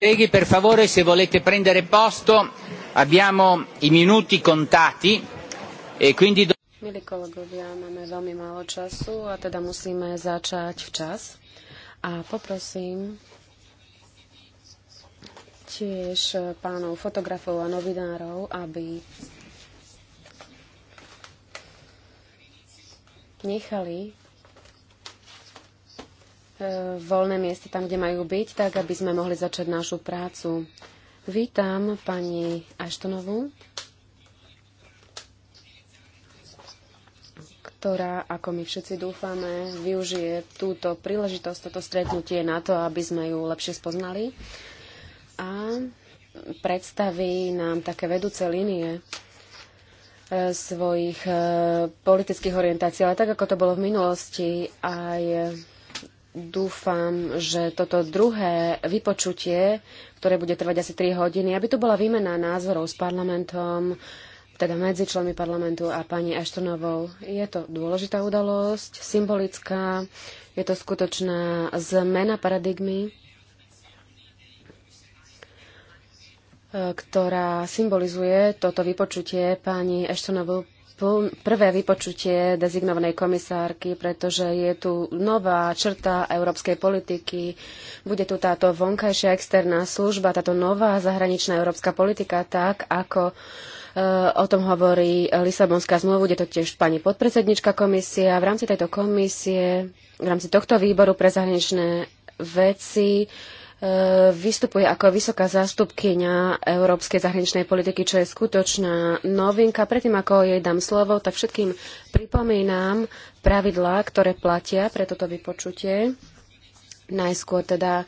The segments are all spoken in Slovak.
Colleghi, per favore, se volete prendere posto, abbiamo i minuti contati e quindi... Milí kolegovia, máme veľmi málo času a teda musíme začať včas. A poprosím tiež pánov fotografov a novinárov, aby nechali E, voľné miesta tam, kde majú byť, tak aby sme mohli začať našu prácu. Vítam pani Aštonovú, ktorá, ako my všetci dúfame, využije túto príležitosť, toto stretnutie na to, aby sme ju lepšie spoznali a predstaví nám také vedúce linie e, svojich e, politických orientácií, ale tak ako to bolo v minulosti, aj dúfam, že toto druhé vypočutie, ktoré bude trvať asi 3 hodiny, aby tu bola výmena názorov s parlamentom, teda medzi členmi parlamentu a pani Ashtonovou. Je to dôležitá udalosť, symbolická, je to skutočná zmena paradigmy, e, ktorá symbolizuje toto vypočutie pani Eštonovou prvé vypočutie dezignovanej komisárky, pretože je tu nová črta európskej politiky. Bude tu táto vonkajšia externá služba, táto nová zahraničná európska politika, tak ako e, o tom hovorí Lisabonská zmluva, bude to tiež pani podpredsednička a V rámci tejto komisie, v rámci tohto výboru pre zahraničné veci vystupuje ako vysoká zástupkyňa európskej zahraničnej politiky, čo je skutočná novinka. Predtým, ako jej dám slovo, tak všetkým pripomínam pravidlá, ktoré platia pre toto vypočutie. Najskôr teda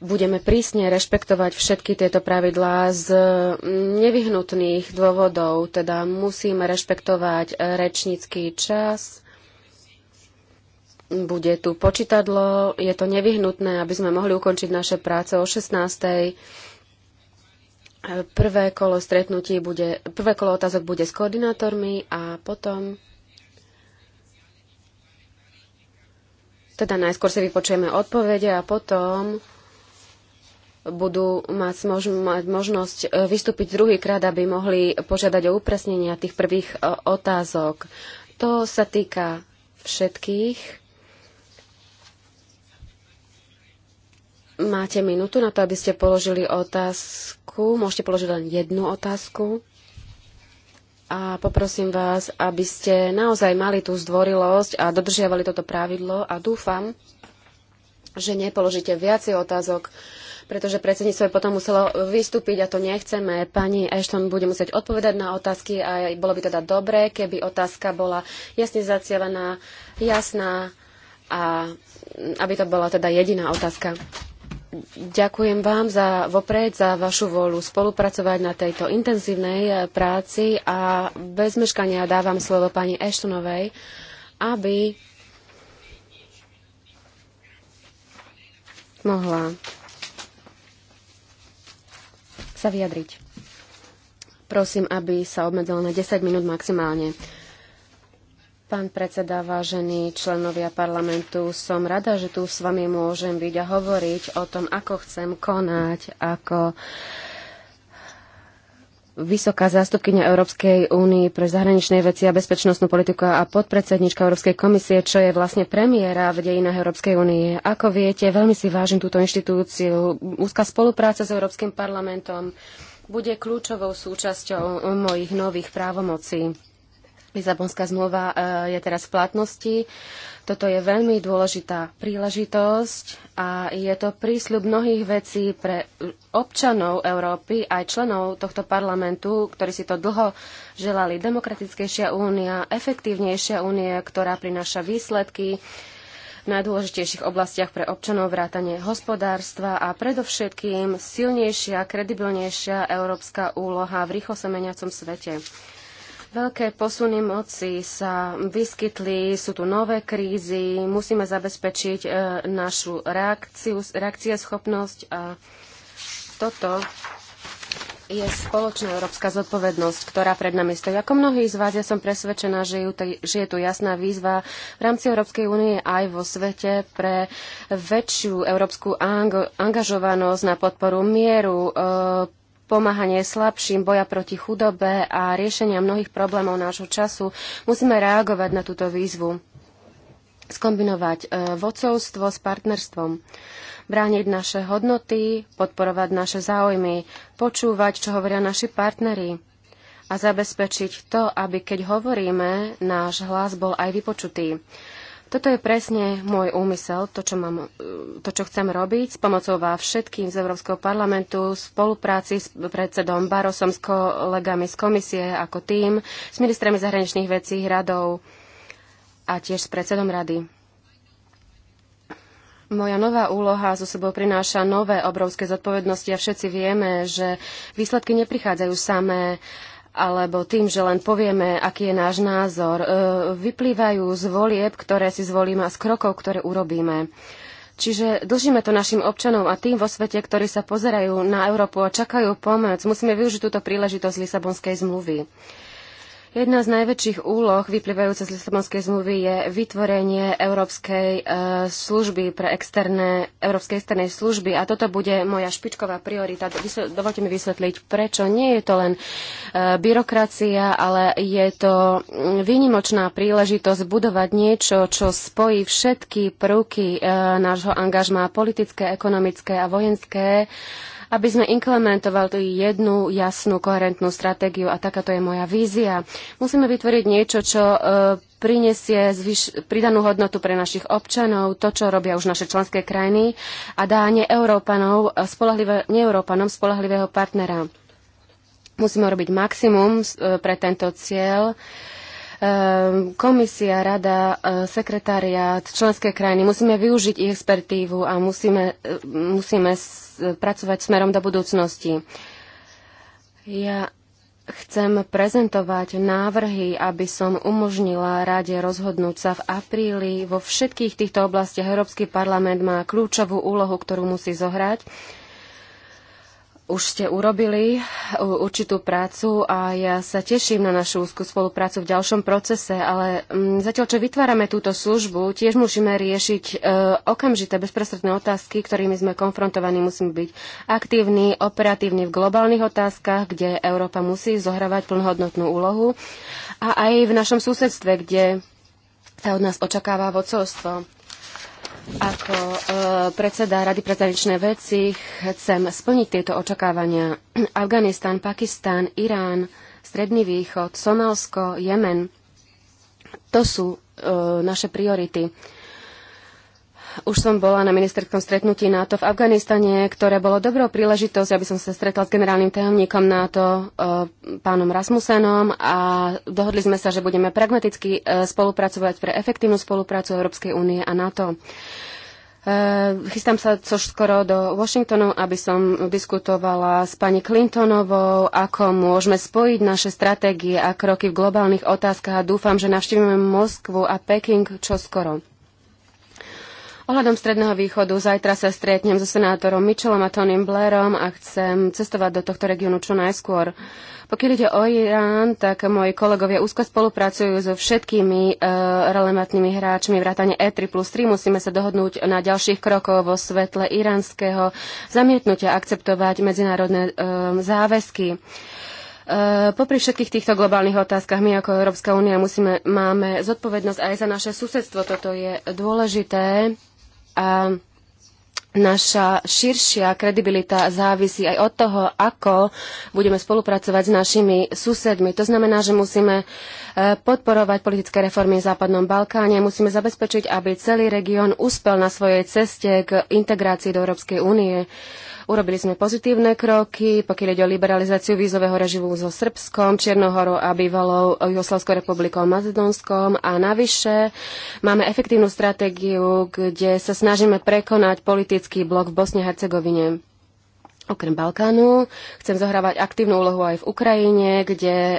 budeme prísne rešpektovať všetky tieto pravidlá z nevyhnutných dôvodov, teda musíme rešpektovať rečnícky čas, bude tu počítadlo, je to nevyhnutné, aby sme mohli ukončiť naše práce o 16. Prvé kolo stretnutí bude, prvé kolo otázok bude s koordinátormi a potom teda najskôr si vypočujeme odpovede a potom budú mať, mož, mať možnosť e, vystúpiť druhýkrát, aby mohli požiadať o upresnenia tých prvých e, otázok. To sa týka všetkých Máte minútu na to, aby ste položili otázku. Môžete položiť len jednu otázku. A poprosím vás, aby ste naozaj mali tú zdvorilosť a dodržiavali toto pravidlo a dúfam, že nepoložíte viacej otázok, pretože predsedníctvo je potom muselo vystúpiť a to nechceme. Pani Ashton bude musieť odpovedať na otázky a bolo by teda dobré, keby otázka bola jasne zacielená, jasná a aby to bola teda jediná otázka. Ďakujem vám za, vopred za vašu vôľu spolupracovať na tejto intenzívnej eh, práci a bez meškania dávam slovo pani Eštonovej, aby mohla sa vyjadriť. Prosím, aby sa obmedzila na 10 minút maximálne. Pán predseda, vážení členovia parlamentu, som rada, že tu s vami môžem byť a hovoriť o tom, ako chcem konať, ako vysoká zástupkynia Európskej únii pre zahraničné veci a bezpečnostnú politiku a podpredsednička Európskej komisie, čo je vlastne premiéra v dejinách Európskej únie. Ako viete, veľmi si vážim túto inštitúciu. Úzka spolupráca s Európskym parlamentom bude kľúčovou súčasťou mojich nových právomocí. Lisabonská zmluva e, je teraz v platnosti. Toto je veľmi dôležitá príležitosť a je to prísľub mnohých vecí pre občanov Európy, aj členov tohto parlamentu, ktorí si to dlho želali. Demokratickejšia únia, efektívnejšia únia, ktorá prináša výsledky v najdôležitejších oblastiach pre občanov vrátanie hospodárstva a predovšetkým silnejšia, kredibilnejšia európska úloha v rýchlo sa meniacom svete. Veľké posuny moci sa vyskytli, sú tu nové krízy, musíme zabezpečiť e, našu reakciu, schopnosť a toto je spoločná európska zodpovednosť, ktorá pred nami stojí. Ako mnohí z vás, ja som presvedčená, že, ju, že je tu jasná výzva v rámci Európskej únie aj vo svete pre väčšiu európsku ang- angažovanosť na podporu mieru, e, pomáhanie slabším, boja proti chudobe a riešenia mnohých problémov nášho času, musíme reagovať na túto výzvu. Skombinovať e, vodcovstvo s partnerstvom, brániť naše hodnoty, podporovať naše záujmy, počúvať, čo hovoria naši partneri a zabezpečiť to, aby keď hovoríme, náš hlas bol aj vypočutý. Toto je presne môj úmysel, to čo, mám, e, to, čo chcem robiť s pomocou vás všetkým z Európskeho parlamentu, spolupráci s predsedom Barosom, s kolegami z komisie ako tým, s ministrami zahraničných vecí, radov a tiež s predsedom rady. Moja nová úloha zo sebou prináša nové obrovské zodpovednosti a všetci vieme, že výsledky neprichádzajú samé. Uh, alebo tým, že len povieme, aký je náš názor, e, vyplývajú z volieb, ktoré si zvolíme a z krokov, ktoré urobíme. Čiže dlžíme to našim občanom a tým vo svete, ktorí sa pozerajú na Európu a čakajú pomoc. Musíme využiť túto príležitosť Lisabonskej zmluvy. Jedna z najväčších úloh vyplývajúca z Lisabonskej zmluvy je vytvorenie Európskej e, služby pre externé, Európskej externej služby a toto bude moja špičková priorita. Dovolte mi vysvetliť, prečo nie je to len e, byrokracia, ale je to mm, výnimočná príležitosť budovať niečo, čo spojí všetky prvky e, nášho angažmá politické, ekonomické a vojenské aby sme implementovali jednu jasnú, koherentnú stratégiu a takáto je moja vízia. Musíme vytvoriť niečo, čo e, prinesie zvyš- pridanú hodnotu pre našich občanov, to, čo robia už naše členské krajiny a dá neeurópanom e, neeurópanom spolahlivého partnera. Musíme robiť maximum e, pre tento cieľ. Uh, Ehm, komisia, rada, eh, sekretariát, členské krajiny. Musíme využiť ich expertívu a musíme, eh, musíme pracovať smerom do budúcnosti. Ja chcem prezentovať návrhy, aby som umožnila rade rozhodnúť sa v apríli. Vo všetkých týchto oblastiach Európsky parlament má kľúčovú úlohu, ktorú musí zohrať už ste urobili uh, určitú prácu a ja sa teším na našu úzkú spoluprácu v ďalšom procese, ale mm, zatiaľ, čo vytvárame túto službu, tiež musíme riešiť uh, okamžité bezprostredné otázky, ktorými sme konfrontovaní. Musíme byť aktívni, operatívni v globálnych otázkach, kde Európa musí zohrávať plnohodnotnú úlohu a aj v našom susedstve, kde sa od nás očakáva vodcovstvo. Ako e, predseda Rady pre zahraničné veci chcem splniť tieto očakávania. Afganistan, Pakistan, Irán, Stredný východ, Somálsko, Jemen. To sú e, naše priority. Už som bola na ministerskom stretnutí NATO v Afganistane, ktoré bolo dobrou príležitosť, aby som sa stretla s generálnym tajomníkom NATO, e, pánom Rasmusenom a dohodli sme sa, že budeme pragmaticky e, spolupracovať pre efektívnu spoluprácu Európskej únie a NATO. E, chystám sa což skoro do Washingtonu, aby som diskutovala s pani Clintonovou, ako môžeme spojiť naše stratégie a kroky v globálnych otázkach a dúfam, že navštívime Moskvu a Peking čo skoro. Ohľadom Stredného východu zajtra sa stretnem so senátorom Mitchellom a Tonym Blairom a chcem cestovať do tohto regiónu čo najskôr. Pokiaľ ide o Irán, tak moji kolegovia úzko spolupracujú so všetkými e, relevantnými hráčmi vrátane E3 plus 3. Musíme sa dohodnúť na ďalších krokoch vo svetle iránskeho zamietnutia akceptovať medzinárodné e, záväzky. E, popri všetkých týchto globálnych otázkach my ako Európska únia musíme, máme zodpovednosť aj za naše susedstvo. Toto je dôležité a naša širšia kredibilita závisí aj od toho, ako budeme spolupracovať s našimi susedmi. To znamená, že musíme e, podporovať politické reformy v Západnom Balkáne, musíme zabezpečiť, aby celý región uspel na svojej ceste k integrácii do Európskej únie. Urobili sme pozitívne kroky, pokiaľ ide o liberalizáciu vízového režimu so Srbskom, Čiernohorou a bývalou Jugoslavskou republikou Macedónskom a navyše máme efektívnu stratégiu, kde sa snažíme prekonať politický blok v Bosne a Hercegovine okrem Balkánu. Chcem zohrávať aktívnu úlohu aj v Ukrajine, kde e,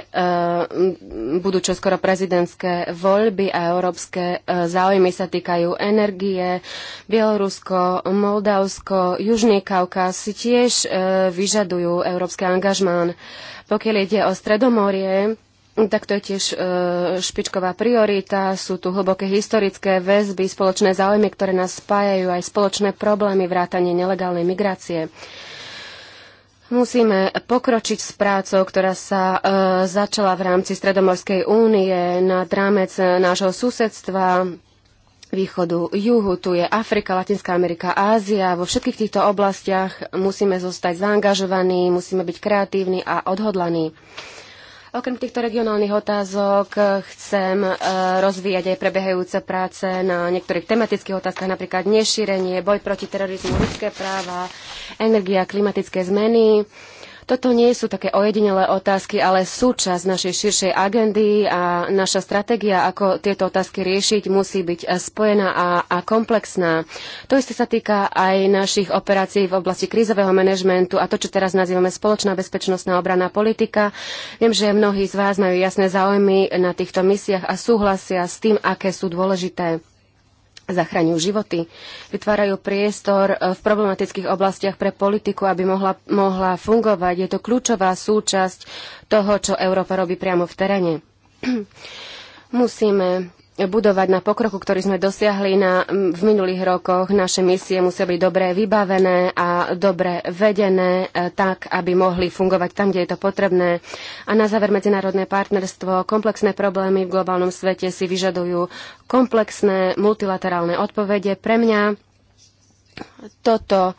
budú čoskoro prezidentské voľby a európske e, záujmy sa týkajú energie. Bielorusko, Moldavsko, Južný Kaukaz si tiež e, vyžadujú európsky angažmán. Pokiaľ ide o Stredomorie, tak to je tiež e, špičková priorita. Sú tu hlboké historické väzby, spoločné záujmy, ktoré nás spájajú aj spoločné problémy vrátanie nelegálnej migrácie. Musíme pokročiť s prácou, ktorá sa e, začala v rámci Stredomorskej únie na rámec e, nášho susedstva, východu, juhu, tu je Afrika, Latinská Amerika, Ázia. Vo všetkých týchto oblastiach musíme zostať zaangažovaní, musíme byť kreatívni a odhodlaní. Okrem týchto regionálnych otázok eh, chcem eh, rozvíjať aj prebiehajúce práce na niektorých tematických otázkach, napríklad nešírenie, boj proti terorizmu, ľudské práva, energia, klimatické zmeny. Toto nie sú také ojedinelé otázky, ale súčasť našej širšej agendy a naša stratégia, ako tieto otázky riešiť, musí byť eh, spojená a, a komplexná. To isté sa týka aj našich operácií v oblasti krízového manažmentu a to, čo teraz nazývame spoločná bezpečnostná obranná politika. Viem, že mnohí z vás majú jasné záujmy na týchto misiách a súhlasia s tým, aké sú dôležité zachraňujú životy, vytvárajú priestor e, v problematických oblastiach pre politiku, aby mohla, mohla fungovať. Je to kľúčová súčasť toho, čo Európa robí priamo v teréne. Musíme budovať na pokroku, ktorý sme dosiahli na, v minulých rokoch. Naše misie musia byť dobre vybavené a dobre vedené, e, tak, aby mohli fungovať tam, kde je to potrebné. A na záver medzinárodné partnerstvo. Komplexné problémy v globálnom svete si vyžadujú komplexné multilaterálne odpovede. Pre mňa toto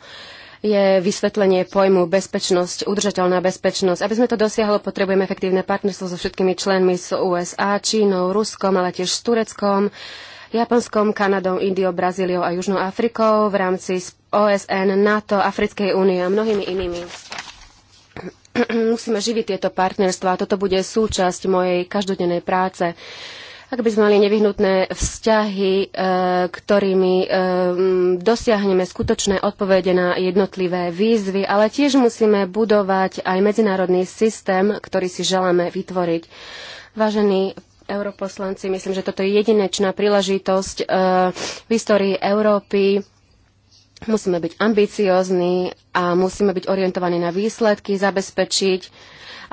je vysvetlenie pojmu bezpečnosť, udržateľná bezpečnosť. Aby sme to dosiahlo, potrebujeme efektívne partnerstvo so všetkými členmi z USA, Čínou, Ruskom, ale tiež s Tureckom, Japonskom, Kanadou, Indiou, Brazíliou a Južnou Afrikou v rámci OSN, NATO, Africkej únie a mnohými inými musíme živiť tieto partnerstva a toto bude súčasť mojej každodennej práce. Ak by sme mali nevyhnutné vzťahy, e, ktorými e, dosiahneme skutočné odpovede na jednotlivé výzvy, ale tiež musíme budovať aj medzinárodný systém, ktorý si želáme vytvoriť. Vážení europoslanci, myslím, že toto je jedinečná príležitosť e, v histórii Európy musíme byť ambiciózni a musíme byť orientovaní na výsledky, zabezpečiť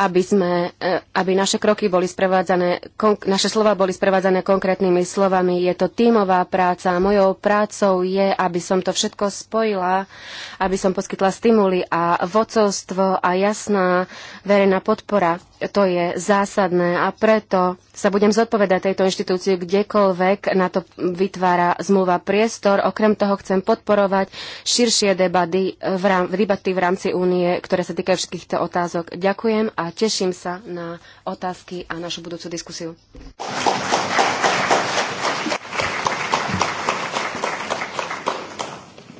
aby, sme, e, aby naše kroky boli sprevádzané, naše slova boli sprevádzané konkrétnymi slovami. Je to tímová práca. Mojou prácou je, aby som to všetko spojila, aby som poskytla stimuly a vocovstvo a jasná verejná podpora. To je zásadné a preto sa budem zodpovedať tejto inštitúcii kdekoľvek na to vytvára zmluva priestor. Okrem toho chcem podporovať širšie debaty v, rám, debaty v rámci únie, ktoré sa týkajú všetkých týchto otázok. Ďakujem a teším sa na otázky a našu budúcu diskusiu.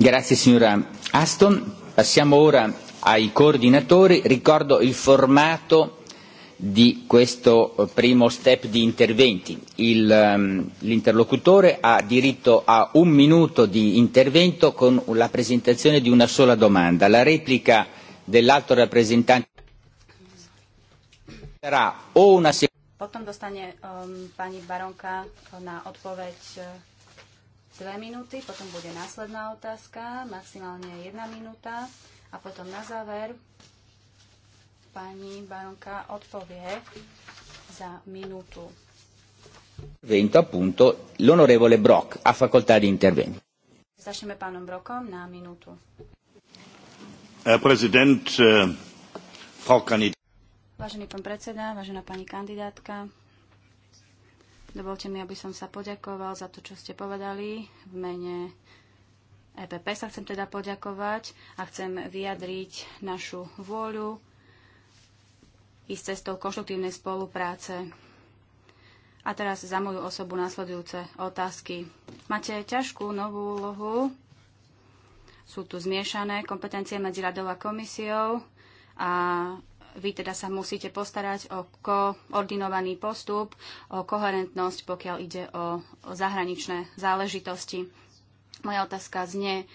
Grazie signora Aston. Passiamo ora ai coordinatori. Ricordo il formato di questo eh, primo step di interventi. Ehm, l'interlocutore ha diritto a un minuto di intervento con la presentazione di una sola domanda. La replica dell'alto rappresentante sarà o una Potom dostane um, pani Baronka na odpoveď eh, dve minúty, potom bude následná otázka, maximálne jedna minúta a potom na záver pani Baronka odpovie za minútu. appunto l'onorevole Brock facoltà di Začneme pánom Brokom na minútu. Herr Präsident, äh, Frau Vážený pán predseda, vážená pani kandidátka, dovolte mi, aby som sa poďakoval za to, čo ste povedali v mene EPP sa chcem teda poďakovať a chcem vyjadriť našu vôľu ísť cestou konštruktívnej spolupráce. A teraz za moju osobu následujúce otázky. Máte ťažkú novú úlohu. Sú tu zmiešané kompetencie medzi radou a komisiou a vy teda sa musíte postarať o koordinovaný postup, o koherentnosť, pokiaľ ide o zahraničné záležitosti. Moja otázka znie,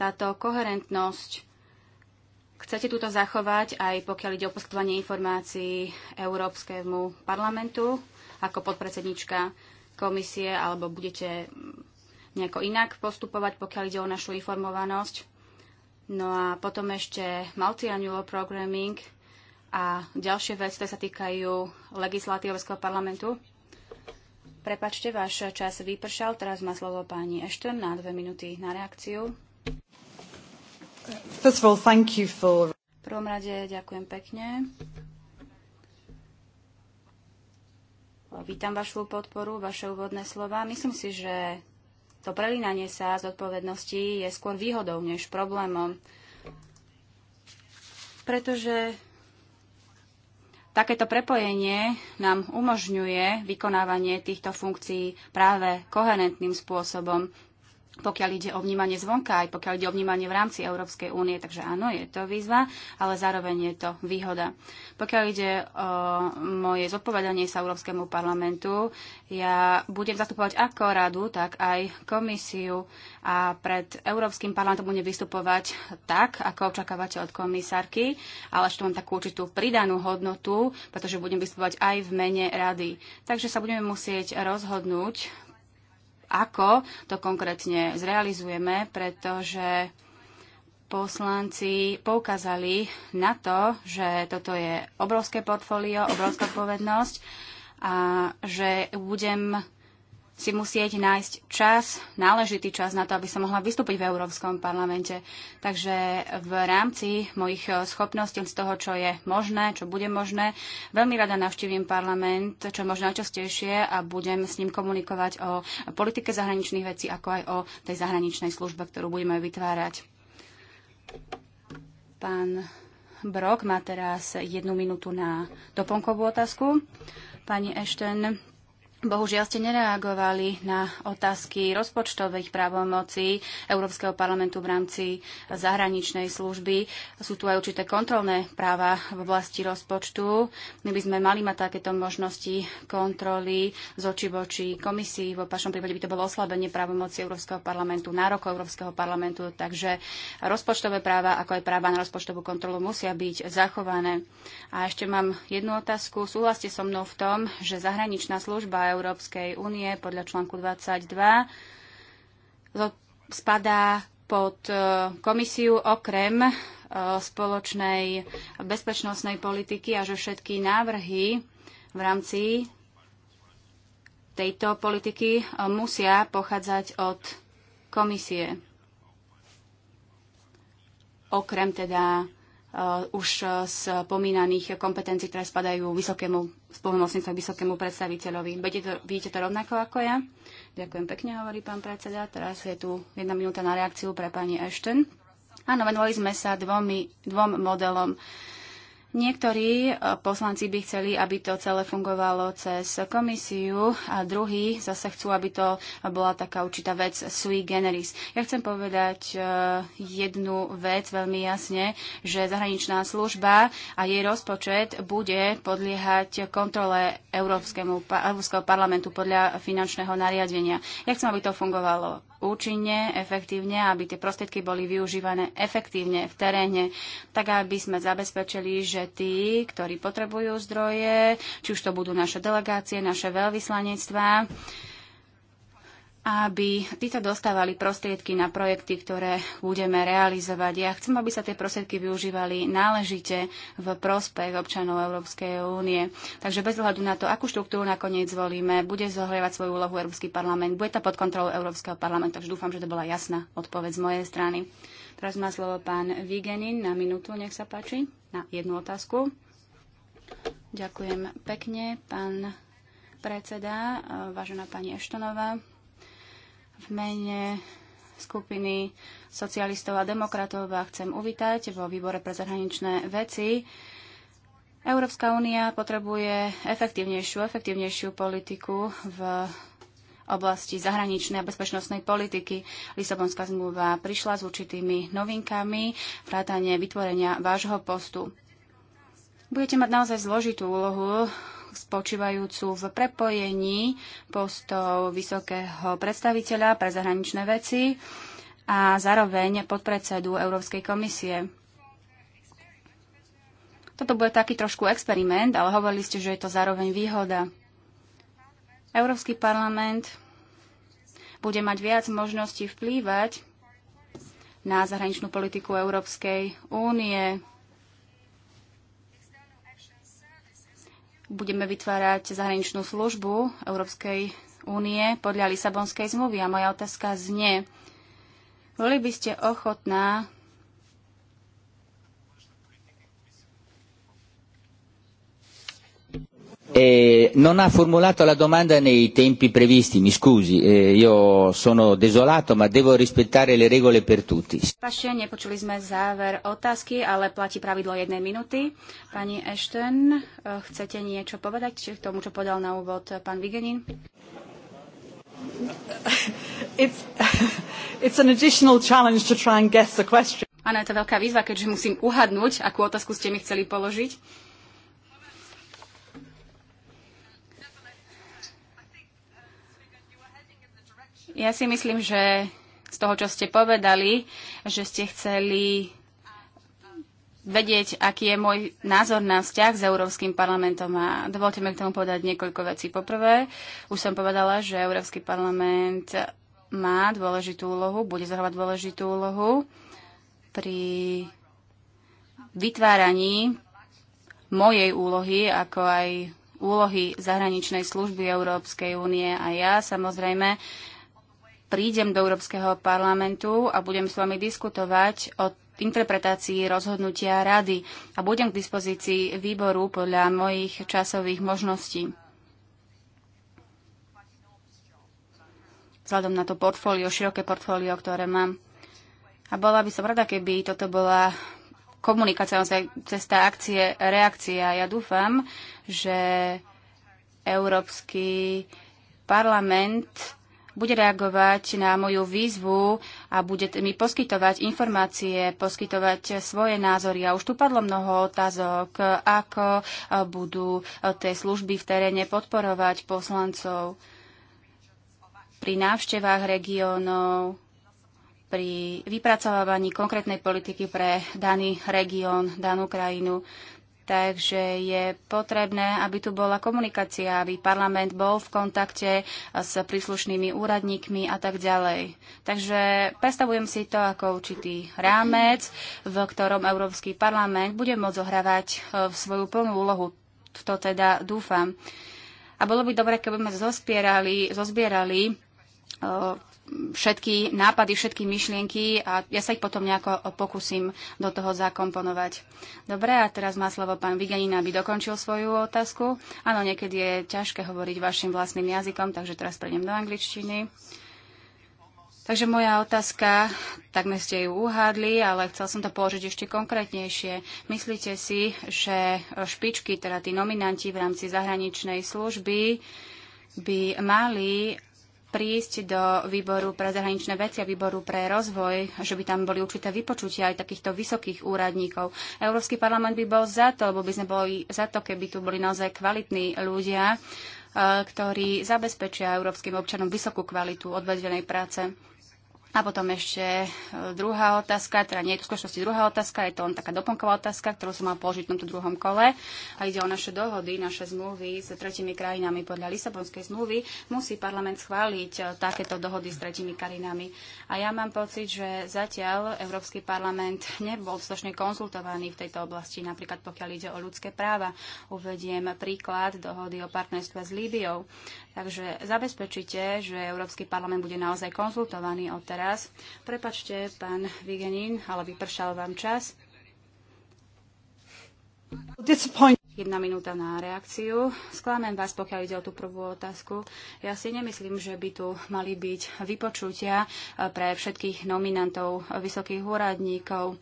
táto koherentnosť Chcete túto zachovať aj pokiaľ ide o poskytovanie informácií Európskemu parlamentu ako podpredsednička komisie, alebo budete mm, nejako inak postupovať, pokiaľ ide o našu informovanosť. No a potom ešte multi-annual programming a ďalšie veci, ktoré sa týkajú legislatívského parlamentu. Prepačte, váš čas vypršal. Teraz má slovo pani Ešten na dve minúty na reakciu. First of all, thank you for... V prvom rade ďakujem pekne. Vítam vašu podporu, vaše úvodné slova. Myslím si, že to prelínanie sa z odpovednosti je skôr výhodou než problémom, pretože takéto prepojenie nám umožňuje vykonávanie týchto funkcií práve koherentným spôsobom pokiaľ ide o vnímanie zvonka, aj pokiaľ ide o vnímanie v rámci Európskej únie. Takže áno, je to výzva, ale zároveň je to výhoda. Pokiaľ ide o moje zodpovedanie sa Európskemu parlamentu, ja budem zastupovať ako radu, tak aj komisiu a pred Európskym parlamentom budem vystupovať tak, ako očakávate od komisárky, ale ešte mám takú určitú pridanú hodnotu, pretože budem vystupovať aj v mene rady. Takže sa budeme musieť rozhodnúť, ako to konkrétne zrealizujeme, pretože poslanci poukázali na to, že toto je obrovské portfólio, obrovská odpovednosť a že budem si musieť nájsť čas, náležitý čas na to, aby som mohla vystúpiť v Európskom parlamente. Takže v rámci mojich eh, schopností z toho, čo je možné, čo bude možné, veľmi rada navštívim parlament, čo možno najčastejšie a budem s ním komunikovať o politike zahraničných vecí, ako aj o tej zahraničnej službe, ktorú budeme vytvárať. Pán Brok má teraz jednu minútu na doplnkovú otázku. Pani Ešten, Bohužiaľ ste nereagovali na otázky rozpočtových právomocí Európskeho parlamentu v rámci zahraničnej služby. Sú tu aj určité kontrolné práva v oblasti rozpočtu. My by sme mali mať takéto možnosti kontroly z oči voči komisii. V opačnom prípade by to bolo oslabenie právomoci Európskeho parlamentu, nárokov Európskeho parlamentu. Takže rozpočtové práva, ako aj práva na rozpočtovú kontrolu musia byť zachované. A ešte mám jednu otázku. Súhlaste so mnou v tom, že zahraničná služba Európskej únie podľa článku 22 spadá pod e, komisiu okrem e, spoločnej bezpečnostnej politiky a že všetky návrhy v rámci tejto politiky e, musia pochádzať od komisie okrem teda Eh, už eh, z pomínaných kompetencií, ktoré spadajú vysokému spolumocnicu vysokému predstaviteľovi. Vidíte to, vidíte to rovnako ako ja? Ďakujem pekne, hovorí pán predseda. Teraz je tu jedna minúta na reakciu pre pani Ashton. Áno, venovali sme sa dvomi, dvom modelom uh, Niektorí e, poslanci by chceli, aby to celé fungovalo cez komisiu a druhí zase chcú, aby to bola taká určitá vec sui generis. Ja chcem povedať e, jednu vec veľmi jasne, že zahraničná služba a jej rozpočet bude podliehať kontrole Európskeho parlamentu podľa finančného nariadenia. Ja chcem, aby to fungovalo účinne, efektívne, aby tie prostriedky boli využívané efektívne v teréne, tak aby sme zabezpečili, že tí, ktorí potrebujú zdroje, či už to budú naše delegácie, naše veľvyslanectvá, aby títo dostávali prostriedky na projekty, ktoré budeme realizovať. Ja chcem, aby sa tie prostriedky využívali náležite v prospech občanov Európskej únie. Takže bez ohľadu na to, akú štruktúru nakoniec zvolíme, bude zohrievať svoju úlohu Európsky parlament, bude to pod kontrolou Európskeho parlamentu. Takže dúfam, že to bola jasná odpoveď z mojej strany. Teraz má slovo pán Vigenin na minútu, nech sa páči, na jednu otázku. Ďakujem pekne, pán predseda, vážená pani Eštonová. V mene skupiny socialistov a demokratov a chcem uvítať vo výbore pre zahraničné veci. Európska únia potrebuje efektívnejšiu, efektívnejšiu politiku v oblasti zahraničnej a bezpečnostnej politiky. Lisabonská zmluva prišla s určitými novinkami, vrátane vytvorenia vášho postu. Budete mať naozaj zložitú úlohu spočívajúcu v prepojení postov vysokého predstaviteľa pre zahraničné veci a zároveň podpredsedu Európskej komisie. Toto bude taký trošku experiment, ale hovorili ste, že je to zároveň výhoda. Európsky parlament bude mať viac možností vplývať na zahraničnú politiku Európskej únie, budeme vytvárať zahraničnú službu Európskej únie podľa Lisabonskej zmluvy. A moja otázka znie, boli by ste ochotná Eh, non ha formulato la domanda nei tempi previsti, mi scusi, eh, io sono desolato, ma devo rispettare le regole per tutti. Pašte, nepočuli sme záver otázky, ale platí pravidlo jednej minuty. Pani Ashton, e, chcete niečo povedať k tomu, čo podal na úvod pán Vigenin? It's, it's an additional challenge to try and guess the question. Áno, je to veľká výzva, keďže musím uhadnúť, akú otázku ste mi chceli položiť. Ja si myslím, že z toho, čo ste povedali, že ste chceli vedieť, aký je môj názor na vzťah s Európskym parlamentom. A dovolte mi k tomu povedať niekoľko vecí. Poprvé, už som povedala, že Európsky parlament má dôležitú úlohu, bude zohrávať dôležitú úlohu pri vytváraní mojej úlohy, ako aj úlohy zahraničnej služby Európskej únie. A ja samozrejme prídem do Európskeho parlamentu a budem s vami diskutovať o interpretácii rozhodnutia rady a budem k dispozícii výboru podľa mojich časových možností. Vzhľadom na to portfólio, široké portfólio, ktoré mám. A bola by som rada, keby toto bola komunikácia, naozaj cesta akcie, reakcia. Ja dúfam, že Európsky parlament bude reagovať na moju výzvu a bude mi poskytovať informácie, poskytovať svoje názory. A už tu padlo mnoho otázok, ako e, budú e, tie služby v teréne podporovať poslancov pri návštevách regiónov, pri vypracovávaní konkrétnej politiky pre daný región, danú krajinu. Takže je potrebné, aby tu bola komunikácia, aby parlament bol v kontakte s príslušnými úradníkmi a tak ďalej. Takže predstavujem si to ako určitý rámec, v ktorom Európsky parlament bude môcť zohrávať eh, svoju plnú úlohu. V to teda dúfam. A bolo by dobre, keby sme zozbierali eh, všetky nápady, všetky myšlienky a ja sa ich potom nejako pokúsim do toho zakomponovať. Dobre, a teraz má slovo pán Vigenina, aby dokončil svoju otázku. Áno, niekedy je ťažké hovoriť vašim vlastným jazykom, takže teraz prejdem do angličtiny. Takže moja otázka, tak my ste ju uhádli, ale chcel som to položiť ešte konkrétnejšie. Myslíte si, že špičky, teda tí nominanti v rámci zahraničnej služby, by mali prísť do výboru pre zahraničné veci a výboru pre rozvoj, že by tam boli určité vypočutia aj takýchto vysokých úradníkov. Európsky parlament by bol za to, lebo by sme boli za to, keby tu boli naozaj kvalitní ľudia, eh, ktorí zabezpečia európskym občanom vysokú kvalitu odvedenej práce. A potom ešte e, druhá otázka, teda nie je to v skutočnosti druhá otázka, je to len taká doplnková otázka, ktorú som mal položiť v tomto druhom kole. A ide o naše dohody, naše zmluvy s tretimi krajinami podľa Lisabonskej zmluvy. Musí parlament schváliť e, takéto dohody s tretimi krajinami. A ja mám pocit, že zatiaľ Európsky parlament nebol dostatočne konzultovaný v tejto oblasti, napríklad pokiaľ ide o ľudské práva. Uvediem príklad dohody o partnerstve s Líbiou. Takže zabezpečite, že Európsky parlament bude naozaj konzultovaný od teraz. Prepačte, pán Vigenin, ale vypršal vám čas. Jedna minúta na reakciu. Sklamem vás, pokiaľ ide o tú prvú otázku. Ja si nemyslím, že by tu mali byť vypočutia eh, pre všetkých nominantov eh, vysokých úradníkov.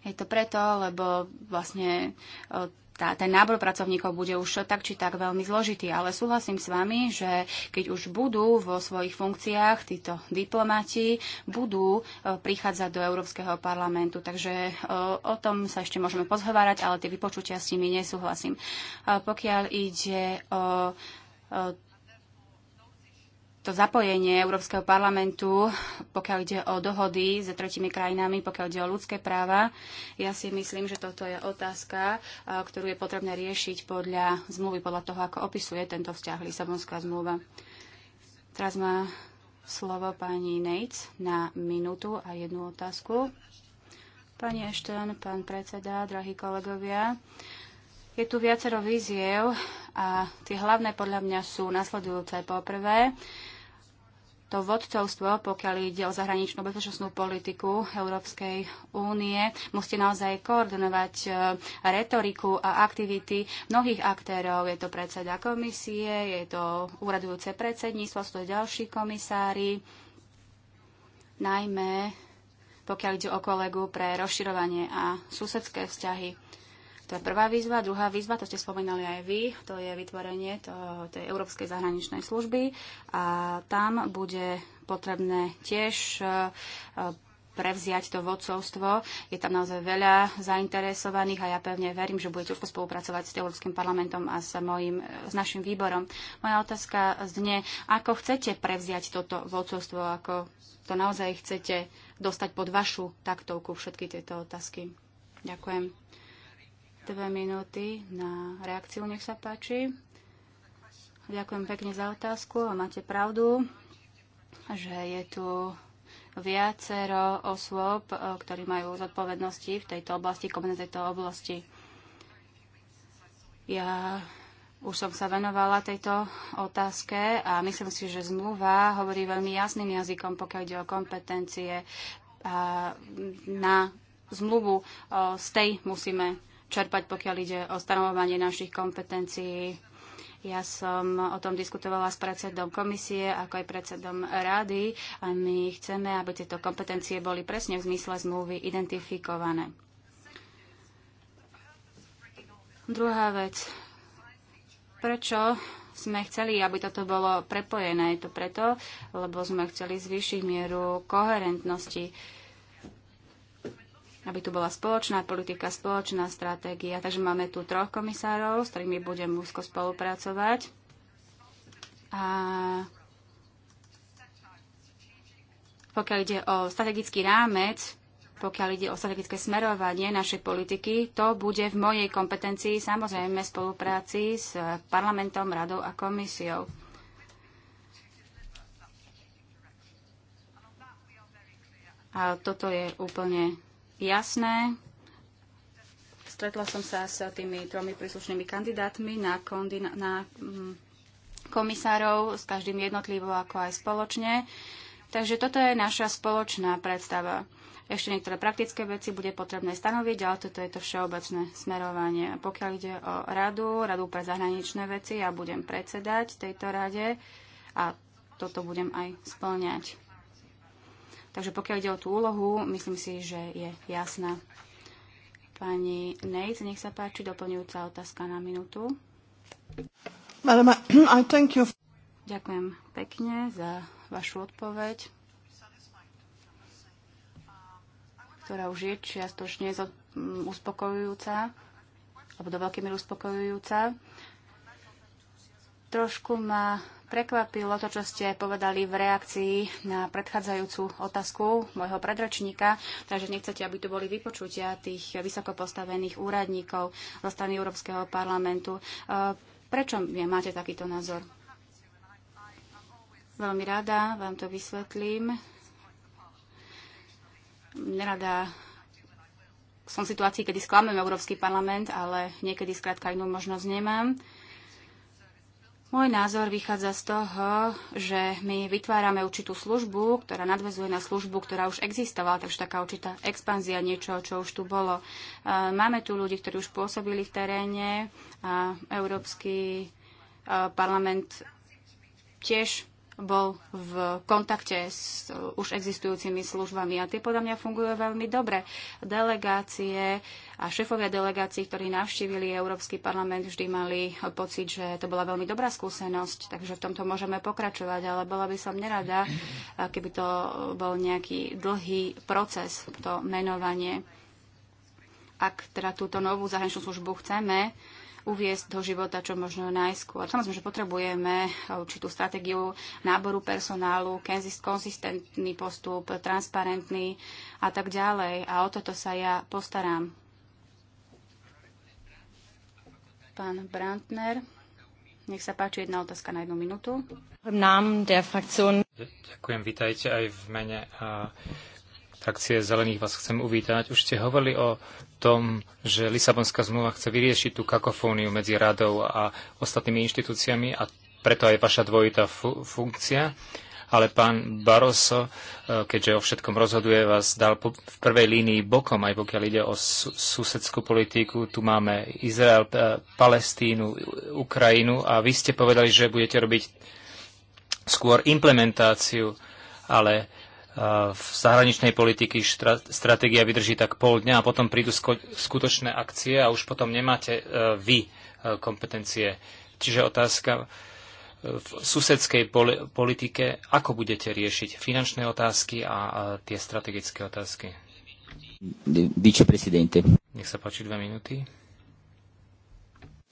Je to preto, lebo vlastne eh, tá, ten nábor pracovníkov bude už tak či tak veľmi zložitý, ale súhlasím s vami, že keď už budú vo svojich funkciách títo diplomati, budú e, prichádzať do Európskeho parlamentu. Takže e, o tom sa ešte môžeme pozhovárať, ale tie vypočutia s nimi nesúhlasím. E, pokiaľ ide o to zapojenie Európskeho parlamentu, pokiaľ ide o dohody s tretimi krajinami, pokiaľ ide o ľudské práva. Ja si myslím, že toto je otázka, ktorú je potrebné riešiť podľa zmluvy, podľa toho, ako opisuje tento vzťah Lisabonská zmluva. Teraz má slovo pani Nates na minútu a jednu otázku. Pani Ešten, pán predseda, drahí kolegovia, je tu viacero víziev a tie hlavné podľa mňa sú nasledujúce. Poprvé, to vodcovstvo, pokiaľ ide o zahraničnú bezpečnostnú politiku Európskej únie. Musíte naozaj koordinovať e, retoriku a aktivity mnohých aktérov. Je to predseda komisie, je to úradujúce predsedníctvo, sú to ďalší komisári, najmä pokiaľ ide o kolegu pre rozširovanie a susedské vzťahy. To je prvá výzva. Druhá výzva, to ste spomínali aj vy, to je vytvorenie to, tej Európskej zahraničnej služby a tam bude potrebné tiež e, prevziať to vodcovstvo. Je tam naozaj veľa zainteresovaných a ja pevne verím, že budete úzko spolupracovať s Európskym parlamentom a s, mojim, e, s našim výborom. Moja otázka znie, ako chcete prevziať toto vodcovstvo, ako to naozaj chcete dostať pod vašu taktovku všetky tieto otázky. Ďakujem dve minúty na reakciu, nech sa páči. Ďakujem pekne za otázku a máte pravdu, že je tu viacero osôb, e, ktorí majú zodpovednosti v tejto oblasti, kompetencie tejto oblasti. Ja už som sa venovala tejto otázke a myslím si, že zmluva hovorí veľmi jasným jazykom, pokiaľ ide o kompetencie. A na zmluvu e, z tej musíme čerpať, pokiaľ ide o stanovovanie našich kompetencií. Ja som o tom diskutovala s predsedom komisie, ako aj predsedom rady a my chceme, aby tieto kompetencie boli presne v zmysle zmluvy identifikované. Druhá vec. Prečo sme chceli, aby toto bolo prepojené? Je to preto, lebo sme chceli zvýšiť mieru koherentnosti aby tu bola spoločná politika, spoločná stratégia. Takže máme tu troch komisárov, s ktorými budem úzko spolupracovať. A pokiaľ ide o strategický rámec, pokiaľ ide o strategické smerovanie našej politiky, to bude v mojej kompetencii samozrejme v spolupráci s parlamentom, radou a komisiou. A toto je úplne jasné. Stretla som sa s tými tromi príslušnými kandidátmi na, kondi- na mm, komisárov, s každým jednotlivo ako aj spoločne. Takže toto je naša spoločná predstava. Ešte niektoré praktické veci bude potrebné stanoviť, ale toto je to všeobecné smerovanie. Pokiaľ ide o radu, radu pre zahraničné veci, ja budem predsedať tejto rade a toto budem aj splňať. Takže pokiaľ ide o tú úlohu, myslím si, že je jasná. Pani Nejc, nech sa páči, doplňujúca otázka na minútu. I thank you. Ďakujem pekne za vašu odpoveď, ktorá už je čiastočne uspokojujúca, alebo do veľkej miery uspokojujúca. Trošku ma prekvapilo to, čo ste povedali v reakcii na predchádzajúcu otázku môjho predročníka, takže nechcete, aby tu boli vypočutia tých vysoko postavených úradníkov zo strany Európskeho parlamentu. E, prečo máte takýto názor? Veľmi rada vám to vysvetlím. Nerada som v situácii, kedy sklamem Európsky parlament, ale niekedy skrátka inú možnosť nemám. Môj názor vychádza z toho, že my vytvárame určitú službu, ktorá nadvezuje na službu, ktorá už existovala, takže taká určitá expanzia niečo, čo už tu bolo. E, máme tu ľudí, ktorí už pôsobili v teréne a Európsky e, parlament tiež bol v kontakte s už existujúcimi službami a tie podľa mňa fungujú veľmi dobre. Delegácie a šefovia delegácií, ktorí navštívili Európsky parlament, vždy mali pocit, že to bola veľmi dobrá skúsenosť, takže v tomto môžeme pokračovať, ale bola by som nerada, keby to bol nejaký dlhý proces, to menovanie. Ak teda túto novú zahraničnú službu chceme, uviesť do života čo možno najskôr. Samozrejme, že potrebujeme určitú stratégiu náboru personálu, konzistentný postup, transparentný a tak ďalej. A o toto sa ja postaram. Pán Brandner. Nech sa páči, jedna otázka na jednu minútu. Ďakujem, vítajte aj v mene Uh, frakcie zelených vás chcem uvítať. Už ste hovorili o tom, že Lisabonská zmluva chce vyriešiť tú kakofóniu medzi radou a ostatnými inštitúciami a preto aj vaša dvojitá fu- funkcia. Ale pán Barroso, e, keďže o všetkom rozhoduje, vás dal v prvej línii bokom, aj pokiaľ ide o su- susedskú politiku. Tu máme Izrael, e, Palestínu, Ukrajinu a vy ste povedali, že budete robiť skôr implementáciu, ale v zahraničnej politiky stratégia vydrží tak pol dňa a potom prídu skutočné akcie a už potom nemáte e, vy e, kompetencie. Čiže otázka e, v susedskej politike, ako budete riešiť finančné otázky a tie strategické otázky. Viceprezidente. Nech sa páči dve minúty.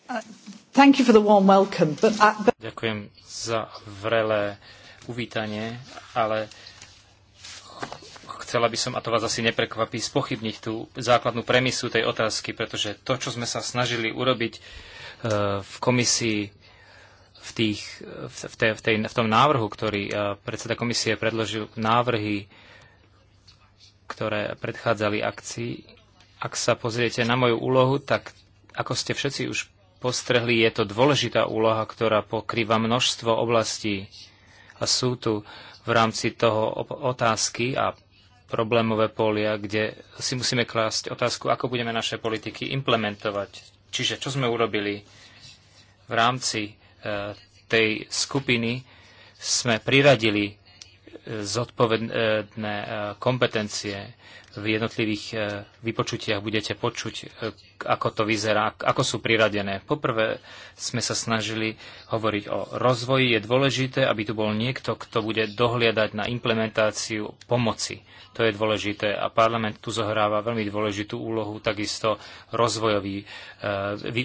Uh, welcome, but, uh, but... Ďakujem za vrelé uvítanie, ale chcela by som, a to vás asi neprekvapí, spochybniť tú základnú premisu tej otázky, pretože to, čo sme sa snažili urobiť e, v komisii v, tých, v, tej, v, tej, v tom návrhu, ktorý e, predseda komisie predložil, návrhy, ktoré predchádzali akcii, ak sa pozriete na moju úlohu, tak ako ste všetci už postrehli, je to dôležitá úloha, ktorá pokrýva množstvo oblastí a sú tu v rámci toho otázky a problémové polia, kde si musíme klásť otázku, ako budeme naše politiky implementovať. Čiže čo sme urobili v rámci eh, tej skupiny, sme priradili zodpovedné e, kompetencie v jednotlivých e, vypočutiach budete počuť, e, ako to vyzerá, ako sú priradené. Poprvé sme sa snažili hovoriť o rozvoji. Je dôležité, aby tu bol niekto, kto bude dohliadať na implementáciu pomoci. To je dôležité a parlament tu zohráva veľmi dôležitú úlohu, takisto rozvojový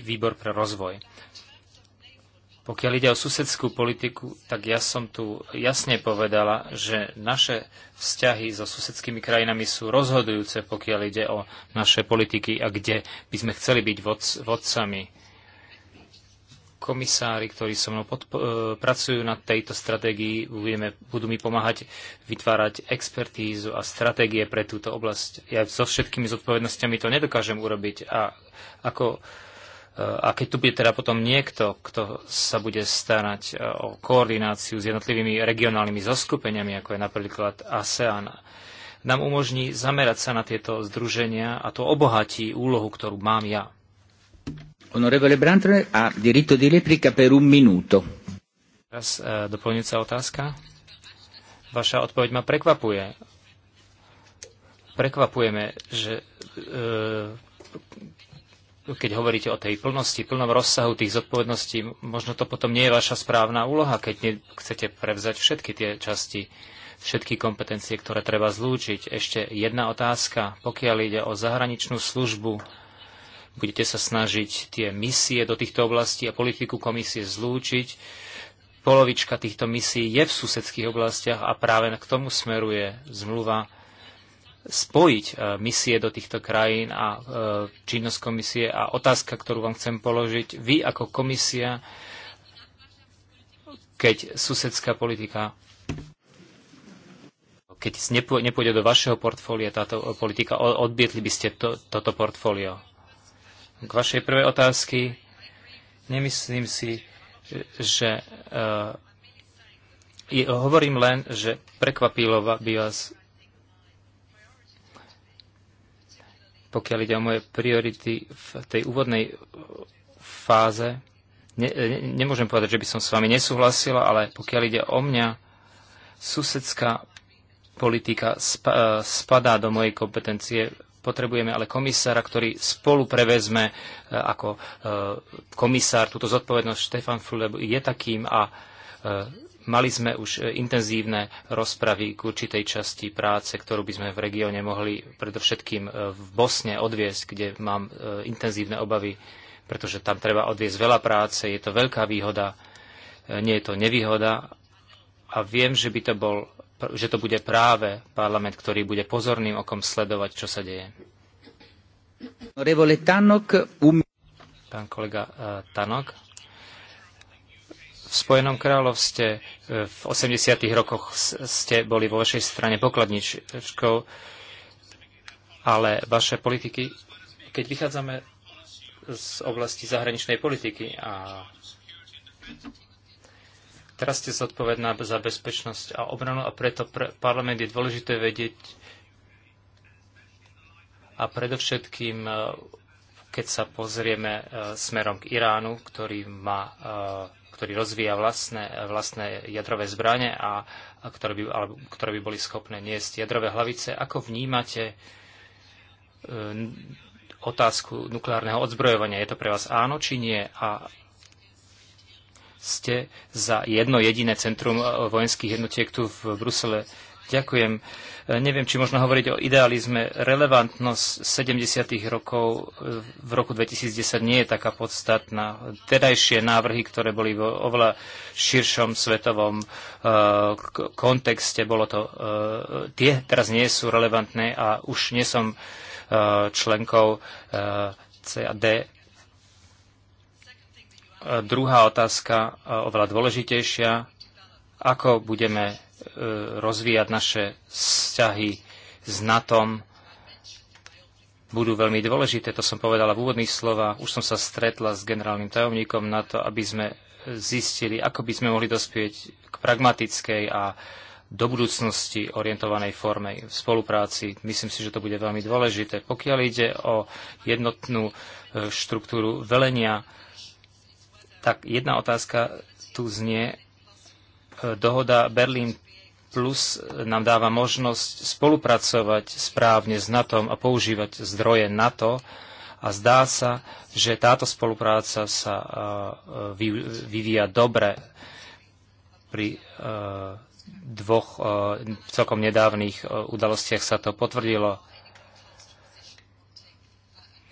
výbor pre rozvoj. Pokiaľ ide o susedskú politiku, tak ja som tu jasne povedala, že naše vzťahy so susedskými krajinami sú rozhodujúce, pokiaľ ide o naše politiky a kde by sme chceli byť vodcami. Komisári, ktorí so mnou e, pracujú na tejto stratégii, budeme, budú mi pomáhať vytvárať expertízu a stratégie pre túto oblasť. Ja so všetkými zodpovednosťami to nedokážem urobiť a ako a keď tu bude teda potom niekto, kto sa bude starať e, o koordináciu s jednotlivými regionálnymi zoskupeniami, ako je napríklad ASEAN, nám umožní zamerať sa na tieto združenia a to obohatí úlohu, ktorú mám ja. Honorevole Brantre, a diritto di replica per un minuto. Teraz e, doplňujúca otázka. Vaša odpoveď ma prekvapuje. Prekvapujeme, že e, keď hovoríte o tej plnosti, plnom rozsahu tých zodpovedností, možno to potom nie je vaša správna úloha, keď chcete prevzať všetky tie časti, všetky kompetencie, ktoré treba zlúčiť. Ešte jedna otázka, pokiaľ ide o zahraničnú službu, budete sa snažiť tie misie do týchto oblastí a politiku komisie zlúčiť. Polovička týchto misií je v susedských oblastiach a práve k tomu smeruje zmluva spojiť e, misie do týchto krajín a e, činnosť komisie. A otázka, ktorú vám chcem položiť, vy ako komisia, keď susedská politika keď nepôjde do vašeho portfólia táto politika, odbietli by ste to, toto portfólio. K vašej prvej otázky nemyslím si, že uh, hovorím len, že prekvapilo by vás pokiaľ ide o moje priority v tej úvodnej e, fáze, ne, e, ne, nemôžem povedať, že by som s vami nesúhlasila, ale pokiaľ ide o mňa, susedská politika spa, e, spadá do mojej kompetencie. Potrebujeme ale komisára, ktorý spolu prevezme ako komisár túto zodpovednosť. Štefan Fuleb je takým a Mali sme už e, intenzívne rozpravy k určitej časti práce, ktorú by sme v regióne mohli predovšetkým e, v Bosne odviesť, kde mám e, intenzívne obavy, pretože tam treba odviesť veľa práce, je to veľká výhoda, nie je to nevýhoda a viem, že by to bol že to bude práve parlament, ktorý bude pozorným okom sledovať, čo sa deje. Um- Pán kolega Tanok v Spojenom kráľovstve e, v 80. rokoch ste boli vo vašej strane pokladničkou, ale vaše politiky, keď vychádzame z oblasti zahraničnej politiky a teraz ste zodpovedná za bezpečnosť a obranu a preto pre parlament je dôležité vedieť a predovšetkým e, keď sa pozrieme e, smerom k Iránu, ktorý má ktorý rozvíja vlastné, vlastné jadrové zbranie a, a ktoré, by, alebo, ktoré by boli schopné niesť jadrové hlavice. Ako vnímate e, otázku nukleárneho odzbrojovania? Je to pre vás áno či nie? A ste za jedno jediné centrum e, vojenských jednotiek tu v Brusele Ďakujem. E, neviem, či možno hovoriť o idealizme. Relevantnosť 70. rokov e, v roku 2010 nie je taká podstatná. Tedajšie návrhy, ktoré boli v oveľa širšom svetovom e, kontexte, bolo to, tie teraz nie sú relevantné a už nie som členkou C a D druhá otázka, oveľa dôležitejšia, ako budeme E, rozvíjať naše vzťahy s NATO budú veľmi dôležité. To som povedala v úvodných slovách. Už som sa stretla s generálnym tajomníkom na to, aby sme zistili, ako by sme mohli dospieť k pragmatickej a do budúcnosti orientovanej forme v spolupráci. Myslím si, že to bude veľmi dôležité. Pokiaľ ide o jednotnú e, štruktúru velenia, tak jedna otázka tu znie. E, dohoda Berlín plus nám dáva možnosť spolupracovať správne s NATO a používať zdroje NATO. A zdá sa, že táto spolupráca sa e, vyvíja dobre pri e, dvoch e, celkom nedávnych udalostiach sa to potvrdilo.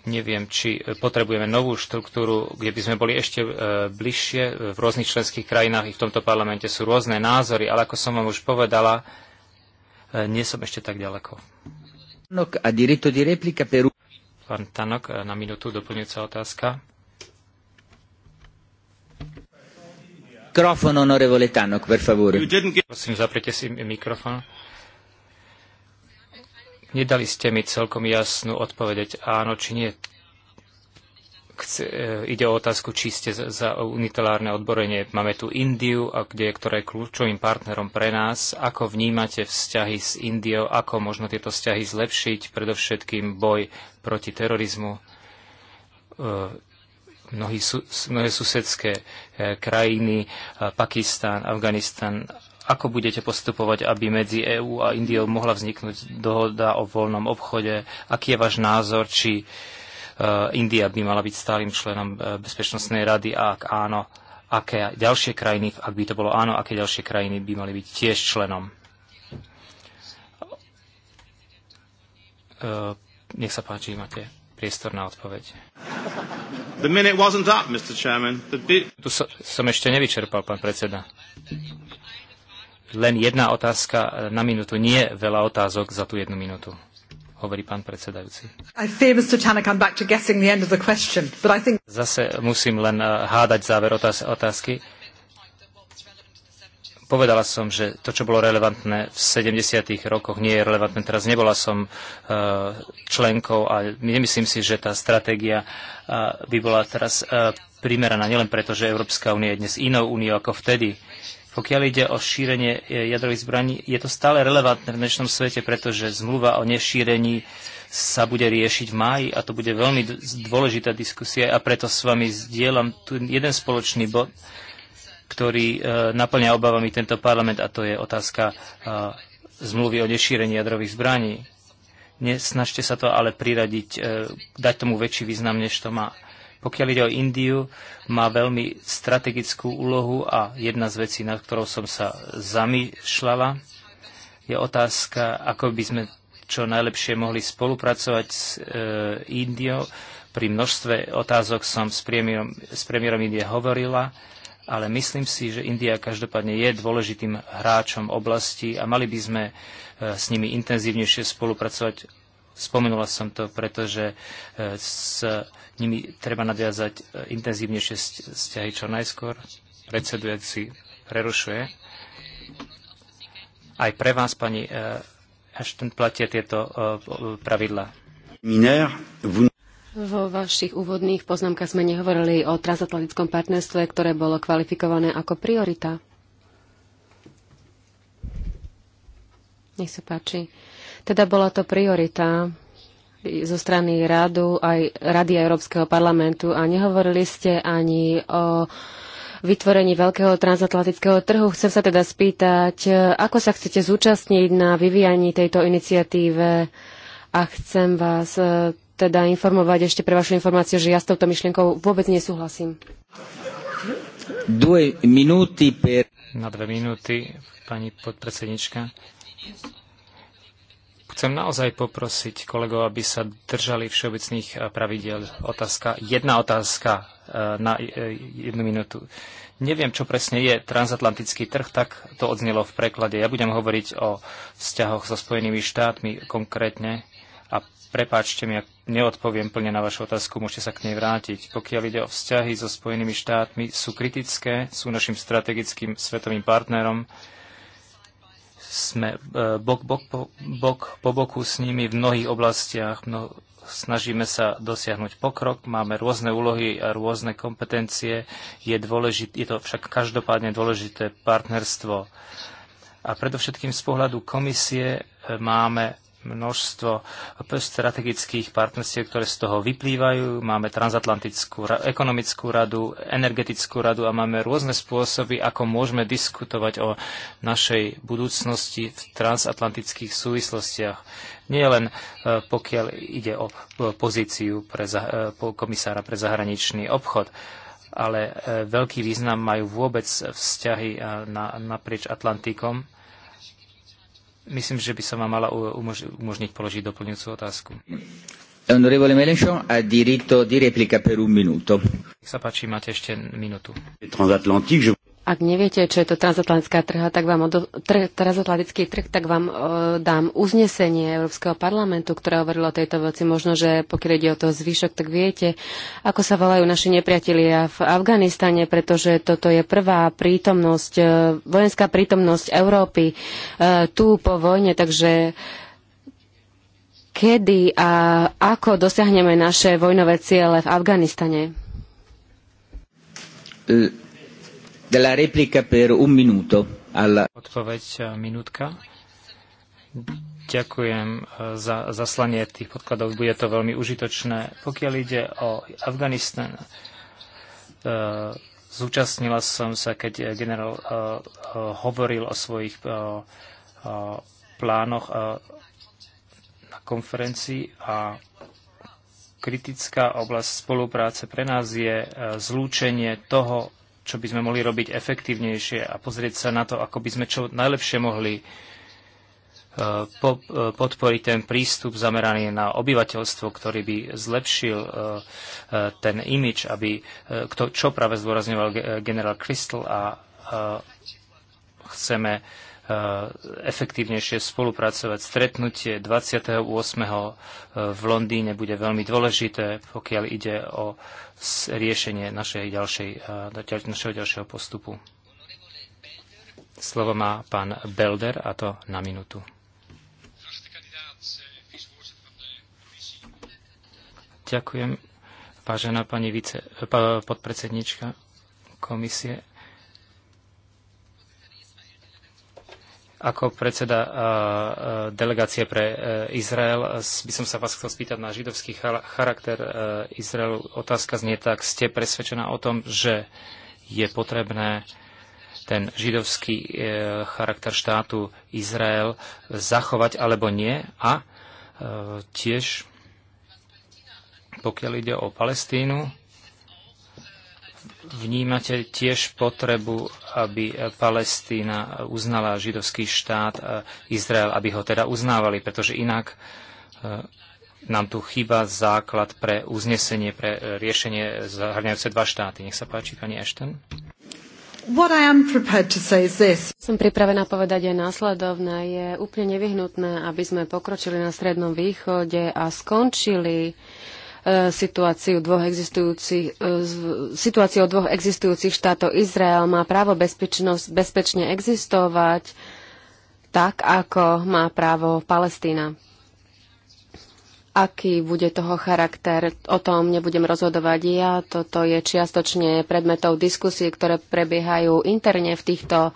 Neviem, či e, potrebujeme novú štruktúru, kde by sme boli ešte e, bližšie. E, v rôznych členských krajinách i v tomto parlamente sú rôzne názory, ale ako som vám už povedala, nie som ešte tak ďaleko. Pán Tanok, na minútu doplňujúca otázka. Mikrofon, onorevole Tanok, per favore. Prosím, zaprite si mikrofón. Nedali ste mi celkom jasnú odpovedeť áno či nie. Chce, e, ide o otázku, či ste za, za unitelárne odborenie. Máme tu Indiu, a kde, ktorá je kľúčovým partnerom pre nás. Ako vnímate vzťahy s Indiou? Ako možno tieto vzťahy zlepšiť? Predovšetkým boj proti terorizmu. E, mnohí, mnohé susedské e, krajiny, Pakistan, Afganistan ako budete postupovať, aby medzi EÚ a Indiou mohla vzniknúť dohoda o voľnom obchode? Aký je váš názor, či e, India by mala byť stálym členom e, Bezpečnostnej rady a ak áno, aké ďalšie krajiny, ak by to bolo áno, aké ďalšie krajiny by mali byť tiež členom. E, nech sa páči, máte priestor na odpoveď. The minute wasn't up, Mr. Chairman. The Tu so, som ešte nevyčerpal, pán predseda. Len jedna otázka na minútu, nie veľa otázok za tú jednu minútu hovorí pán predsedajúci. Zase musím len eh, hádať záver otázky. Povedala som, že to, čo bolo relevantné v 70. rokoch, nie je relevantné teraz. Nebola som eh, členkou a nemyslím si, že tá stratégia eh, by bola teraz primeraná. Nielen preto, že Európska únia je dnes inou úniou ako vtedy pokiaľ ide o šírenie e, jadrových zbraní, je to stále relevantné v dnešnom svete, pretože zmluva o nešírení sa bude riešiť v máji a to bude veľmi dôležitá diskusia a preto s vami zdieľam tu jeden spoločný bod, ktorý e, naplňa obavami tento parlament a to je otázka e, zmluvy o nešírení jadrových zbraní. Nesnažte sa to ale priradiť, e, dať tomu väčší význam, než to má. Pokiaľ ide o Indiu, má veľmi strategickú úlohu a jedna z vecí, nad ktorou som sa zamýšľala, je otázka, ako by sme čo najlepšie mohli spolupracovať s e, Indiou. Pri množstve otázok som s premiérom, s premiérom Indie hovorila, ale myslím si, že India každopádne je dôležitým hráčom oblasti a mali by sme e, s nimi intenzívnejšie spolupracovať Spomenula som to, pretože e, s nimi treba nadviazať e, intenzívnejšie vzťahy čo najskôr. Predsedujúci prerušuje. Aj pre vás, pani e, Ashton, platia tieto pravidla. Vo vašich úvodných poznámkach sme nehovorili o transatlantickom partnerstve, ktoré bolo kvalifikované ako priorita. Nech sa páči. Teda bola to priorita zo strany radu, aj, Rady Európskeho parlamentu a nehovorili ste ani o vytvorení veľkého transatlantického trhu. Chcem sa teda spýtať, ako sa chcete zúčastniť na vyvíjaní tejto iniciatíve a chcem vás e, teda informovať ešte pre vašu informáciu, že ja s touto myšlienkou vôbec nesúhlasím. Dve minúty per... Na dve minúty, pani podpredsednička. Chcem naozaj poprosiť kolegov, aby sa držali všeobecných eh, pravidel. Otázka, jedna otázka eh, na eh, jednu minútu. Neviem, čo presne je transatlantický trh, tak to odznelo v preklade. Ja budem hovoriť o vzťahoch so Spojenými štátmi konkrétne a prepáčte mi, ak neodpoviem plne na vašu otázku, môžete sa k nej vrátiť. Pokiaľ ide o vzťahy so Spojenými štátmi, sú kritické, sú našim strategickým svetovým partnerom sme e, bok, bok, po, bok po boku s nimi v mnohých oblastiach. Mno, snažíme sa dosiahnuť pokrok. Máme rôzne úlohy a rôzne kompetencie. Je, dôležit, je to však každopádne dôležité partnerstvo. A predovšetkým z pohľadu komisie e, máme množstvo strategických partnerstiev, ktoré z toho vyplývajú. Máme transatlantickú ekonomickú radu, energetickú radu a máme rôzne spôsoby, ako môžeme diskutovať o našej budúcnosti v transatlantických súvislostiach. Nie len e, pokiaľ ide o pozíciu pre, e, komisára pre zahraničný obchod ale e, veľký význam majú vôbec vzťahy na, naprieč Atlantikom Myslím, že by sa vám mala umož- umožniť položiť doplňujúcu otázku. Onorevole Melenchon a diritto di replica per un minuto. Nech sa páči, máte ešte minútu. Transatlantique, ak neviete, čo je to transatlantická trha, tak vám odo- tr- transatlantický trh, tak vám e, dám uznesenie Európskeho parlamentu, ktoré hovorilo o tejto veci. Možno, že pokiaľ ide o to zvyšok, tak viete, ako sa volajú naši nepriatelia v Afganistane, pretože toto je prvá prítomnosť, e, vojenská prítomnosť Európy e, tu po vojne, takže kedy a ako dosiahneme naše vojnové ciele v Afganistane? E, della replica per un minuto. Alla... Odpoveď eh, minútka. Ďakujem eh, za zaslanie tých podkladov, bude to veľmi užitočné. Pokiaľ ide o Afganistan, eh, zúčastnila som sa, keď generál hovoril o svojich plánoch na konferencii a kritická oblasť spolupráce pre nás je zlúčenie toho, čo by sme mohli robiť efektívnejšie a pozrieť sa na to, ako by sme čo najlepšie mohli e, e, podporiť ten prístup zameraný na obyvateľstvo, ktorý by zlepšil e, ten imič, aby, čo práve zdôrazňoval generál Crystal a chceme Eh, efektívnejšie spolupracovať. Stretnutie 28. Eh, v Londýne bude veľmi dôležité, pokiaľ ide o riešenie našej ďalšej, eh, našeho ďalšieho postupu. Slovo má pán Belder a to na minútu. Ďakujem, vážená pani vice, podpredsednička komisie. Ako predseda delegácie pre e, Izrael by som sa vás chcel spýtať na židovský charakter e, Izraelu. Otázka znie tak, ste presvedčená o tom, že je potrebné ten židovský e, charakter štátu Izrael zachovať alebo nie a tiež pokiaľ ide o Palestínu, vnímate tiež potrebu, aby Palestína uznala židovský štát a Izrael, aby ho teda uznávali, pretože inak e, nám tu chýba základ pre uznesenie, pre e, riešenie zahrňajúce dva štáty. Nech sa páči, pani Ashton. Som pripravená povedať aj následovné. Je úplne nevyhnutné, aby sme pokročili na Strednom východe a skončili E, situáciu dvoch existujúcich, e, situáciou dvoch existujúcich štátov. Izrael má právo bezpečnosť, bezpečne existovať tak, ako má právo Palestína. Aký bude toho charakter, o tom nebudem rozhodovať ja. Toto je čiastočne predmetov diskusie, ktoré prebiehajú interne v týchto uh,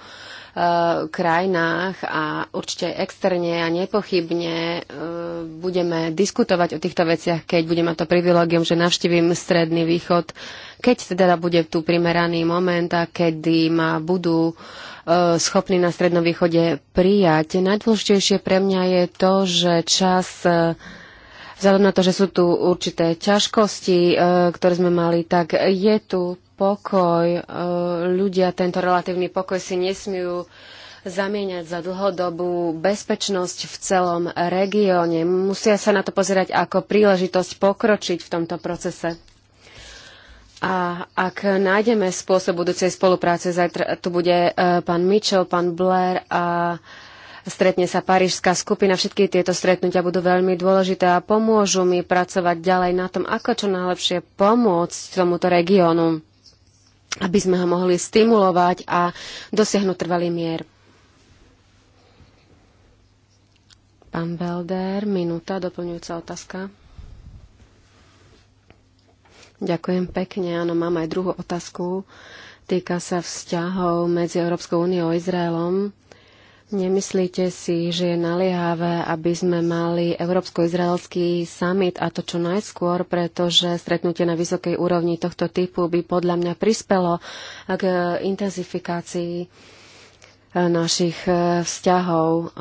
Eh, krajinách a určite externe a nepochybne eh, budeme diskutovať o týchto veciach, keď budeme mať to privilegium, že navštívim Stredný východ, keď teda bude tu primeraný moment a kedy ma budú eh, schopní na Strednom východe prijať. Najdôležitejšie pre mňa je to, že čas Vzhľadom na to, že sú tu určité ťažkosti, e, ktoré sme mali, tak je tu pokoj. E, ľudia tento relatívny pokoj si nesmiu zamieňať za dlhodobú bezpečnosť v celom regióne. Musia sa na to pozerať ako príležitosť pokročiť v tomto procese. A ak nájdeme spôsob budúcej spolupráce, zajtra tu bude e, pán Mitchell, pán Blair a stretne sa parížská skupina. Všetky tieto stretnutia budú veľmi dôležité a pomôžu mi pracovať ďalej na tom, ako čo najlepšie pomôcť tomuto regiónu, aby sme ho mohli stimulovať a dosiahnuť trvalý mier. Pán Belder, minúta, doplňujúca otázka. Ďakujem pekne. Áno, mám aj druhú otázku. Týka sa vzťahov medzi Európskou úniou a Izraelom. Nemyslíte si, že je naliehavé, aby sme mali Európsko-Izraelský summit a to čo najskôr, pretože stretnutie na vysokej úrovni tohto typu by podľa mňa prispelo k intenzifikácii eh, našich eh, vzťahov.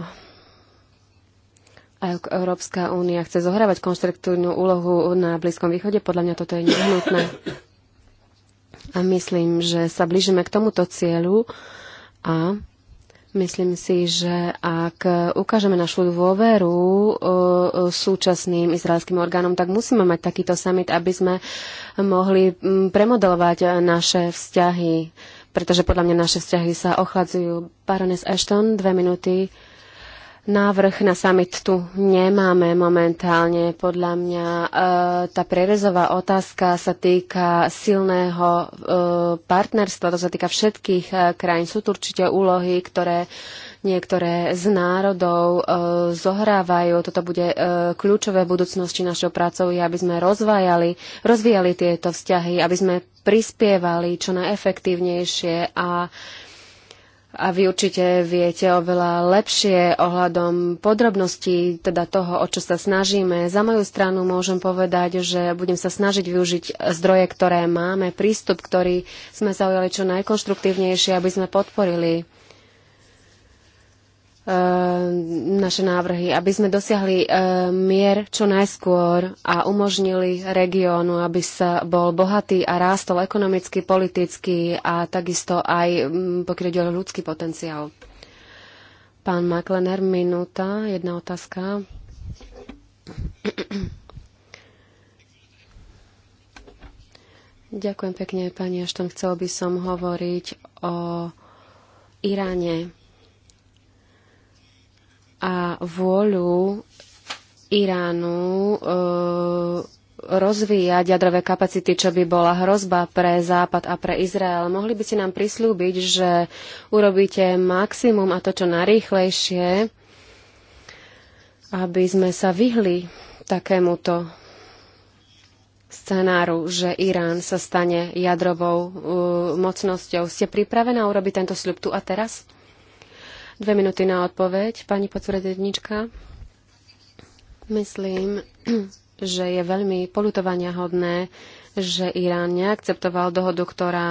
A Európska únia chce zohrávať konštruktívnu úlohu na Blízkom východe, podľa mňa toto je nehnutné. A myslím, že sa blížime k tomuto cieľu a Myslím si, že ak ukážeme našu dôveru e, súčasným izraelským orgánom, tak musíme mať takýto summit, aby sme mohli premodelovať naše vzťahy, pretože podľa mňa naše vzťahy sa ochladzujú. Baroness Ashton, dve minúty. Návrh na summit tu nemáme momentálne. Podľa mňa e, tá prerezová otázka sa týka silného e, partnerstva, to sa týka všetkých e, krajín. Sú tu určite úlohy, ktoré niektoré z národov e, zohrávajú. Toto bude e, kľúčové v budúcnosti našou prácou, aby sme rozvájali, rozvíjali tieto vzťahy, aby sme prispievali čo najefektívnejšie a e, a vy určite viete oveľa lepšie ohľadom podrobností, teda toho, o čo sa snažíme. Za moju stranu môžem povedať, že budem sa snažiť využiť zdroje, ktoré máme, prístup, ktorý sme zaujali čo najkonštruktívnejšie, aby sme podporili E, naše návrhy, aby sme dosiahli e, mier čo najskôr a umožnili regiónu, aby sa bol bohatý a rástol ekonomicky, politicky a takisto aj pokiaľ ide o ľudský potenciál. Pán Maklener, minúta, jedna otázka. Ďakujem pekne, pani Ašton. Chcel by som hovoriť o Iráne a vôľu Iránu e, rozvíjať jadrové kapacity, čo by bola hrozba pre Západ a pre Izrael. Mohli by ste nám prislúbiť, že urobíte maximum a to čo najrýchlejšie, aby sme sa vyhli takémuto scenáru, že Irán sa stane jadrovou e, mocnosťou. Ste pripravená urobiť tento sľub tu a teraz? Dve minúty na odpoveď, pani podpredsednička. Myslím, že je veľmi polutovania hodné, že Irán neakceptoval dohodu, ktorá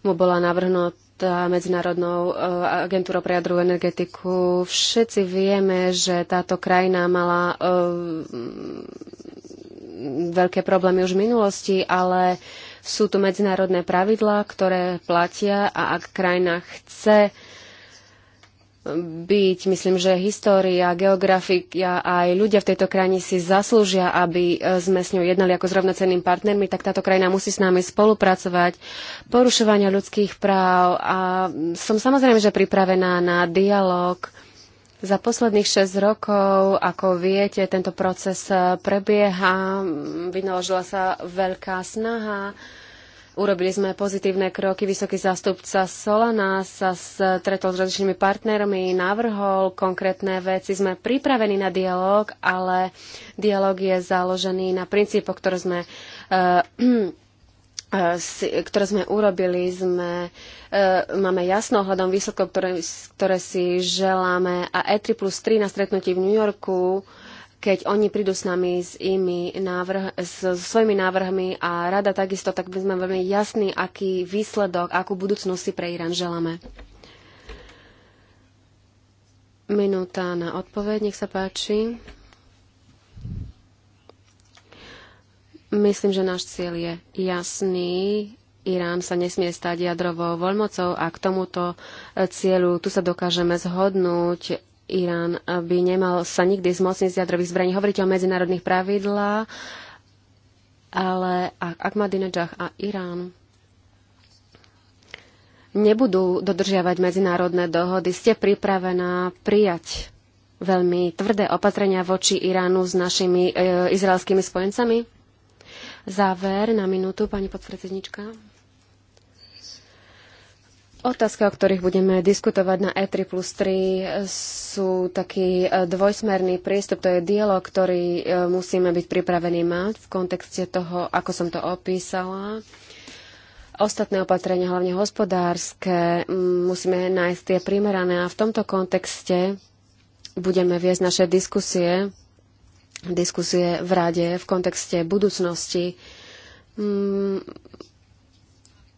mu bola navrhnutá Medzinárodnou e, agentúrou pre jadrovú energetiku. Všetci vieme, že táto krajina mala uh, veľké problémy už v minulosti, ale sú tu medzinárodné pravidlá, ktoré platia a ak krajina chce byť. Myslím, že história, geografia aj ľudia v tejto krajine si zaslúžia, aby e, sme s ňou jednali ako s rovnocennými partnermi, tak táto krajina musí s nami spolupracovať. Porušovania ľudských práv a mm, som samozrejme, že pripravená na dialog. Za posledných 6 rokov, ako viete, tento proces e, prebieha, mm, vynaložila sa veľká snaha Urobili sme pozitívne kroky. Vysoký zástupca Solana sa stretol s rozličnými partnermi, navrhol konkrétne veci. Sme pripravení na dialog, ale dialog je založený na princípoch, ktoré sme uh, ktoré sme urobili, sme, e, máme jasno ohľadom výsledkov, ktoré, ktoré si želáme a E3 plus 3 na stretnutí v New Yorku keď oni prídu s nami s, imi návrh, s, s svojimi návrhmi a rada takisto, tak by sme veľmi jasný, aký výsledok, akú budúcnosť si pre Irán želáme. Minúta na odpoveď, nech sa páči. Myslím, že náš cieľ je jasný. Irán sa nesmie stať jadrovou voľmocou a k tomuto cieľu tu sa dokážeme zhodnúť Irán by nemal sa nikdy zmocniť z jadrových zbraní. Hovoríte o medzinárodných pravidlách, ale ak Ahmadinejad a Irán nebudú dodržiavať medzinárodné dohody, ste pripravená prijať veľmi tvrdé opatrenia voči Iránu s našimi e, izraelskými spojencami? Záver na minútu, pani podpredsednička. Otázky, o ktorých budeme diskutovať na E3 plus 3, sú taký e, dvojsmerný prístup. To je dialog, ktorý e, musíme byť pripravení mať v kontexte toho, ako som to opísala. Ostatné opatrenia, hlavne hospodárske, musíme nájsť tie primerané a v tomto kontexte budeme viesť naše diskusie, diskusie v rade v kontexte budúcnosti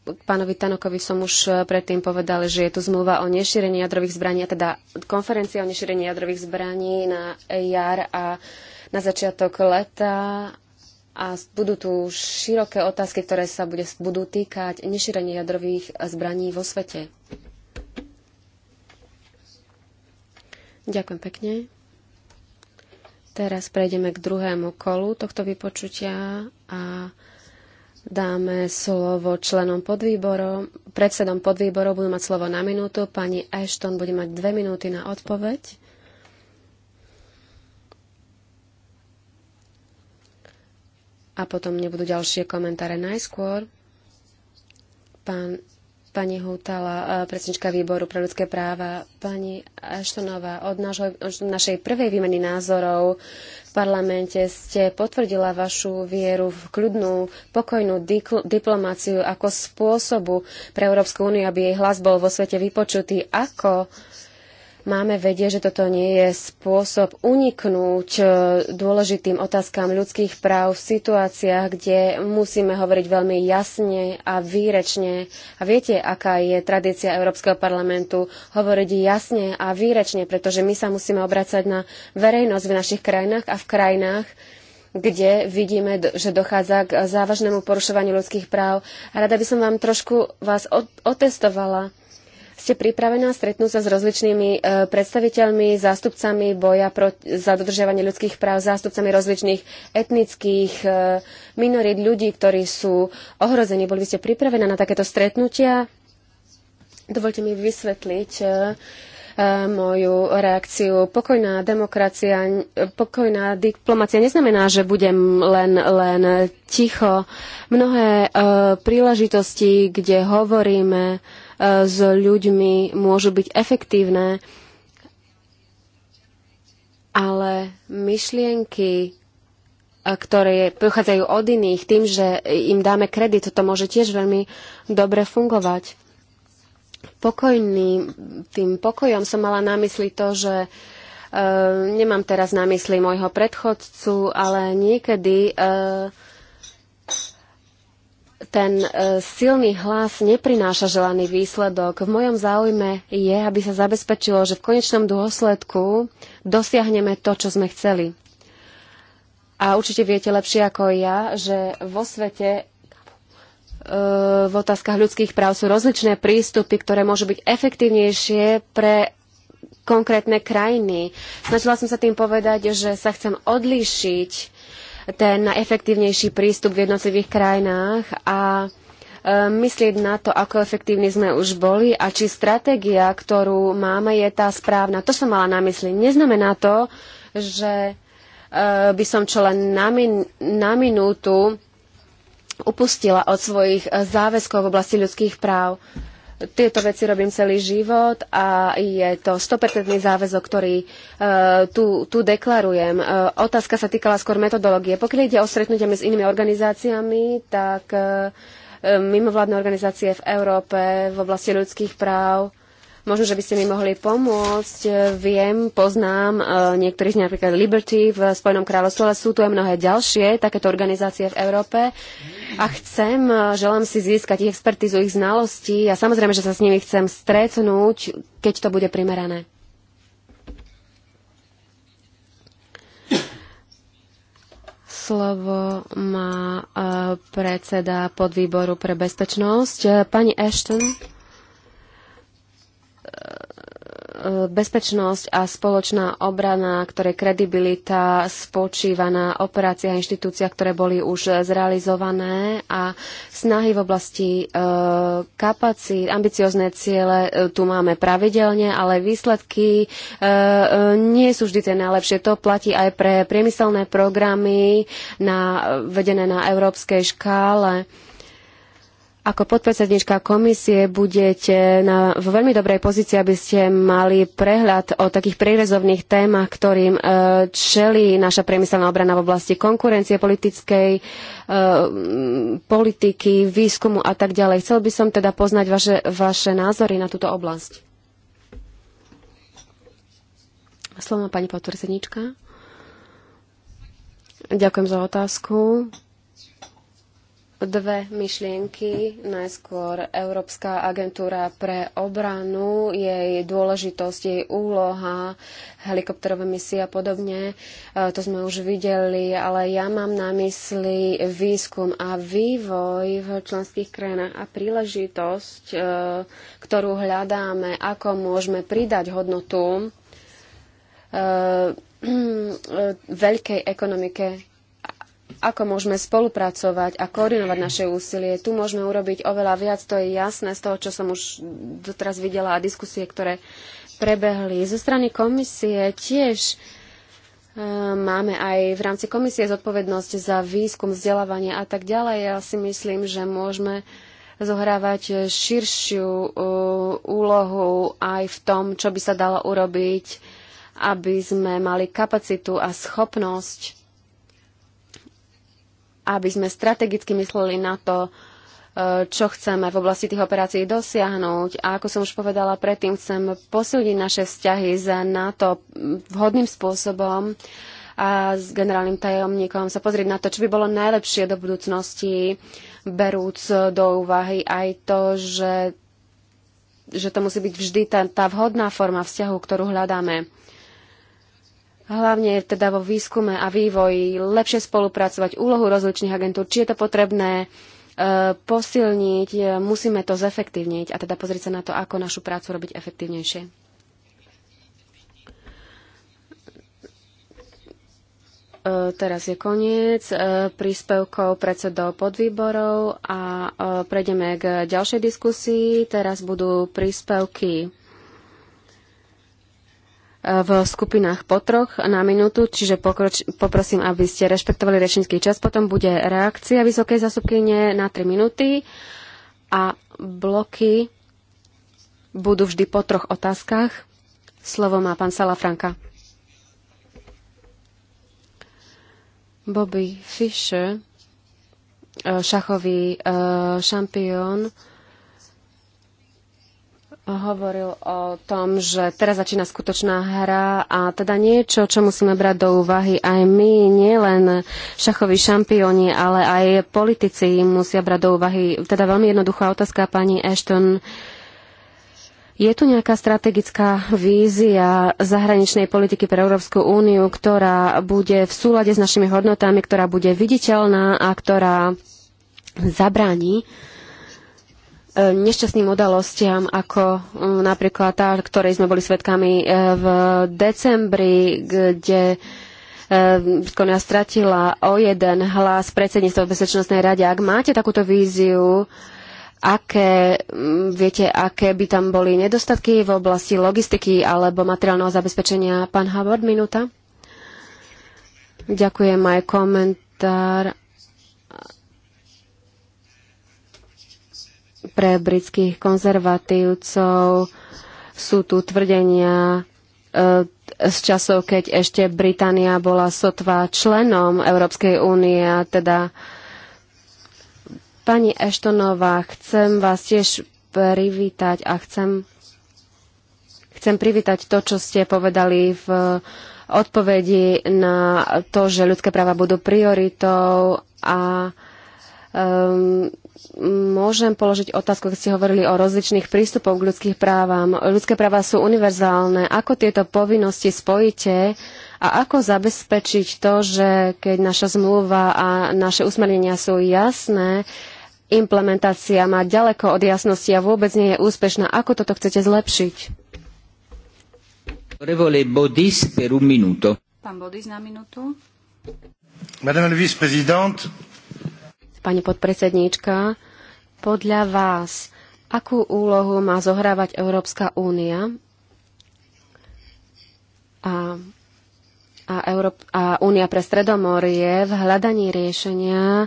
pánovi Tanokovi som už e, predtým povedal, že je tu zmluva o nešírení jadrových zbraní, a teda konferencia o nešírení jadrových zbraní na jar a na začiatok leta. A budú tu široké otázky, ktoré sa bude, budú týkať nešírenia jadrových zbraní vo svete. Ďakujem pekne. Teraz prejdeme k druhému kolu tohto vypočutia a dáme slovo členom podvýborov. Predsedom podvýborov budú mať slovo na minútu. Pani Ashton bude mať dve minúty na odpoveď. A potom nebudú ďalšie komentáre najskôr. Pán, pani Hutala, eh, predsednička výboru pre ľudské práva, pani Ashtonová, od, našo, od našej prvej výmeny názorov parlamente ste potvrdila vašu vieru v kľudnú, pokojnú diplomáciu ako spôsobu pre Európsku úniu, aby jej hlas bol vo svete vypočutý. Ako máme vedieť, že toto nie je spôsob uniknúť e, dôležitým otázkam ľudských práv v situáciách, kde musíme hovoriť veľmi jasne a výrečne. A viete, aká je tradícia Európskeho parlamentu hovoriť jasne a výrečne, pretože my sa musíme obracať na verejnosť v našich krajinách a v krajinách, kde vidíme, že dochádza k závažnému porušovaniu ľudských práv. A rada by som vám trošku vás otestovala ste pripravená stretnúť sa s rozličnými e, predstaviteľmi, zástupcami boja za dodržiavanie ľudských práv, zástupcami rozličných etnických e, minorít ľudí, ktorí sú ohrození. Boli by ste pripravená na takéto stretnutia? Dovolte mi vysvetliť e, moju reakciu. Pokojná demokracia, pokojná diplomacia neznamená, že budem len, len ticho. Mnohé uh, príležitosti, kde hovoríme s ľuďmi môžu byť efektívne, ale myšlienky, e, ktoré pochádzajú od iných, tým, že im dáme kredit, to môže tiež veľmi dobre fungovať. Pokojný, tým pokojom som mala na mysli to, že e, nemám teraz na mysli môjho predchodcu, ale niekedy e, ten e, silný hlas neprináša želaný výsledok. V mojom záujme je, aby sa zabezpečilo, že v konečnom dôsledku dosiahneme to, čo sme chceli. A určite viete lepšie ako ja, že vo svete e, v otázkach ľudských práv sú rozličné prístupy, ktoré môžu byť efektívnejšie pre konkrétne krajiny. Snažila som sa tým povedať, že sa chcem odlíšiť ten najefektívnejší prístup v jednotlivých krajinách a e, myslieť na to, ako efektívni sme už boli a či stratégia, ktorú máme, je tá správna. To som mala na mysli. Neznamená to, že e, by som čo len na, min- na minútu upustila od svojich e, záväzkov v oblasti ľudských práv. Tieto veci robím celý život a je to 100% záväzok, ktorý e, tu, tu deklarujem. E, otázka sa týkala skôr metodológie. Pokiaľ ide o stretnutia s inými organizáciami, tak uh, mimovládne organizácie v Európe v oblasti ľudských práv, možno, že by ste mi mohli pomôcť. Viem, poznám niektorých, napríklad Liberty v Spojenom kráľovstve, ale sú tu aj mnohé ďalšie takéto organizácie v Európe. Mm a chcem, e, želám si získať ich expertizu, ich znalosti a samozrejme, že sa s nimi chcem stretnúť, keď to bude primerané. Slovo má e, predseda podvýboru pre bezpečnosť. E, pani Ashton, E, bezpečnosť a spoločná obrana, ktoré kredibilita spočíva na operáciách a inštitúciách, ktoré boli už zrealizované a snahy v oblasti e, kapacít, ambiciozne ciele e, tu máme pravidelne, ale výsledky e, nie sú vždy tie najlepšie. To platí aj pre priemyselné programy na, vedené na európskej škále ako podpredsednička komisie budete na, v veľmi dobrej pozícii, aby ste mali prehľad o takých prírezovných témach, ktorým e, čelí naša priemyselná obrana v oblasti konkurencie politickej, e, politiky, výskumu a tak ďalej. Chcel by som teda poznať vaše, vaše názory na túto oblasť. Slovo pani podpredsednička. Ďakujem za otázku dve myšlienky. Najskôr Európska agentúra pre obranu, jej dôležitosť, jej úloha, helikopterové misie a podobne. E, to sme už videli, ale ja mám na mysli výskum a vývoj v členských krajinách a príležitosť, e, ktorú hľadáme, ako môžeme pridať hodnotu e, veľkej ekonomike ako môžeme spolupracovať a koordinovať naše úsilie. Tu môžeme urobiť oveľa viac, to je jasné z toho, čo som už doteraz videla a diskusie, ktoré prebehli. Zo strany komisie tiež e, Máme aj v rámci komisie zodpovednosť za výskum, vzdelávanie a tak ďalej. Ja si myslím, že môžeme zohrávať širšiu e, úlohu aj v tom, čo by sa dalo urobiť, aby sme mali kapacitu a schopnosť aby sme strategicky mysleli na to, e, čo chceme v oblasti tých operácií dosiahnuť. A ako som už povedala predtým, chcem posilniť naše vzťahy za NATO vhodným spôsobom a s generálnym tajomníkom sa pozrieť na to, čo by bolo najlepšie do budúcnosti, berúc do úvahy aj to, že, že to musí byť vždy tá, tá vhodná forma vzťahu, ktorú hľadáme hlavne teda vo výskume a vývoji lepšie spolupracovať, úlohu rozličných agentúr, či je to potrebné e, posilniť, e, musíme to zefektívniť a teda pozrieť sa na to, ako našu prácu robiť efektívnejšie. E, teraz je koniec e, príspevkov predsedov podvýborov a prejdeme k ďalšej diskusii. Teraz budú príspevky v skupinách po troch na minútu, čiže pokroč, poprosím, aby ste rešpektovali rečnícky čas. Potom bude reakcia vysokej zastupkyne na 3 minúty a bloky budú vždy po troch otázkach. Slovo má pán Sala Franka. Bobby Fischer, šachový eh, šampión, hovoril o tom, že teraz začína skutočná hra a teda niečo, čo musíme brať do úvahy aj my, nielen šachoví šampióni, ale aj politici musia brať do úvahy. Teda veľmi jednoduchá otázka, pani Ashton. Je tu nejaká strategická vízia zahraničnej politiky pre Európsku úniu, ktorá bude v súlade s našimi hodnotami, ktorá bude viditeľná a ktorá zabráni nešťastným udalostiam, ako mm, napríklad tá, ktorej sme boli svedkami e, v decembri, kde Skonia e, stratila o jeden hlas predsedníctva v Bezpečnostnej rade. Ak máte takúto víziu, aké, mm, viete, aké by tam boli nedostatky v oblasti logistiky alebo materiálneho zabezpečenia? Pán Havard, minúta. Ďakujem aj komentár pre britských konzervatívcov sú tu tvrdenia e, z časov, keď ešte Británia bola sotva členom Európskej únie a teda pani Eštonová, chcem vás tiež privítať a chcem, chcem privítať to, čo ste povedali v odpovedi na to, že ľudské práva budú prioritou a Um, môžem položiť otázku, keď ste hovorili o rozličných prístupoch k ľudských právam. Ľudské práva sú univerzálne. Ako tieto povinnosti spojíte a ako zabezpečiť to, že keď naša zmluva a naše usmernenia sú jasné, implementácia má ďaleko od jasnosti a vôbec nie je úspešná. Ako toto chcete zlepšiť? Pán Bodis na minútu. Madame la vice-présidente, pani podpredsedníčka, podľa vás, akú úlohu má zohrávať Európska únia a, a, Európ- a Únia pre Stredomorie v hľadaní riešenia e,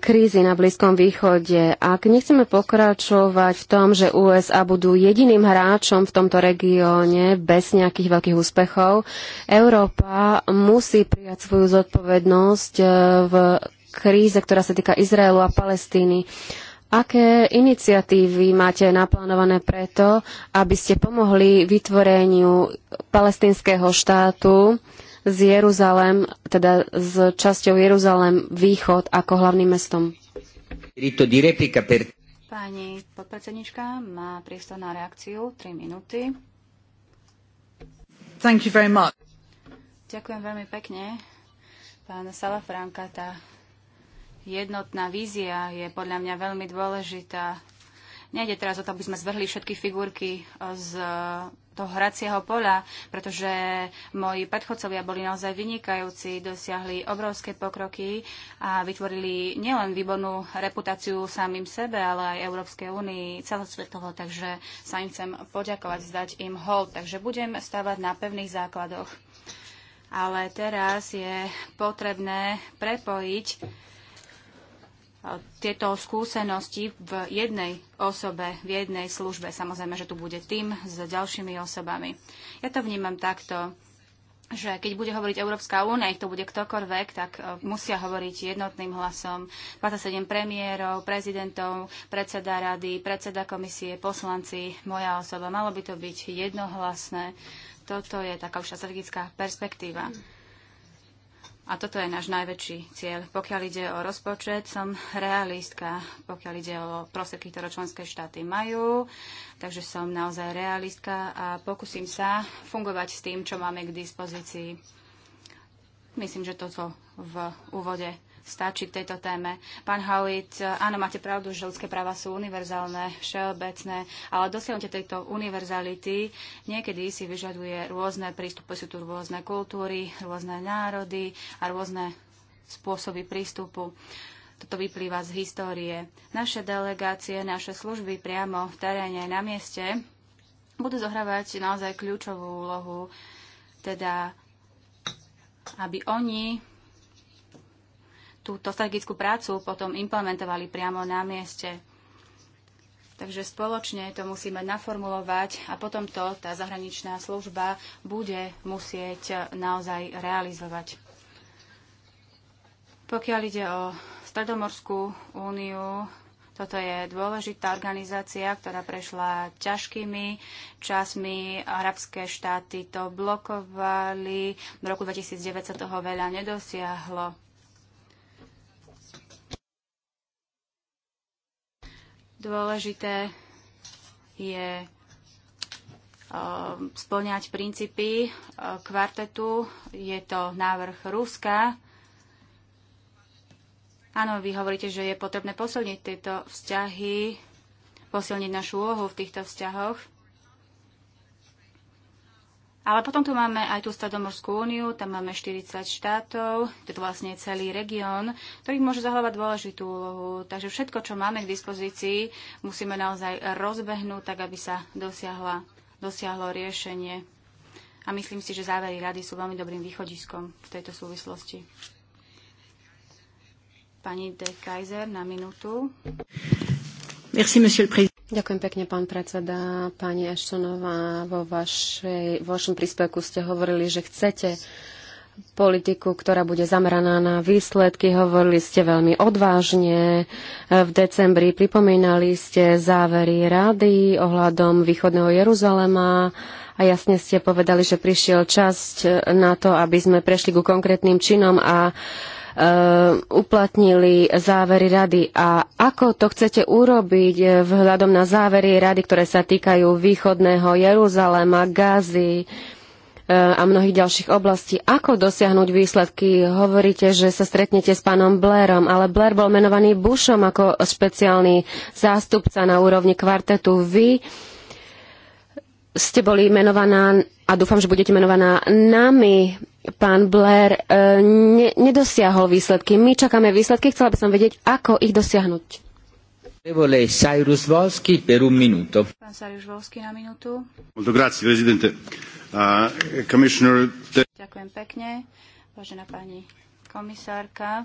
krízy na Blízkom východe. Ak nechceme pokračovať v tom, že USA budú jediným hráčom v tomto regióne bez nejakých veľkých úspechov, Európa musí prijať svoju zodpovednosť e, v kríze, ktorá sa týka Izraelu a Palestíny. Aké iniciatívy máte naplánované preto, aby ste pomohli vytvoreniu palestinského štátu z Jeruzalem, teda s časťou Jeruzalem východ ako hlavným mestom? Pani podpredsednička má priestor na reakciu 3 minúty. Thank you very much. Ďakujem veľmi pekne. Pán Salafranka, tá jednotná vízia je podľa mňa veľmi dôležitá. Nejde teraz o to, aby sme zvrhli všetky figurky e, z toho hracieho pola, pretože moji predchodcovia boli naozaj vynikajúci, dosiahli obrovské pokroky a vytvorili nielen výbornú reputáciu samým sebe, ale aj Európskej únii celosvetovo, takže sa im chcem poďakovať, zdať im hold. Takže budem stávať na pevných základoch. Ale teraz je potrebné prepojiť tieto skúsenosti v jednej osobe, v jednej službe. Samozrejme, že tu bude tým s ďalšími osobami. Ja to vnímam takto že keď bude hovoriť Európska únia, ich to bude ktokoľvek, tak e, musia hovoriť jednotným hlasom. 27 premiérov, prezidentov, predseda rady, predseda komisie, poslanci, moja osoba. Malo by to byť jednohlasné. Toto je taká už strategická perspektíva. Mm. A toto je náš najväčší cieľ. Pokiaľ ide o rozpočet, som realistka. Pokiaľ ide o prostriedky, ktoré členské štáty majú, takže som naozaj realistka a pokúsim sa fungovať s tým, čo máme k dispozícii. Myslím, že toto v úvode stačiť tejto téme. Pán Halit, áno, máte pravdu, že ľudské práva sú univerzálne, všeobecné, ale dosiahnutie tejto univerzality niekedy si vyžaduje rôzne prístupy, sú tu rôzne kultúry, rôzne národy a rôzne spôsoby prístupu. Toto vyplýva z histórie. Naše delegácie, naše služby priamo v teréne na mieste budú zohrávať naozaj kľúčovú úlohu, teda aby oni túto strategickú prácu potom implementovali priamo na mieste. Takže spoločne to musíme naformulovať a potom to tá zahraničná služba bude musieť naozaj realizovať. Pokiaľ ide o Stredomorskú úniu, toto je dôležitá organizácia, ktorá prešla ťažkými časmi. Arabské štáty to blokovali. V roku 2009 sa toho veľa nedosiahlo. Dôležité je um, splňať princípy uh, kvartetu. Je to návrh Ruska. Áno, vy hovoríte, že je potrebné posilniť tieto vzťahy, posilniť našu úlohu v týchto vzťahoch. Ale potom tu máme aj tú Stredomorskú úniu, tam máme 40 štátov, to je vlastne celý región, ktorý môže zahľavať dôležitú úlohu. Takže všetko, čo máme k dispozícii, musíme naozaj rozbehnúť, tak aby sa dosiahla, dosiahlo riešenie. A myslím si, že závery rady sú veľmi dobrým východiskom v tejto súvislosti. Pani de Kaiser na minútu. Merci, monsieur le président. Ďakujem pekne, pán predseda. Pani Eštonová, vo, vašej, vo vašom príspevku ste hovorili, že chcete politiku, ktorá bude zameraná na výsledky. Hovorili ste veľmi odvážne. V decembri pripomínali ste závery rady ohľadom východného Jeruzalema a jasne ste povedali, že prišiel časť na to, aby sme prešli ku konkrétnym činom a Eh, uplatnili závery rady a ako to chcete urobiť eh, vzhľadom na závery rady, ktoré sa týkajú východného Jeruzaléma, Gazy eh, a mnohých ďalších oblastí. Ako dosiahnuť výsledky? Hovoríte, že sa stretnete s pánom Blairom, ale Blair bol menovaný Bushom ako špeciálny zástupca na úrovni kvartetu. Vy ste boli menovaná a dúfam, že budete menovaná nami. Pán Blair e, ne, nedosiahol výsledky. My čakáme výsledky. Chcela by som vedieť, ako ich dosiahnuť. Cyrus Volsky per un minuto. Pán Cyrus Volsky na minútu. Grazie, Uh, commissioner... Ďakujem pekne, vážená pani komisárka.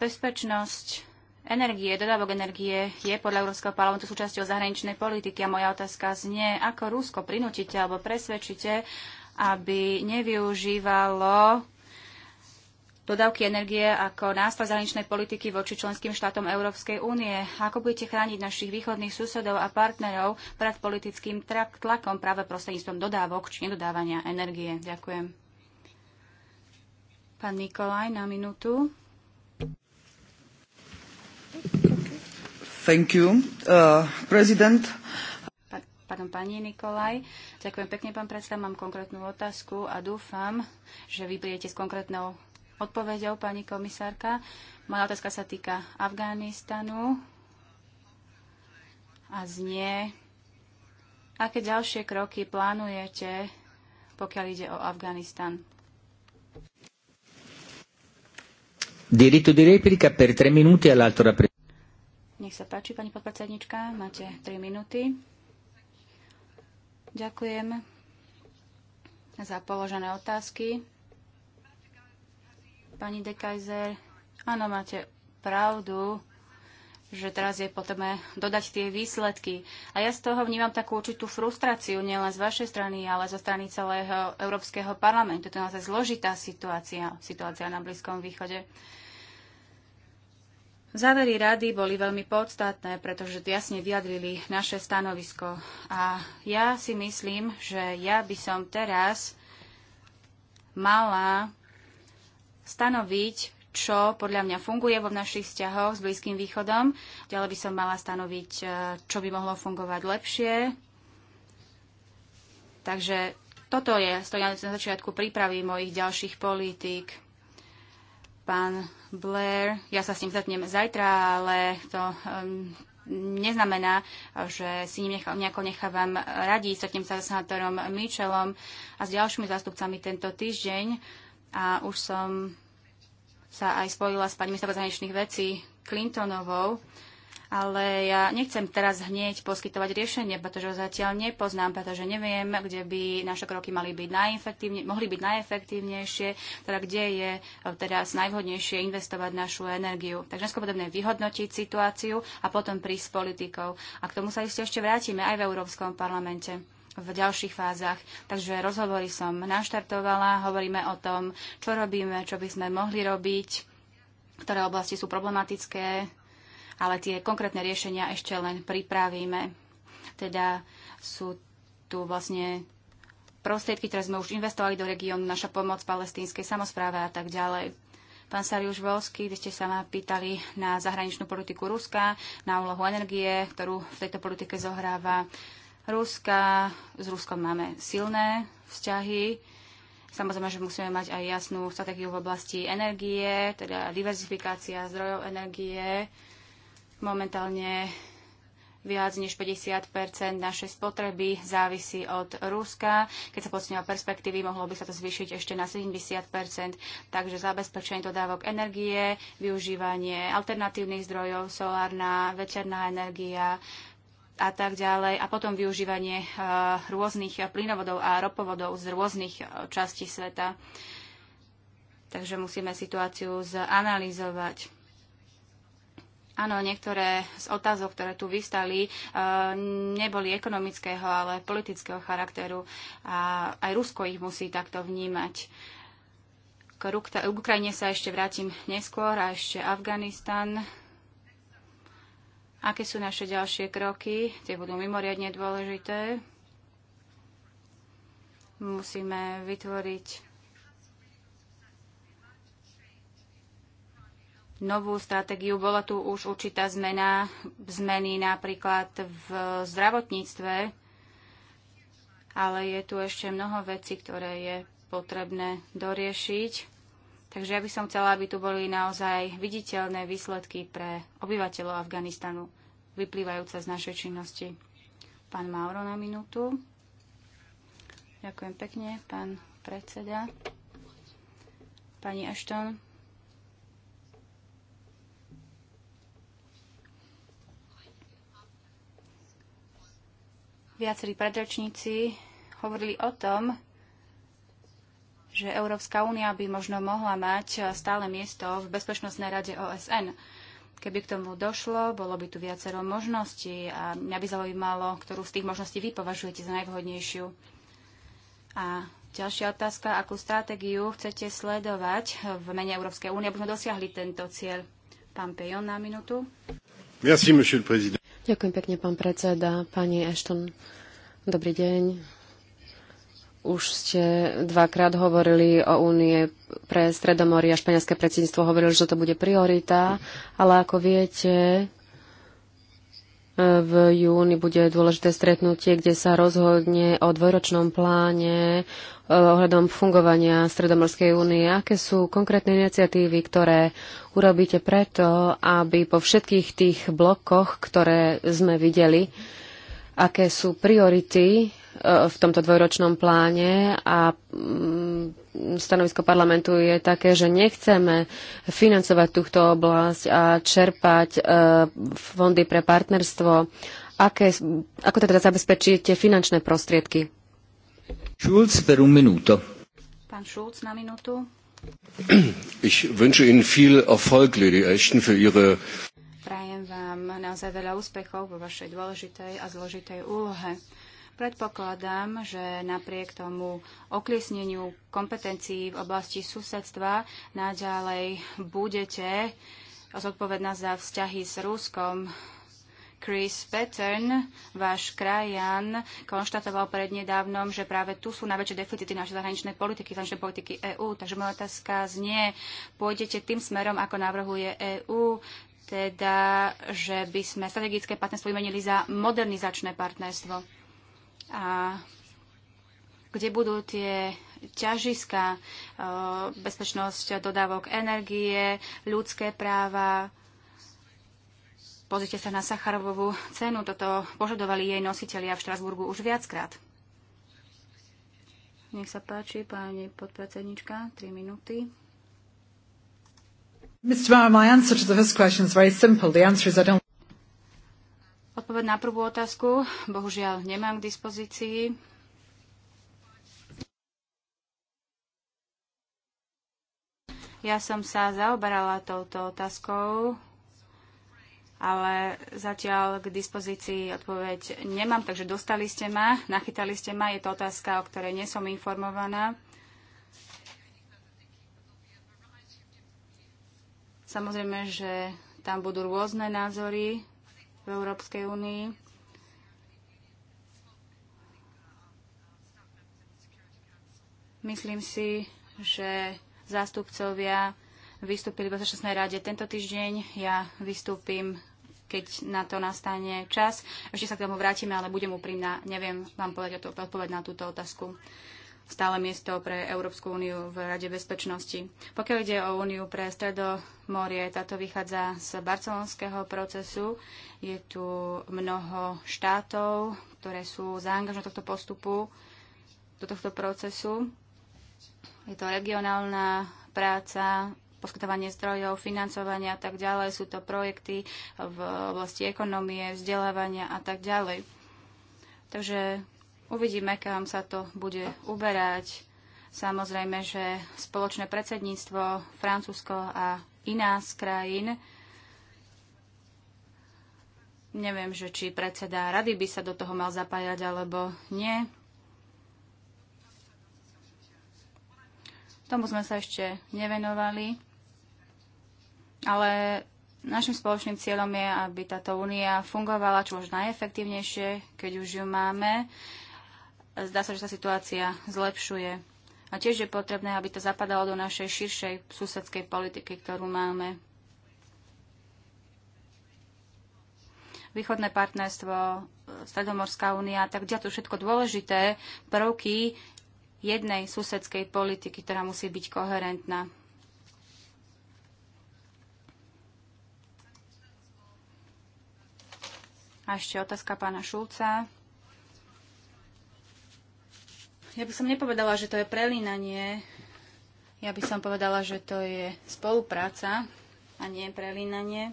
Bezpečnosť energie, dodávok energie je podľa Európskeho parlamentu súčasťou zahraničnej politiky a moja otázka znie, ako Rusko prinútite alebo presvedčite, aby nevyužívalo dodávky energie ako nástroj zahraničnej politiky voči členským štátom Európskej únie. Ako budete chrániť našich východných susedov a partnerov pred politickým tlakom práve prostredníctvom dodávok či nedodávania energie? Ďakujem. Pán Nikolaj, na minútu. Thank you, uh, President. Pardon, pani Nikolaj. Ďakujem pekne, pán predseda. Mám konkrétnu otázku a dúfam, že vy budete s konkrétnou odpoveďou, pani komisárka. Moja otázka sa týka Afganistanu a znie, aké ďalšie kroky plánujete, pokiaľ ide o Afganistan. Diritto di per Nech sa páči, pani podpredsednička, máte tri minúty. Ďakujem za položené otázky. Pani Dekajzer, áno, máte pravdu že teraz je potrebné dodať tie výsledky. A ja z toho vnímam takú určitú frustráciu, nielen z vašej strany, ale zo strany celého Európskeho parlamentu. To je naozaj zložitá situácia, situácia na Blízkom východe. Závery rady boli veľmi podstatné, pretože jasne vyjadrili naše stanovisko. A ja si myslím, že ja by som teraz mala stanoviť čo podľa mňa funguje vo našich vzťahoch s Blízkym východom. Ďalej by som mala stanoviť, e, čo by mohlo fungovať lepšie. Takže toto je, stojí na začiatku prípravy mojich ďalších politík. Pán Blair, ja sa s ním zatnem zajtra, ale to um, neznamená, že si ním nechal, nejako nechávam radiť. Stretnem sa s senátorom Michelom a s ďalšími zástupcami tento týždeň a už som sa aj spojila s pani ministra zahraničných vecí Clintonovou, ale ja nechcem teraz hneď poskytovať riešenie, pretože ho zatiaľ nepoznám, pretože neviem, kde by naše kroky mali byť najefektívne, mohli byť najefektívnejšie, teda kde je eh, teraz najvhodnejšie investovať našu energiu. Takže skôr potrebné vyhodnotiť situáciu a potom prísť s politikou. A k tomu sa ešte ešte vrátime aj v Európskom parlamente v ďalších fázach. Takže rozhovory som naštartovala, hovoríme o tom, čo robíme, čo by sme mohli robiť, ktoré oblasti sú problematické, ale tie konkrétne riešenia ešte len pripravíme. Teda sú tu vlastne prostriedky, ktoré sme už investovali do regiónu, naša pomoc palestínskej samozpráve a tak ďalej. Pán Sariuš Volsky, vy ste sa ma pýtali na zahraničnú politiku Ruska, na úlohu energie, ktorú v tejto politike zohráva Ruska. S Ruskom máme silné vzťahy. Samozrejme, že musíme mať aj jasnú stratégiu v oblasti energie, teda diverzifikácia zdrojov energie. Momentálne viac než 50 našej spotreby závisí od Ruska. Keď sa posunia perspektívy, mohlo by sa to zvýšiť ešte na 70 Takže zabezpečenie dodávok energie, využívanie alternatívnych zdrojov, solárna, veterná energia, a tak ďalej. A potom využívanie eh, rôznych eh, plynovodov a ropovodov z rôznych eh, častí sveta. Takže musíme situáciu zanalýzovať. Áno, niektoré z otázok, ktoré tu vystali, neboli ekonomického, ale politického charakteru. A aj Rusko ich musí takto vnímať. K Ukrajine sa ešte vrátim neskôr a ešte Afganistan. Aké sú naše ďalšie kroky? Tie budú mimoriadne dôležité. Musíme vytvoriť novú stratégiu. Bola tu už určitá zmena, zmeny napríklad v zdravotníctve, ale je tu ešte mnoho vecí, ktoré je potrebné doriešiť. Takže ja by som chcela, aby tu boli naozaj viditeľné výsledky pre obyvateľov Afganistanu, vyplývajúce z našej činnosti. Pán Mauro na minútu. Ďakujem pekne, pán predseda. Pani Ashton. Viacerí predračníci hovorili o tom, že Európska únia by možno mohla mať eh, stále miesto v Bezpečnostnej rade OSN. Keby k tomu došlo, bolo by tu viacero možností a mňa by zaujímalo, ktorú z tých možností vy považujete za najvhodnejšiu. A ďalšia otázka, akú stratégiu chcete sledovať eh, v mene Európskej únie, aby sme dosiahli tento cieľ. Pán Pejon na minútu. Ďakujem pekne, pán predseda. Pani Ashton, dobrý deň. Už ste dvakrát hovorili o únie pre Stredomorie a španielské predsedníctvo hovorili, že to bude priorita, ale ako viete, v júni bude dôležité stretnutie, kde sa rozhodne o dvojročnom pláne eh, ohľadom fungovania Stredomorskej únie. Aké sú konkrétne iniciatívy, ktoré urobíte preto, aby po všetkých tých blokoch, ktoré sme videli, aké sú priority v tomto dvojročnom pláne a mm, stanovisko parlamentu je také, že nechceme financovať túto oblasť a čerpať e, fondy pre partnerstvo. Aké, ako teda zabezpečíte finančné prostriedky? Schulz per un minuto. Pán Schulz na minútu. Ich wünsche Ihnen viel Erfolg, Lady Ashton, für Ihre Prajem vám naozaj veľa úspechov vo vašej dôležitej a zložitej úlohe. Predpokladám, že napriek tomu okliesneniu kompetencií v oblasti susedstva naďalej budete zodpovedná za vzťahy s Ruskom. Chris Pattern, váš krajan, konštatoval prednedávnom, že práve tu sú najväčšie deficity našej zahraničnej politiky, zahraničnej politiky EÚ. Takže moja otázka znie, pôjdete tým smerom, ako navrhuje EÚ, teda, že by sme strategické partnerstvo vymenili za modernizačné partnerstvo a kde budú tie ťažiska, e, bezpečnosť dodávok energie, ľudské práva. Pozrite sa na Sacharovovú cenu. Toto požadovali jej nositelia v Štrasburgu už viackrát. Nech sa páči, pani podpredsednička, tri minúty. Mr. Tomorrow, my answer to the first question is very simple. The answer is I don't... Odpoveď na prvú otázku bohužiaľ nemám k dispozícii. Ja som sa zaoberala touto otázkou, ale zatiaľ k dispozícii odpoveď nemám, takže dostali ste ma, nachytali ste ma. Je to otázka, o ktorej nie som informovaná. Samozrejme, že tam budú rôzne názory v Európskej únii. Myslím si, že zástupcovia vystúpili v 26. rade tento týždeň. Ja vystúpim keď na to nastane čas. Ešte sa k tomu vrátime, ale budem úprimná. Neviem vám povedať odpoveď na túto otázku stále miesto pre Európsku úniu v Rade bezpečnosti. Pokiaľ ide o úniu pre Stredomorie, táto vychádza z barcelonského procesu. Je tu mnoho štátov, ktoré sú zaangažené do tohto postupu, do tohto procesu. Je to regionálna práca, poskytovanie zdrojov, financovania a tak ďalej. Sú to projekty v oblasti ekonomie, vzdelávania a tak ďalej. Takže Uvidíme, kam sa to bude uberať. Samozrejme, že spoločné predsedníctvo Francúzsko a iná z krajín. Neviem, že či predseda rady by sa do toho mal zapájať alebo nie. Tomu sme sa ešte nevenovali, ale našim spoločným cieľom je, aby táto únia fungovala čo už najefektívnejšie, keď už ju máme. Zdá sa, že sa situácia zlepšuje. A tiež je potrebné, aby to zapadalo do našej širšej susedskej politiky, ktorú máme. Východné partnerstvo, Stredomorská únia, tak ďalej to všetko dôležité prvky jednej susedskej politiky, ktorá musí byť koherentná. A ešte otázka pána Šulca. Ja by som nepovedala, že to je prelínanie. Ja by som povedala, že to je spolupráca a nie prelínanie.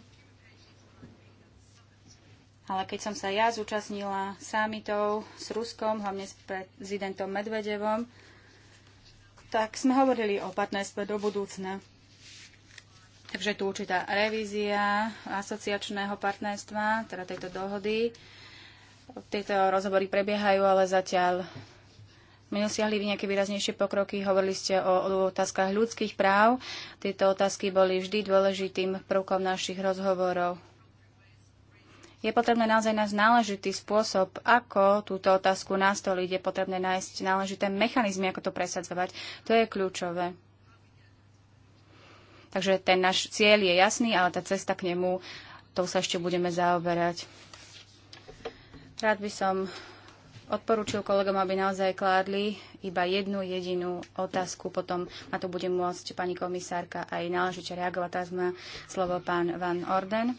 Ale keď som sa ja zúčastnila summitov s Ruskom, hlavne s prezidentom Medvedevom, tak sme hovorili o partnerstve do budúcna. Takže tu určitá revízia asociačného partnerstva, teda tejto dohody. Tieto rozhovory prebiehajú, ale zatiaľ Nedosiahli vy nejaké výraznejšie pokroky, hovorili ste o, o otázkach ľudských práv. Tieto otázky boli vždy dôležitým prvkom našich rozhovorov. Je potrebné naozaj nájsť náležitý spôsob, ako túto otázku nastoliť. Je potrebné nájsť náležité mechanizmy, ako to presadzovať. To je kľúčové. Takže ten náš cieľ je jasný, ale tá cesta k nemu, to sa ešte budeme zaoberať. Rád by som odporúčil kolegom, aby naozaj kládli iba jednu jedinú otázku. Potom na to bude môcť pani komisárka aj náležite reagovať. Teraz má slovo pán Van Orden.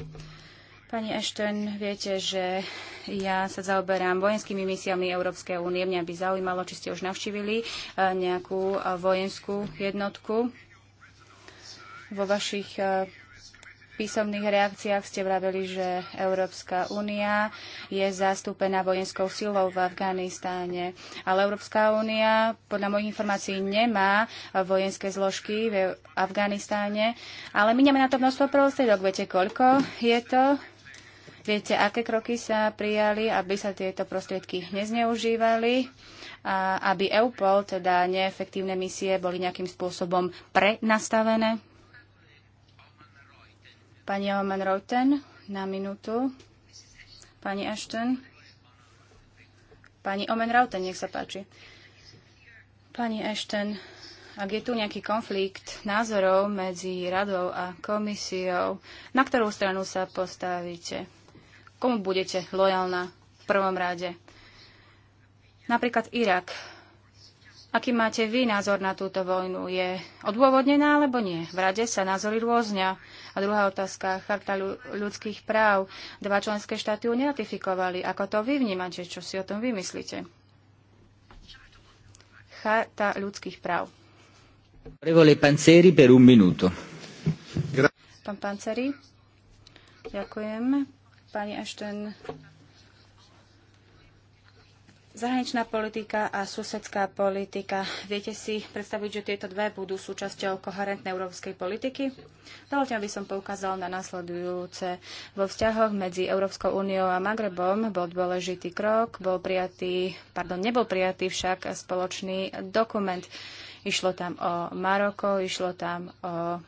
Pani Ešten, viete, že ja sa zaoberám vojenskými misiami Európskej únie. Mňa by zaujímalo, či ste už navštívili eh, nejakú eh, vojenskú jednotku vo vašich eh, písomných reakciách ste vraveli, že Európska únia je zastúpená vojenskou silou v Afganistáne. Ale Európska únia podľa mojich informácií nemá vojenské zložky v Afganistáne. Ale my nemáme na to množstvo prostriedok. Viete, koľko je to? Viete, aké kroky sa prijali, aby sa tieto prostriedky nezneužívali? A aby EUPOL, teda neefektívne misie, boli nejakým spôsobom prenastavené? Pani Oman Roten na minútu. Pani Ashton. Pani Omen Routen, nech sa páči. Pani Ashton, ak je tu nejaký konflikt názorov medzi radou a komisiou, na ktorú stranu sa postavíte? Komu budete lojálna v prvom rade? Napríklad Irak. Aký máte vy názor na túto vojnu? Je odôvodnená alebo nie? V rade sa názory rôznia. A druhá otázka, charta ľudských práv. Dva členské štáty ju neratifikovali. Ako to vy vnímate? Čo si o tom vymyslíte? Charta ľudských práv. Pán Panceri, ďakujem. Pani Ešten, Zahraničná politika a susedská politika. Viete si predstaviť, že tieto dve budú súčasťou koherentnej európskej politiky? Dovolte, aby som poukázal na nasledujúce. Vo vzťahoch medzi Európskou úniou a Magrebom bol dôležitý krok, bol prijatý, pardon, nebol prijatý však spoločný dokument. Išlo tam o Maroko, išlo tam o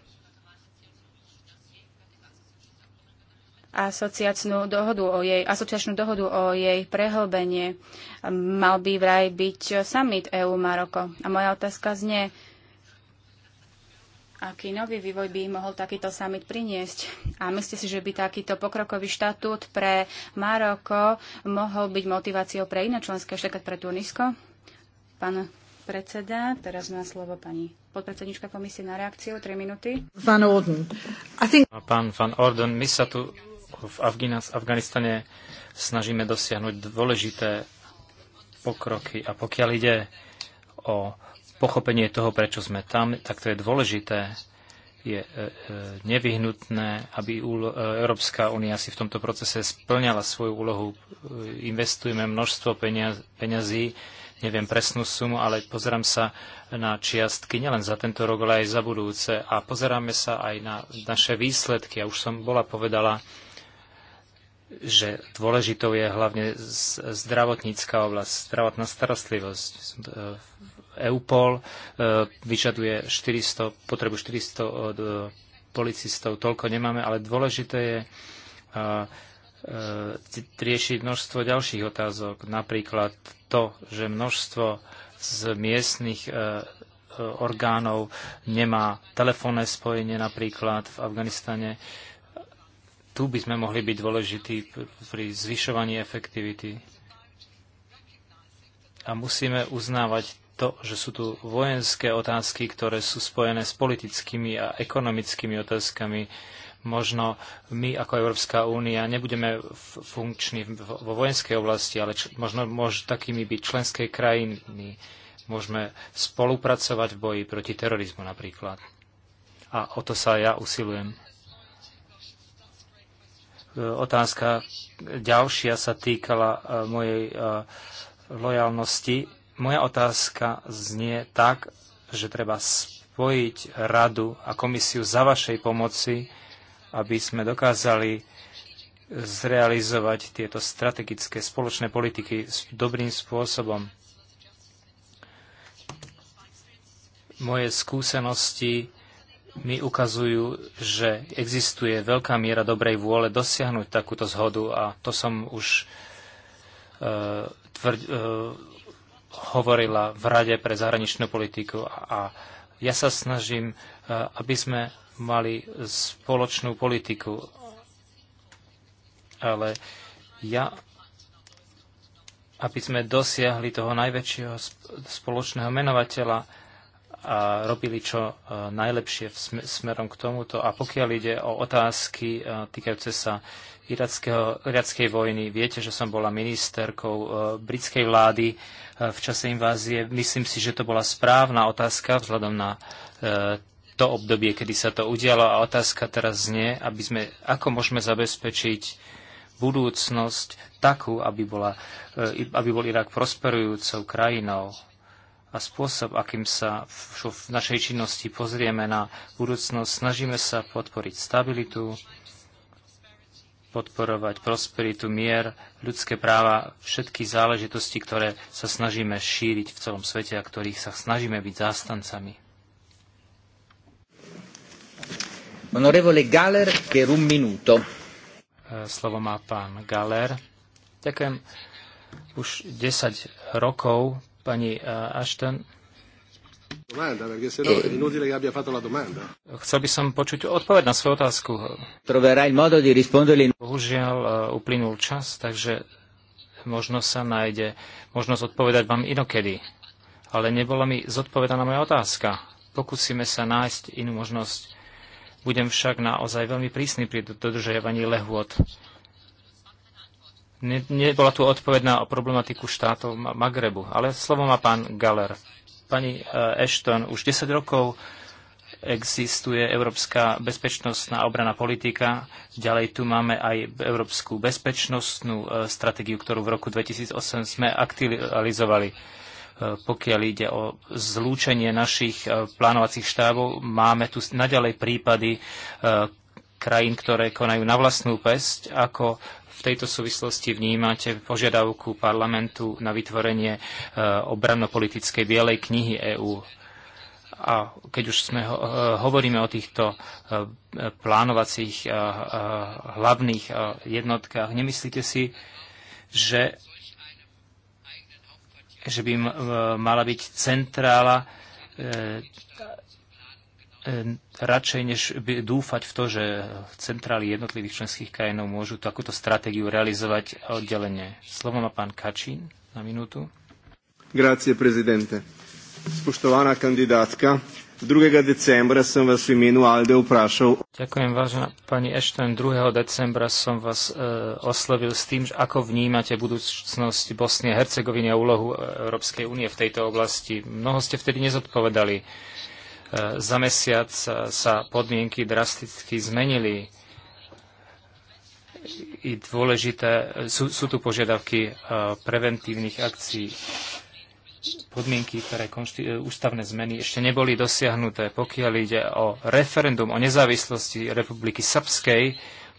asociačnú dohodu o jej, asociačnú dohodu o jej prehlbenie. Mal by vraj byť summit EU Maroko. A moja otázka znie, aký nový vývoj by mohol takýto summit priniesť. A myslíte si, že by takýto pokrokový štatút pre Maroko mohol byť motiváciou pre iné členské štáty, pre Tunisko? Pán predseda, teraz má slovo pani podpredsednička komisie na reakciu, 3 minúty. Van Orden. Think... Pán Van Orden, my sa tu v Afganistane snažíme dosiahnuť dôležité pokroky. A pokiaľ ide o pochopenie toho, prečo sme tam, tak to je dôležité. Je e, e, nevyhnutné, aby e, Európska únia si v tomto procese splňala svoju úlohu. Investujeme množstvo peňazí, neviem presnú sumu, ale pozerám sa na čiastky nielen za tento rok, ale aj za budúce. A pozeráme sa aj na naše výsledky. A už som bola povedala, že dôležitou je hlavne zdravotnícká oblasť, zdravotná starostlivosť. E, EUPOL e, vyžaduje 400, potrebu 400 od e, policistov, toľko nemáme, ale dôležité je riešiť množstvo ďalších otázok, napríklad to, že množstvo z miestnych orgánov nemá telefónne spojenie napríklad v Afganistane, tu by sme mohli byť dôležití pri zvyšovaní efektivity. A musíme uznávať to, že sú tu vojenské otázky, ktoré sú spojené s politickými a ekonomickými otázkami. Možno my ako Európska únia nebudeme funkční vo vojenskej oblasti, ale možno môžu takými byť členské krajiny. Môžeme spolupracovať v boji proti terorizmu napríklad. A o to sa ja usilujem. E, otázka ďalšia sa týkala e, mojej e, lojalnosti. Moja otázka znie tak, že treba spojiť radu a komisiu za vašej pomoci, aby sme dokázali zrealizovať tieto strategické spoločné politiky s dobrým spôsobom. Moje skúsenosti mi ukazujú, že existuje veľká miera dobrej vôle dosiahnuť takúto zhodu a to som už e, tvrd, e, hovorila v Rade pre zahraničnú politiku a, a ja sa snažím, e, aby sme mali spoločnú politiku. Ale ja, aby sme dosiahli toho najväčšieho spoločného menovateľa, a robili čo e, najlepšie smerom k tomuto. A pokiaľ ide o otázky e, týkajúce sa irackej vojny, viete, že som bola ministerkou e, britskej vlády v čase invázie. Myslím si, že to bola správna otázka vzhľadom na to obdobie, kedy sa to udialo. A otázka teraz znie, aby sme, ako môžeme zabezpečiť budúcnosť takú, aby, bola, aby bol Irak prosperujúcou krajinou a spôsob, akým sa v, v našej činnosti pozrieme na budúcnosť. Snažíme sa podporiť stabilitu, podporovať prosperitu, mier, ľudské práva, všetky záležitosti, ktoré sa snažíme šíriť v celom svete a ktorých sa snažíme byť zástancami. Honorevole Galler, per un minuto. Eh, slovo má pán Galler. Ďakujem. Už 10 rokov Pani eh, Ashton. No Chcel by som počuť odpoveď na svoju otázku. Bohužiaľ eh, uplynul čas, takže možno sa nájde možnosť odpovedať vám inokedy. Ale nebola mi zodpovedaná moja otázka. Pokúsime sa nájsť inú možnosť. Budem však naozaj veľmi prísny pri dodržiavaní lehôd nebola tu odpovedná o problematiku štátov Magrebu, ale slovo má pán Galer. Pani eh, Ashton, už 10 rokov existuje európska bezpečnostná obrana politika. Ďalej tu máme aj európsku bezpečnostnú eh, stratégiu, ktorú v roku 2008 sme aktualizovali eh, pokiaľ ide o zlúčenie našich plánovacích štávov, Máme tu naďalej prípady krajín, ktoré konajú na vlastnú pesť, ako v tejto súvislosti vnímate požiadavku parlamentu na vytvorenie e, obrannopolitickej bielej knihy EÚ? A keď už sme, e, hovoríme o týchto e, plánovacích hlavných jednotkách, nemyslíte si, že, že by mala byť centrála Ehm, radšej než dúfať v to, že centrály jednotlivých členských krajinov môžu takúto stratégiu realizovať oddelenie. Slovo má pán Kačín na minútu. Grazie, prezidente. Spoštovaná kandidátka, 2. decembra som vás v imenu Alde uprašal. Ďakujem, vážená pani Ashton. 2. decembra som vás e, oslovil s tým, ako vnímate budúcnosť Bosnie a Hercegoviny a úlohu e, Európskej únie v tejto oblasti. Mnoho ste vtedy nezodpovedali E, za mesiac e, sa podmienky drasticky zmenili. I dôležité, sú, sú tu požiadavky e, preventívnych akcií. Podmienky pre ústavné zmeny ešte neboli dosiahnuté. Pokiaľ ide o referendum o nezávislosti Republiky Srbskej,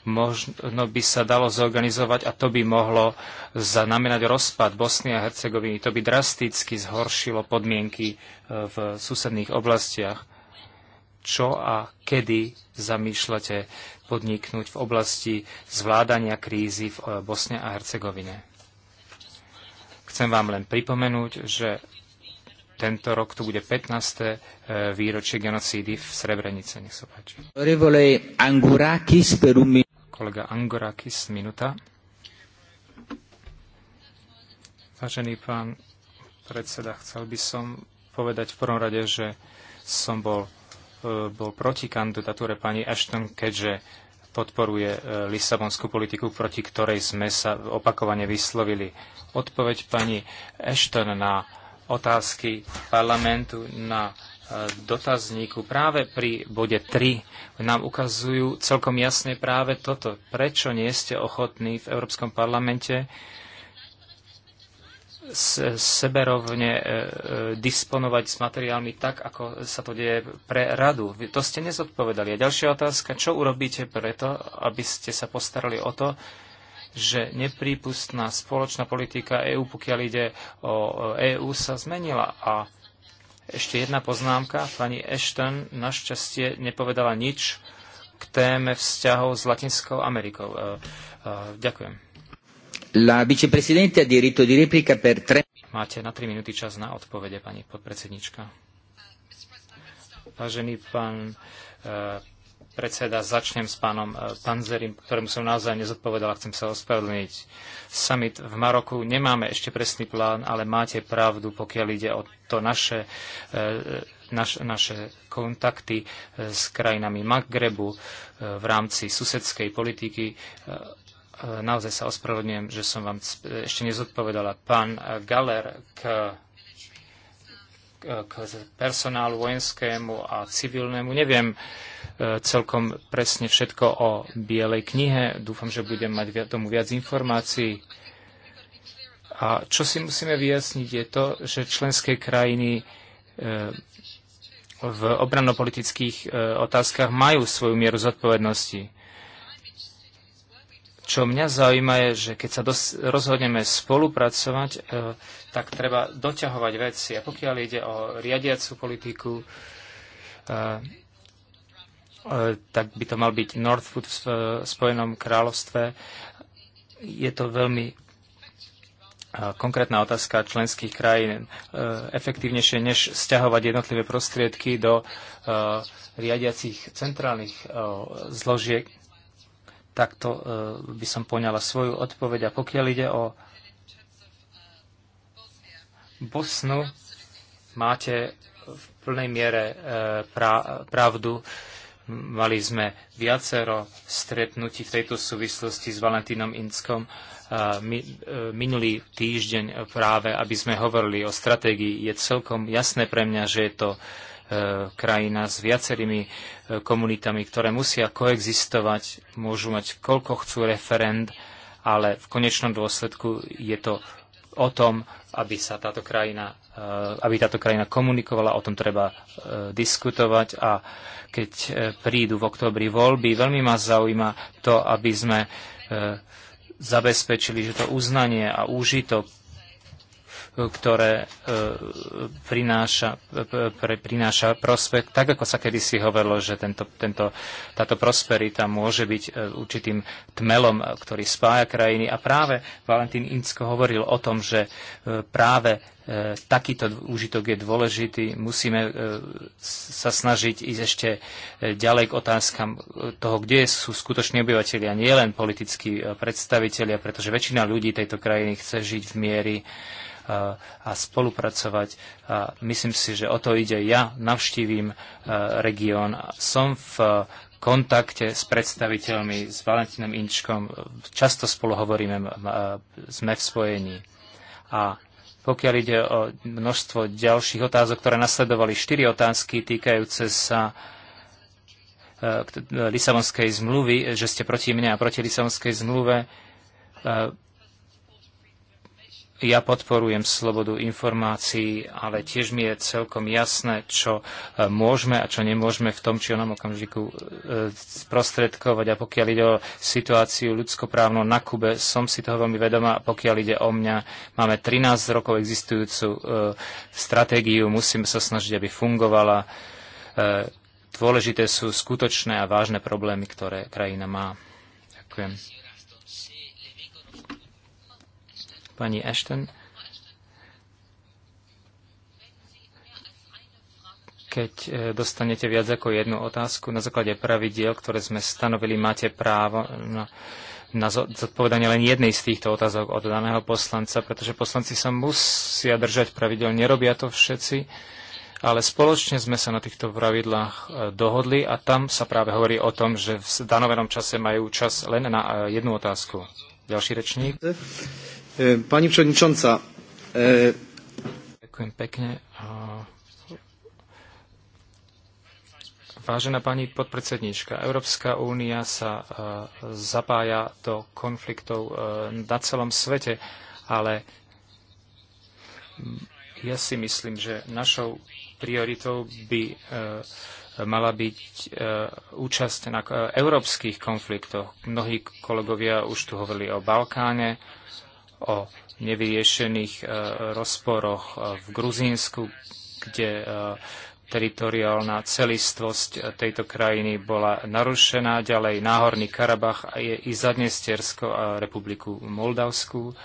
možno by sa dalo zorganizovať a to by mohlo znamenať rozpad Bosny a Hercegoviny. To by drasticky zhoršilo podmienky e, v susedných oblastiach. Čo a kedy zamýšľate podniknúť v oblasti zvládania krízy v e, Bosne a Hercegovine? Chcem vám len pripomenúť, že tento rok tu bude 15. E, výročie genocídy v Srebrenice. Nech sa páči kolega Angorakis, minuta. Vážený pán predseda, chcel by som povedať v prvom rade, že som bol, e, bol proti kandidatúre pani Ashton, keďže podporuje e, lisabonskú politiku, proti ktorej sme sa opakovane vyslovili. Odpoveď pani Ashton na otázky parlamentu na dotazníku práve pri bode 3 nám ukazujú celkom jasne práve toto. Prečo nie ste ochotní v Európskom parlamente seberovne e, e, disponovať s materiálmi tak, ako sa to deje pre radu. To ste nezodpovedali. A ďalšia otázka, čo urobíte preto, aby ste sa postarali o to, že neprípustná spoločná politika EÚ, pokiaľ ide o EÚ, sa zmenila a ešte jedna poznámka. Pani Ashton našťastie nepovedala nič k téme vzťahov s Latinskou Amerikou. E, e, ďakujem. La viceprezidente ha diritto di replica per tre... Máte na 3 minúty čas na odpovede, pani podpredsednička. Vážený pán e, predseda, začnem s pánom e, Panzerim, ktorému som naozaj nezodpovedal a chcem sa ospravedlniť. Summit v Maroku nemáme ešte presný plán, ale máte pravdu, pokiaľ ide o to naše, e, e, naš, naše kontakty s krajinami Magrebu v rámci susedskej politiky. Naozaj sa ospravedlňujem, že som vám ešte nezodpovedala. Pán Galer k k personálu vojenskému a civilnému. Neviem e, celkom presne všetko o Bielej knihe. Dúfam, že budem mať tomu viac informácií. A čo si musíme vyjasniť je to, že členské krajiny e, v obrannopolitických e, otázkach majú svoju mieru zodpovednosti. Čo mňa zaujíma je, že keď sa dos- rozhodneme spolupracovať, e, tak treba doťahovať veci. A pokiaľ ide o riadiacu politiku, e, e, tak by to mal byť Northwood v e, Spojenom kráľovstve. Je to veľmi e, konkrétna otázka členských krajín. E, efektívnejšie, než stiahovať jednotlivé prostriedky do riadiacich centrálnych zložiek, Takto e, by som poňala svoju odpoveď. A pokiaľ ide o Bosnu, máte v plnej miere e, pravdu. Mali sme viacero stretnutí v tejto súvislosti s Valentínom Inskom e, minulý týždeň práve, aby sme hovorili o stratégii. Je celkom jasné pre mňa, že je to E, krajina s viacerými e, komunitami, ktoré musia koexistovať, môžu mať koľko chcú referend, ale v konečnom dôsledku je to o tom, aby sa táto krajina, e, aby táto krajina komunikovala, o tom treba diskutovať a keď prídu v oktobri voľby, veľmi ma zaujíma to, aby sme zabezpečili, že to uznanie a úžitok ktoré e, prináša, e, pre, prináša prospekt, tak ako sa kedysi hovorilo, že tento, tento, táto prosperita môže byť e, určitým tmelom, ktorý spája krajiny. A práve Valentín Incko hovoril o tom, že práve takýto úžitok je dôležitý. Musíme sa snažiť ísť ešte ďalej k otázkam toho, kde sú skutoční obyvateľia, nie len politickí predstavitelia, pretože väčšina ľudí tejto krajiny chce žiť v miery a spolupracovať. A myslím si, že o to ide. Ja navštívim e, región. Som v kontakte s predstaviteľmi, s Valentínom Inčkom. Často spolu hovoríme, e, sme v spojení. A pokiaľ ide o množstvo ďalších otázok, ktoré nasledovali, štyri otázky týkajúce sa e, Lisabonskej zmluvy, že ste proti mne a proti Lisabonskej zmluve ja podporujem slobodu informácií, ale tiež mi je celkom jasné, čo e, môžeme a čo nemôžeme v tom či onom okamžiku e, sprostredkovať. A pokiaľ ide o situáciu ľudskoprávnu na Kube, som si toho veľmi vedomá. Pokiaľ ide o mňa, máme 13 rokov existujúcu e, stratégiu, musíme sa snažiť, aby fungovala. Dôležité sú skutočné a vážne problémy, ktoré krajina má. Ďakujem. pani Ashton, keď e, dostanete viac ako jednu otázku na základe pravidiel, ktoré sme stanovili, máte právo na, na zodpovedanie len jednej z týchto otázok od daného poslanca, pretože poslanci sa musia držať pravidel, nerobia to všetci, ale spoločne sme sa na týchto pravidlách e, dohodli a tam sa práve hovorí o tom, že v danovenom čase majú čas len na e, jednu otázku. Ďalší rečník. E, pani przewodnicząca. Ďakujem pekne. Vážená pani podpredsedníčka, Európska únia sa e, zapája do konfliktov e, na celom svete, ale ja si myslím, že našou prioritou by mala byť účasť na európskych konfliktoch. Mnohí kolegovia už tu hovorili o Balkáne, o nevyriešených e, rozporoch e, v Gruzínsku, kde e, teritoriálna celistvosť tejto krajiny bola narušená, ďalej Náhorný Karabach a je i Zadnestiersko a republiku Moldavskú.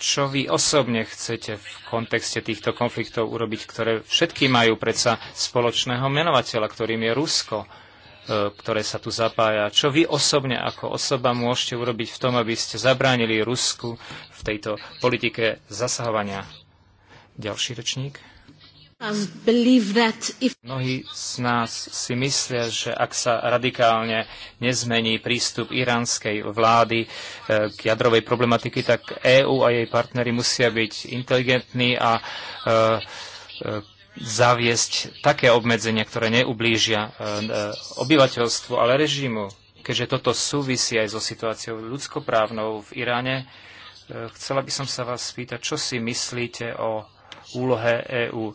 Čo vy osobne chcete v kontexte týchto konfliktov urobiť, ktoré všetky majú predsa spoločného menovateľa, ktorým je Rusko? E, ktoré sa tu zapája. Čo vy osobne ako osoba môžete urobiť v tom, aby ste zabránili Rusku v tejto politike zasahovania? Ďalší rečník. Um, Mnohí z nás si myslia, že ak sa radikálne nezmení prístup iránskej vlády e, k jadrovej problematiky, tak EÚ a jej partnery musia byť inteligentní a e, zaviesť také obmedzenia, ktoré neublížia e, e, obyvateľstvu, ale režimu. Keďže toto súvisí aj so situáciou ľudskoprávnou v Iráne, e, chcela by som sa vás spýtať, čo si myslíte o úlohe EÚ.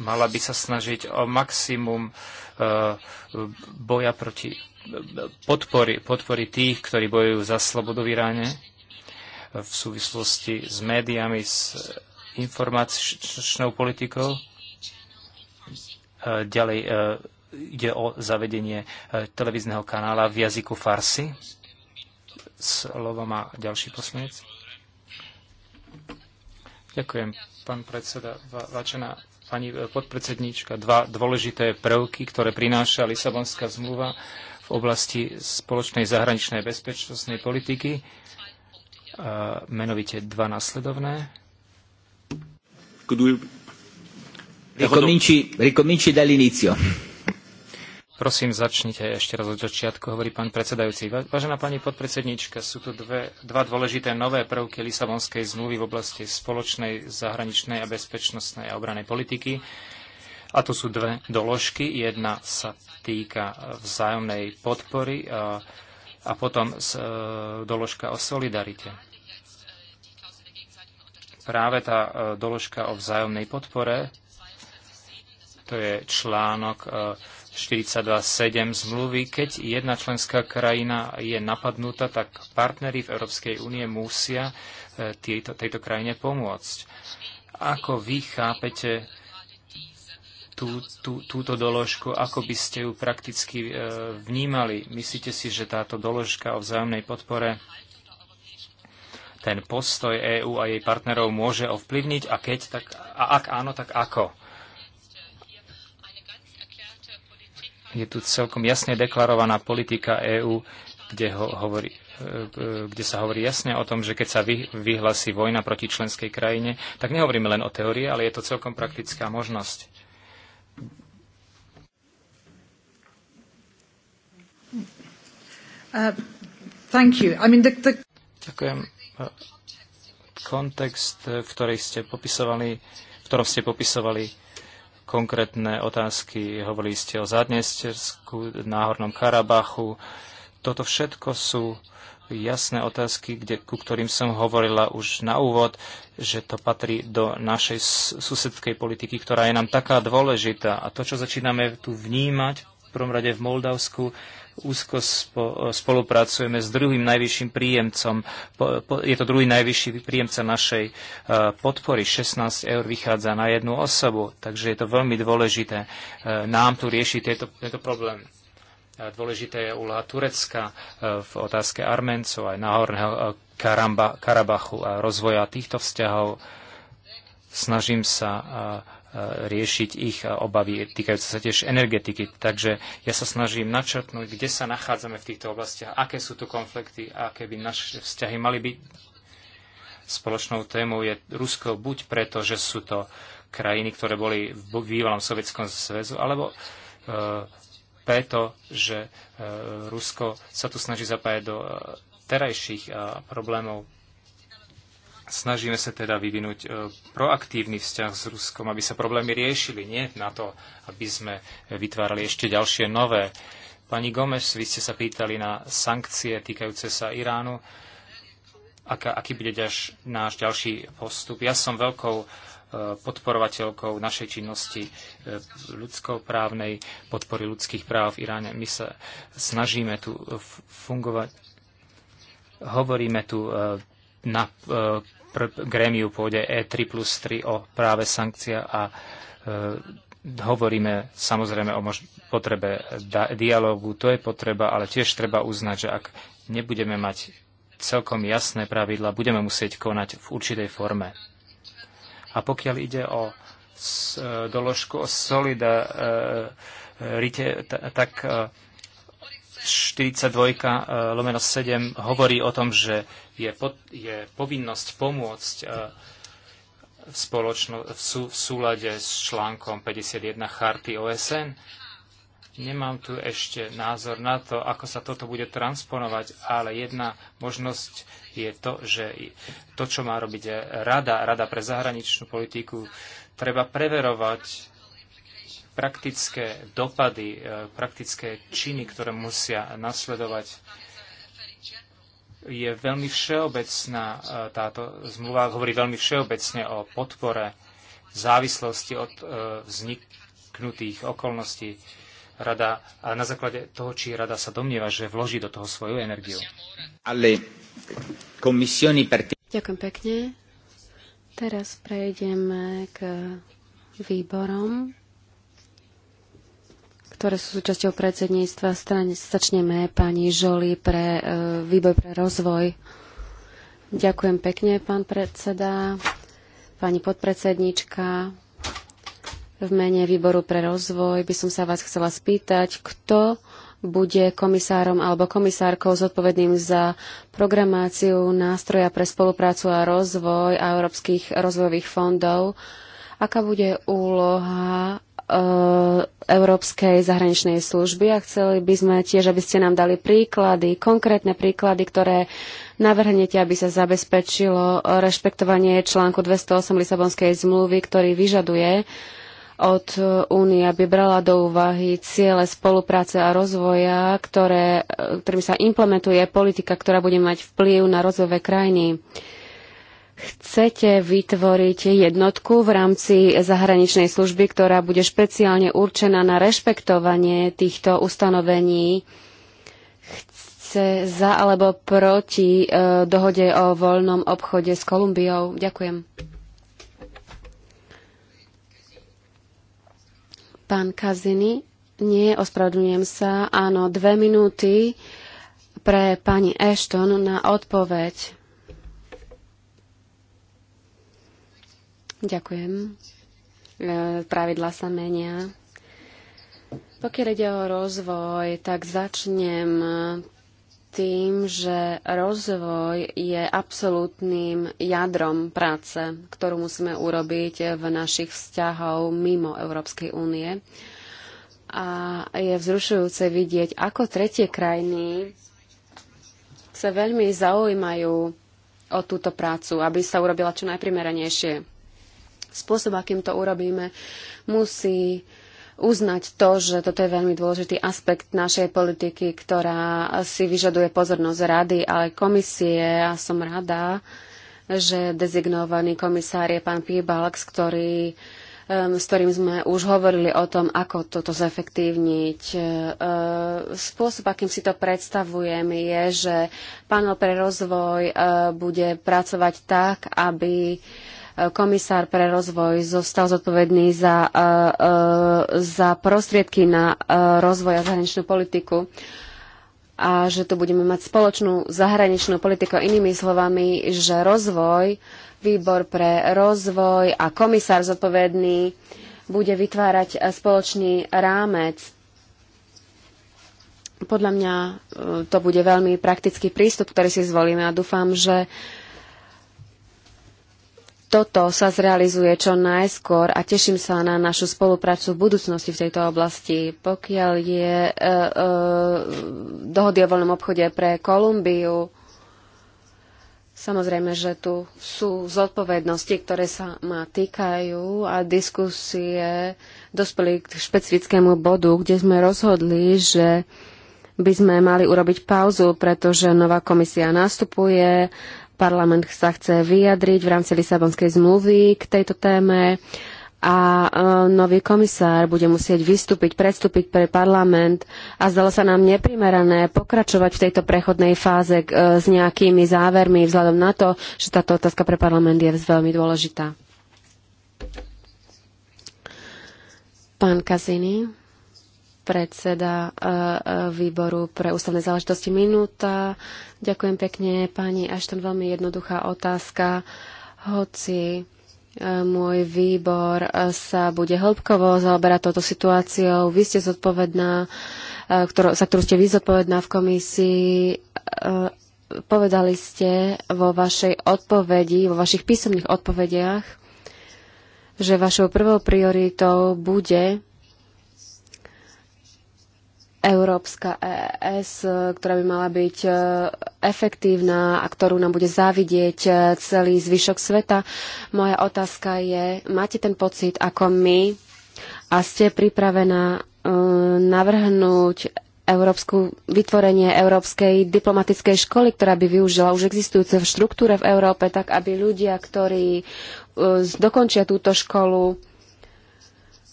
Mala by sa snažiť o maximum boja proti podpory, podpory tých, ktorí bojujú za slobodu v Iráne v súvislosti s médiami, s informačnou politikou E, ďalej e, ide o zavedenie e, televízneho kanála v jazyku farsi. Slovo má ďalší poslanec. Ďakujem, pán predseda. Váčená pani podpredsedníčka, dva dôležité prvky, ktoré prináša Lisabonská zmluva v oblasti spoločnej zahraničnej bezpečnostnej politiky, menovite dva nasledovné. Ricominci, ricominci dall'inizio. Prosím, začnite ešte raz od začiatku, hovorí pán predsedajúci. Vážená pani podpredsednička, sú tu dve, dva dôležité nové prvky Lisabonskej zmluvy v oblasti spoločnej zahraničnej a bezpečnostnej a obranej politiky. A to sú dve doložky. Jedna sa týka vzájomnej podpory a, a potom e, doložka o solidarite. Práve tá e, doložka o vzájomnej podpore to je článok 42.7 e, zmluvy, keď jedna členská krajina je napadnutá, tak partnery v Európskej únie musia e, tejto, tejto krajine pomôcť. Ako vy chápete tú, tú, túto doložku, ako by ste ju prakticky e, vnímali? Myslíte si, že táto doložka o vzájomnej podpore ten postoj EÚ a jej partnerov môže ovplyvniť a keď, tak, a ak áno, tak ako? je tu celkom jasne deklarovaná politika EÚ, kde, ho, hovorí, e, kde sa hovorí jasne o tom, že keď sa vyhlasí vojna proti členskej krajine, tak nehovoríme len o teórii, ale je to celkom praktická možnosť. Uh, thank you. I mean, the, the... Ďakujem. Kontext, v, ste popisovali, v ktorom ste popisovali konkrétne otázky. Hovorili ste o Zadnestersku, Náhornom Karabachu. Toto všetko sú jasné otázky, kde, ku ktorým som hovorila už na úvod, že to patrí do našej susedskej politiky, ktorá je nám taká dôležitá. A to, čo začíname tu vnímať, v prvom rade v Moldavsku, úzko spolupracujeme s druhým najvyšším príjemcom. Je to druhý najvyšší príjemca našej e, podpory. 16 eur vychádza na jednu osobu, takže je to veľmi dôležité e, nám tu riešiť tieto, tento problém. Dôležité je úloha Turecka e, v otázke Arméncov aj Nahorného Karamba, Karabachu a rozvoja týchto vzťahov. Snažím sa riešiť ich obavy týkajúce sa tiež energetiky. Takže ja sa snažím načrtnúť, kde sa nachádzame v týchto oblastiach, aké sú tu konflikty a aké by naše vzťahy mali byť. Spoločnou témou je Rusko buď preto, že sú to krajiny, ktoré boli v bývalom Sovietskom zväzu, alebo e, preto, že e, Rusko sa tu snaží zapájať do e, terajších e, problémov Snažíme sa teda vyvinúť e, proaktívny vzťah s Ruskom, aby sa problémy riešili, nie na to, aby sme vytvárali ešte ďalšie nové. Pani Gomes, vy ste sa pýtali na sankcie týkajúce sa Iránu, aká, aký bude ďaž, náš ďalší postup. Ja som veľkou e, podporovateľkou našej činnosti e, ľudskoprávnej, podpory ľudských práv v Iráne. My sa snažíme tu fungovať, hovoríme tu na grémiu pôjde E3 plus 3 o práve sankcia a e, hovoríme samozrejme o mož- potrebe dialógu, to je potreba, ale tiež treba uznať, že ak nebudeme mať celkom jasné pravidla, budeme musieť konať v určitej forme. A pokiaľ ide o e, doložku o solidarite, e, tak 42 eh, lomeno 7 hovorí o tom, že je, pod, je povinnosť pomôcť eh, v, spoločno, v, sú, v súlade s článkom 51 charty OSN. Nemám tu ešte názor na to, ako sa toto bude transponovať, ale jedna možnosť je to, že to, čo má robiť Rada, Rada pre zahraničnú politiku, treba preverovať praktické dopady, e, praktické činy, ktoré musia nasledovať. Je veľmi všeobecná e, táto zmluva, hovorí veľmi všeobecne o podpore v závislosti od e, vzniknutých okolností rada a na základe toho, či rada sa domnieva, že vloží do toho svoju energiu. Ale per... Ďakujem pekne. Teraz prejdeme k výborom ktoré sú súčasťou predsedníctva. Strane, začneme pani Žoli pre e, výboj pre rozvoj. Ďakujem pekne, pán predseda, pani podpredsednička. V mene výboru pre rozvoj by som sa vás chcela spýtať, kto bude komisárom alebo komisárkou zodpovedným za programáciu nástroja pre spoluprácu a rozvoj a európskych rozvojových fondov. Aká bude úloha Eh, Európskej zahraničnej služby a chceli by sme tiež, aby ste nám dali príklady, konkrétne príklady, ktoré navrhnete, aby sa zabezpečilo rešpektovanie článku 208 Lisabonskej zmluvy, ktorý vyžaduje od Únie, aby brala do úvahy ciele spolupráce a rozvoja, ktoré, eh, ktorým sa implementuje politika, ktorá bude mať vplyv na rozvojové krajiny. Uh, chcete vytvoriť jednotku v rámci zahraničnej služby, ktorá bude špeciálne určená na rešpektovanie týchto ustanovení chce za alebo proti e, dohode o voľnom obchode s Kolumbiou. Ďakujem. Pán Kaziny, nie, ospravedlňujem sa. Áno, dve minúty pre pani Ashton na odpoveď. Ďakujem. E, Pravidla sa menia. Pokiaľ ide o rozvoj, tak začnem tým, že rozvoj je absolútnym jadrom práce, ktorú musíme urobiť v našich vzťahov mimo Európskej únie. A je vzrušujúce vidieť, ako tretie krajiny sa veľmi zaujímajú o túto prácu, aby sa urobila čo najprimeranejšie. Spôsob, akým to urobíme, musí uznať to, že toto je veľmi dôležitý aspekt našej politiky, ktorá si vyžaduje pozornosť rady, ale komisie a som rada, že dezignovaný komisár je pán Píbalx, ktorý s ktorým sme už hovorili o tom, ako toto zefektívniť. E, spôsob, akým si to predstavujem, je, že panel pre rozvoj e, bude pracovať tak, aby komisár pre rozvoj zostal zodpovedný za, e, e, za prostriedky na e, rozvoj a zahraničnú politiku a že tu budeme mať spoločnú zahraničnú politiku. Inými slovami, že rozvoj, výbor pre rozvoj a komisár zodpovedný bude vytvárať spoločný rámec. Podľa mňa to bude veľmi praktický prístup, ktorý si zvolíme a dúfam, že uh, toto sa zrealizuje čo najskôr a teším sa na našu spoluprácu v budúcnosti v tejto oblasti. Pokiaľ je e, e, dohody o voľnom obchode pre Kolumbiu, samozrejme, že tu sú zodpovednosti, ktoré sa ma týkajú a diskusie dospeli k špecifickému bodu, kde sme rozhodli, že by sme mali urobiť pauzu, pretože nová komisia nastupuje Parlament sa chce vyjadriť v rámci Lisabonskej zmluvy k tejto téme a e, nový komisár bude musieť vystúpiť, predstúpiť pre parlament a zdalo sa nám neprimerané pokračovať v tejto prechodnej fáze e, s nejakými závermi vzhľadom na to, že táto otázka pre parlament je veľmi dôležitá. Pán Kazini predseda e, e, výboru pre ústavné záležitosti minúta. Ďakujem pekne, pani Ashton, veľmi jednoduchá otázka. Hoci e, môj výbor sa bude hĺbkovo zaoberať touto situáciou, vy ste zodpovedná, ktorú, za ktorú ste vy zodpovedná v komisii. Povedali ste vo vašej odpovedi, vo vašich písomných odpovediach, že vašou prvou prioritou bude Európska ES, e, ktorá by mala byť e, efektívna a ktorú nám bude závidieť e, celý zvyšok sveta. Moja otázka je, máte ten pocit ako my a ste pripravená navrhnúť Európsku, vytvorenie Európskej diplomatickej školy, ktorá by využila už existujúce štruktúre v Európe, tak aby ľudia, ktorí dokončia túto školu,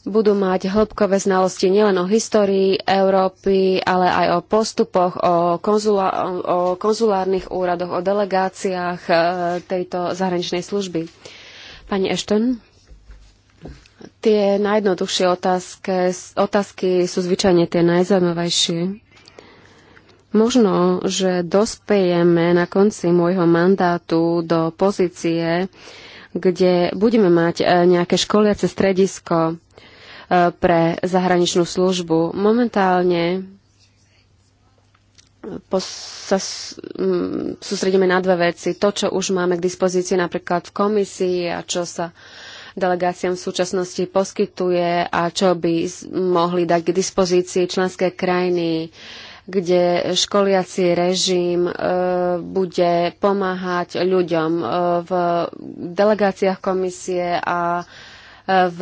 budú mať hĺbkové znalosti nielen o histórii Európy, ale aj o postupoch, o, konzula- o konzulárnych úradoch, o delegáciách e, tejto zahraničnej služby. Pani Ashton, tie najjednoduchšie otázky, otázky sú zvyčajne tie najzaujímavejšie. Možno, že dospejeme na konci môjho mandátu do pozície, kde budeme mať e, nejaké školiace stredisko pre zahraničnú službu. Momentálne sa sústredíme na dve veci. To, čo už máme k dispozícii napríklad v komisii a čo sa delegáciám v súčasnosti poskytuje a čo by mohli dať k dispozícii členské krajiny, kde školiaci režim e, bude pomáhať ľuďom e, v delegáciách komisie a e, v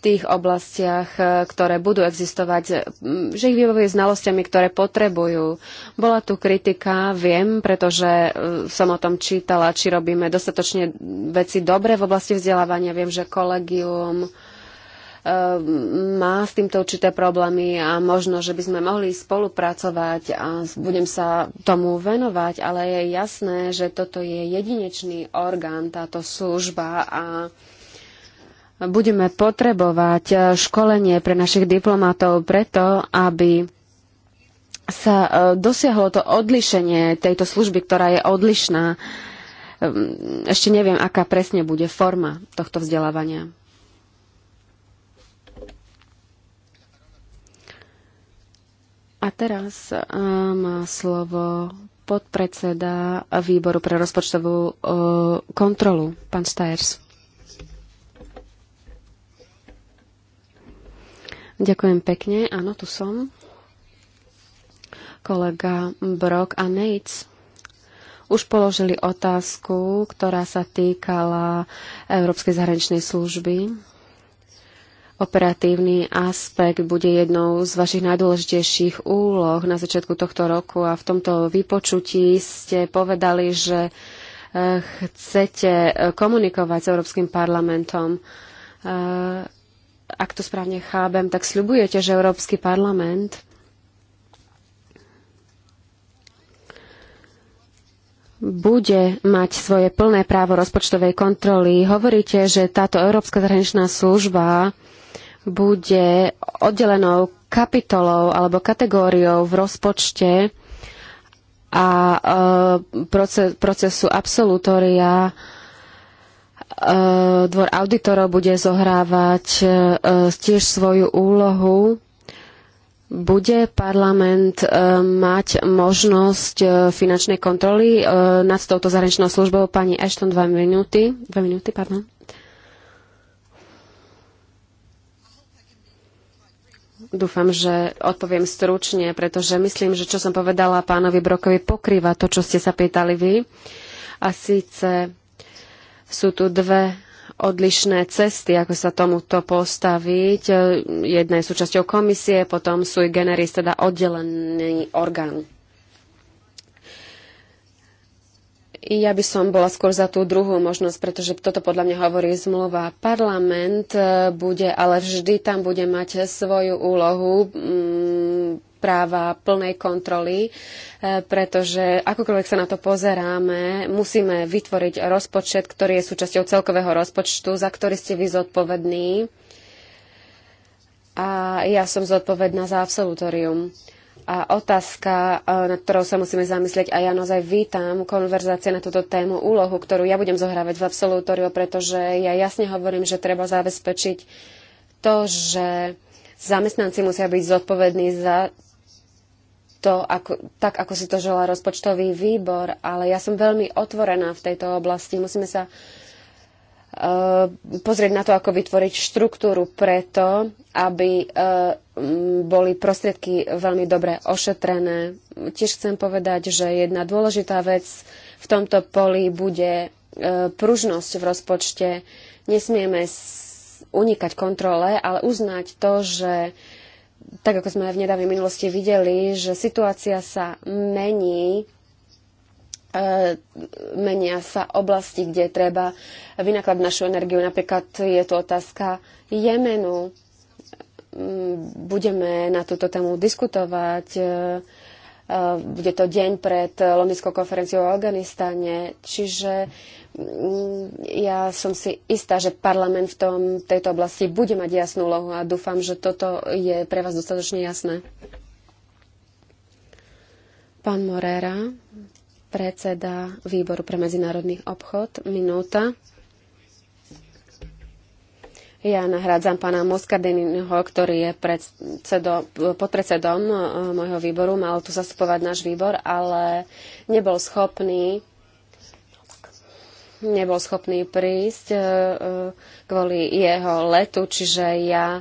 tých oblastiach, e, ktoré budú existovať, že ich vybavuje znalosťami, ktoré potrebujú. Bola tu kritika, viem, pretože e, som o tom čítala, či robíme dostatočne veci dobre v oblasti vzdelávania. Viem, že kolegium e, má s týmto určité problémy a možno, že by sme mohli spolupracovať a budem sa tomu venovať, ale je jasné, že toto je jedinečný orgán, táto služba a budeme potrebovať eh, školenie pre našich diplomatov preto, aby sa eh, dosiahlo to odlišenie tejto služby, ktorá je odlišná. Ehm, ešte neviem, aká presne bude forma tohto vzdelávania. A teraz eh, má slovo podpredseda výboru pre rozpočtovú kontrolu, pán Stajers. Ďakujem pekne. Áno, tu som. Kolega Brock a Nates už položili otázku, ktorá sa týkala Európskej zahraničnej služby. Operatívny aspekt bude jednou z vašich najdôležitejších úloh na začiatku tohto roku a v tomto vypočutí ste povedali, že eh, chcete eh, komunikovať s Európskym parlamentom. Eh, ak to správne chápem, tak sľubujete, že Európsky parlament bude mať svoje plné právo rozpočtovej kontroly. Hovoríte, že táto Európska zahraničná služba bude oddelenou kapitolou alebo kategóriou v rozpočte a e, proces, procesu absolutória Eh, dvor auditorov bude zohrávať eh, tiež svoju úlohu. Bude parlament eh, mať možnosť finančnej kontroly nad touto zahraničnou službou? Pani Ashton, dva minúty. Dva minúty, pardon. Dúfam, že odpoviem stručne, pretože myslím, že čo som povedala pánovi Brokovi pokrýva to, čo ste sa pýtali vy. A síce sú tu dve odlišné cesty, ako sa tomuto postaviť. Jedna je súčasťou komisie, potom sú i generis, teda oddelený orgán. Ja by som bola skôr za tú druhú možnosť, pretože toto podľa mňa hovorí zmluva. Parlament e, bude, ale vždy tam bude mať svoju úlohu mm, práva plnej kontroly, e, pretože akokoľvek sa na to pozeráme, musíme vytvoriť rozpočet, ktorý je súčasťou celkového rozpočtu, za ktorý ste vy zodpovední. A ja som zodpovedná za absolutórium a otázka, e, nad ktorou sa musíme zamyslieť a ja naozaj vítam konverzácie na túto tému, úlohu, ktorú ja budem zohrávať v absolutóriu, pretože ja jasne hovorím, že treba zabezpečiť to, že zamestnanci musia byť zodpovední za to, ako, tak ako si to želá rozpočtový výbor, ale ja som veľmi otvorená v tejto oblasti. Musíme sa e, pozrieť na to, ako vytvoriť štruktúru preto, aby e, boli prostriedky veľmi dobre ošetrené. Tiež chcem povedať, že jedna dôležitá vec v tomto poli bude e, pružnosť v rozpočte. Nesmieme unikať kontrole, ale uznať to, že tak ako sme v nedávnej minulosti videli, že situácia sa mení, e, menia sa oblasti, kde treba vynakladať našu energiu. Napríklad je tu otázka Jemenu budeme na túto tému diskutovať. E, e, bude to deň pred Londýnskou konferenciou o Afganistane, čiže mm, ja som si istá, že parlament v tom, tejto oblasti bude mať jasnú lohu a dúfam, že toto je pre vás dostatočne jasné. Pán Morera, predseda výboru pre medzinárodný obchod, minúta. Ja nahrádzam pána Moskardiniho, ktorý je predsedo, podpredsedom e, môjho výboru, mal tu zastupovať náš výbor, ale nebol schopný nebol schopný prísť e, e, kvôli jeho letu, čiže ja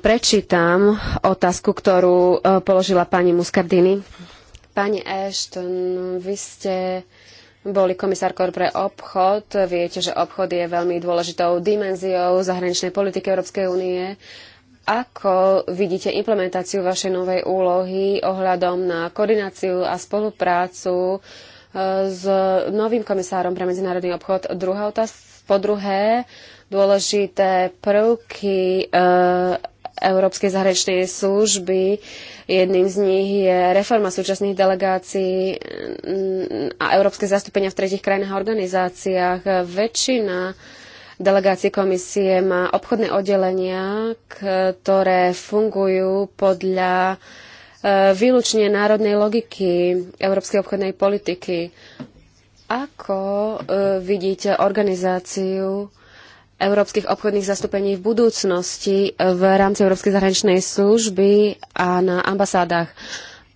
prečítam otázku, ktorú položila pani Muscardini. Pani Ashton, vy ste boli komisárkou pre obchod. Viete, že obchod je veľmi dôležitou dimenziou zahraničnej politiky Európskej únie. Ako vidíte implementáciu vašej novej úlohy ohľadom na koordináciu a spoluprácu e, s novým komisárom pre medzinárodný obchod? Druhá otázka. Po druhé, dôležité prvky e, Európskej zahraničnej služby. Jedným z nich je reforma súčasných delegácií mm, a európske zastúpenia v tretich krajinách a organizáciách. Väčšina delegácií komisie má obchodné oddelenia, ktoré fungujú podľa e, výlučne národnej logiky európskej obchodnej politiky. Ako e, vidíte organizáciu európskych obchodných zastúpení v budúcnosti v rámci Európskej zahraničnej služby a na ambasádach.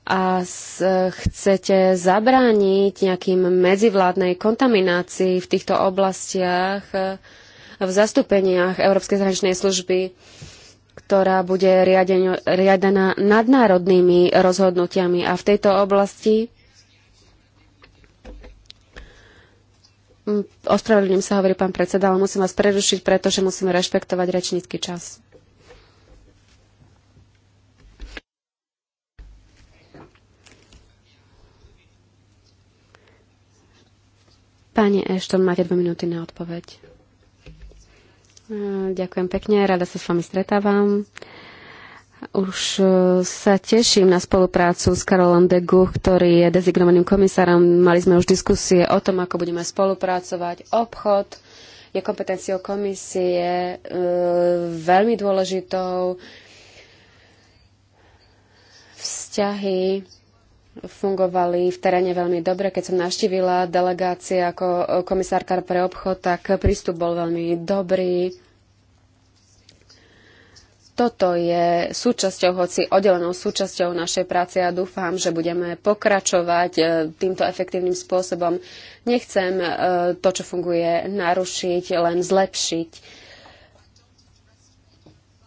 A s, chcete zabrániť nejakým medzivládnej kontaminácii v týchto oblastiach v zastúpeniach Európskej zahraničnej služby, ktorá bude riadená nadnárodnými rozhodnutiami. A v tejto oblasti Mm, ospravedlňujem sa, hovorí pán predseda, ale musím vás prerušiť, pretože musíme rešpektovať rečnícky čas. Pani Ashton, máte dve minúty na odpoveď. Ďakujem pekne, rada sa s vami stretávam. Už e, sa teším na spoluprácu s Karolom de Guch, ktorý je dezignovaným komisárom. Mali sme už diskusie o tom, ako budeme spolupracovať. Obchod je kompetenciou komisie e, veľmi dôležitou. Vzťahy fungovali v teréne veľmi dobre. Keď som navštívila delegácie ako komisárka pre obchod, tak prístup bol veľmi dobrý toto je súčasťou, hoci oddelenou súčasťou našej práce a dúfam, že budeme pokračovať e, týmto efektívnym spôsobom. Nechcem e, to, čo funguje, narušiť, len zlepšiť.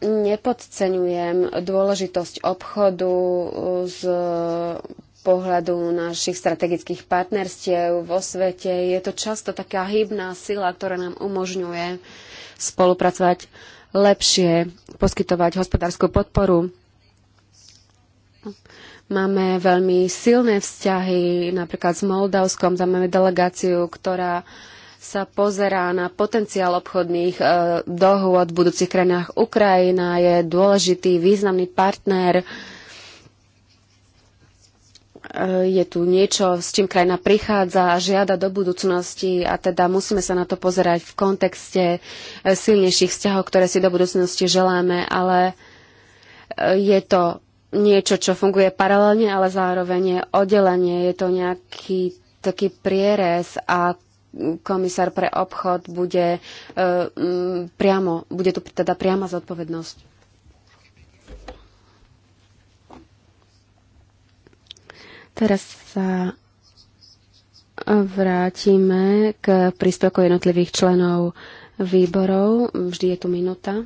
Nepodceňujem dôležitosť obchodu e, z pohľadu našich strategických partnerstiev vo svete. Je to často taká hybná sila, ktorá nám umožňuje spolupracovať lepšie poskytovať hospodárskú podporu. Máme veľmi silné vzťahy napríklad s Moldavskom, tam máme delegáciu, ktorá sa pozerá na potenciál obchodných e, dohôd v budúcich krajinách. Ukrajina je dôležitý, významný partner e, E, je tu niečo, s čím krajina prichádza a žiada do budúcnosti a teda musíme sa na to pozerať v kontexte e, silnejších vzťahov, ktoré si do budúcnosti želáme, ale e, je to niečo, čo funguje paralelne, ale zároveň je oddelenie, je to nejaký taký prierez a komisár pre obchod bude priamo, bude tu teda priama zodpovednosť. Teraz sa vrátime k príspevku jednotlivých členov výborov. Vždy je tu minúta.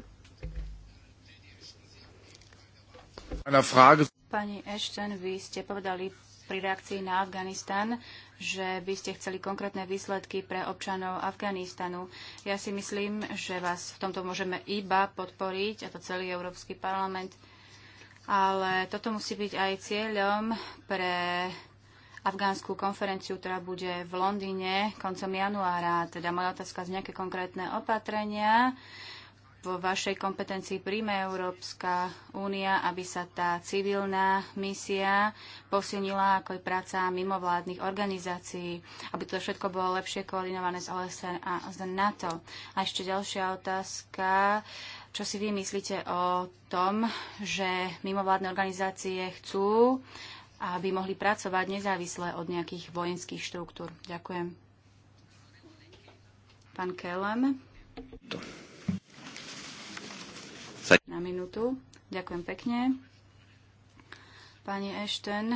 Pani Ashton, vy ste povedali pri reakcii na Afganistan, že by ste chceli konkrétne výsledky pre občanov Afganistanu. Ja si myslím, že vás v tomto môžeme iba podporiť, a to celý Európsky parlament ale toto musí byť aj cieľom pre afgánsku konferenciu, ktorá bude v Londýne koncom januára. Teda moja otázka z nejaké konkrétne opatrenia vo vašej kompetencii príjme Európska únia, aby sa tá civilná misia posilnila ako aj práca mimovládnych organizácií, aby to všetko bolo lepšie koordinované z OSN a z NATO. A ešte ďalšia otázka. Čo si vy myslíte o tom, že mimovládne organizácie chcú, aby mohli pracovať nezávisle od nejakých vojenských štruktúr? Ďakujem. Pán Kelem. Na minútu. Ďakujem pekne. Pani Ešten,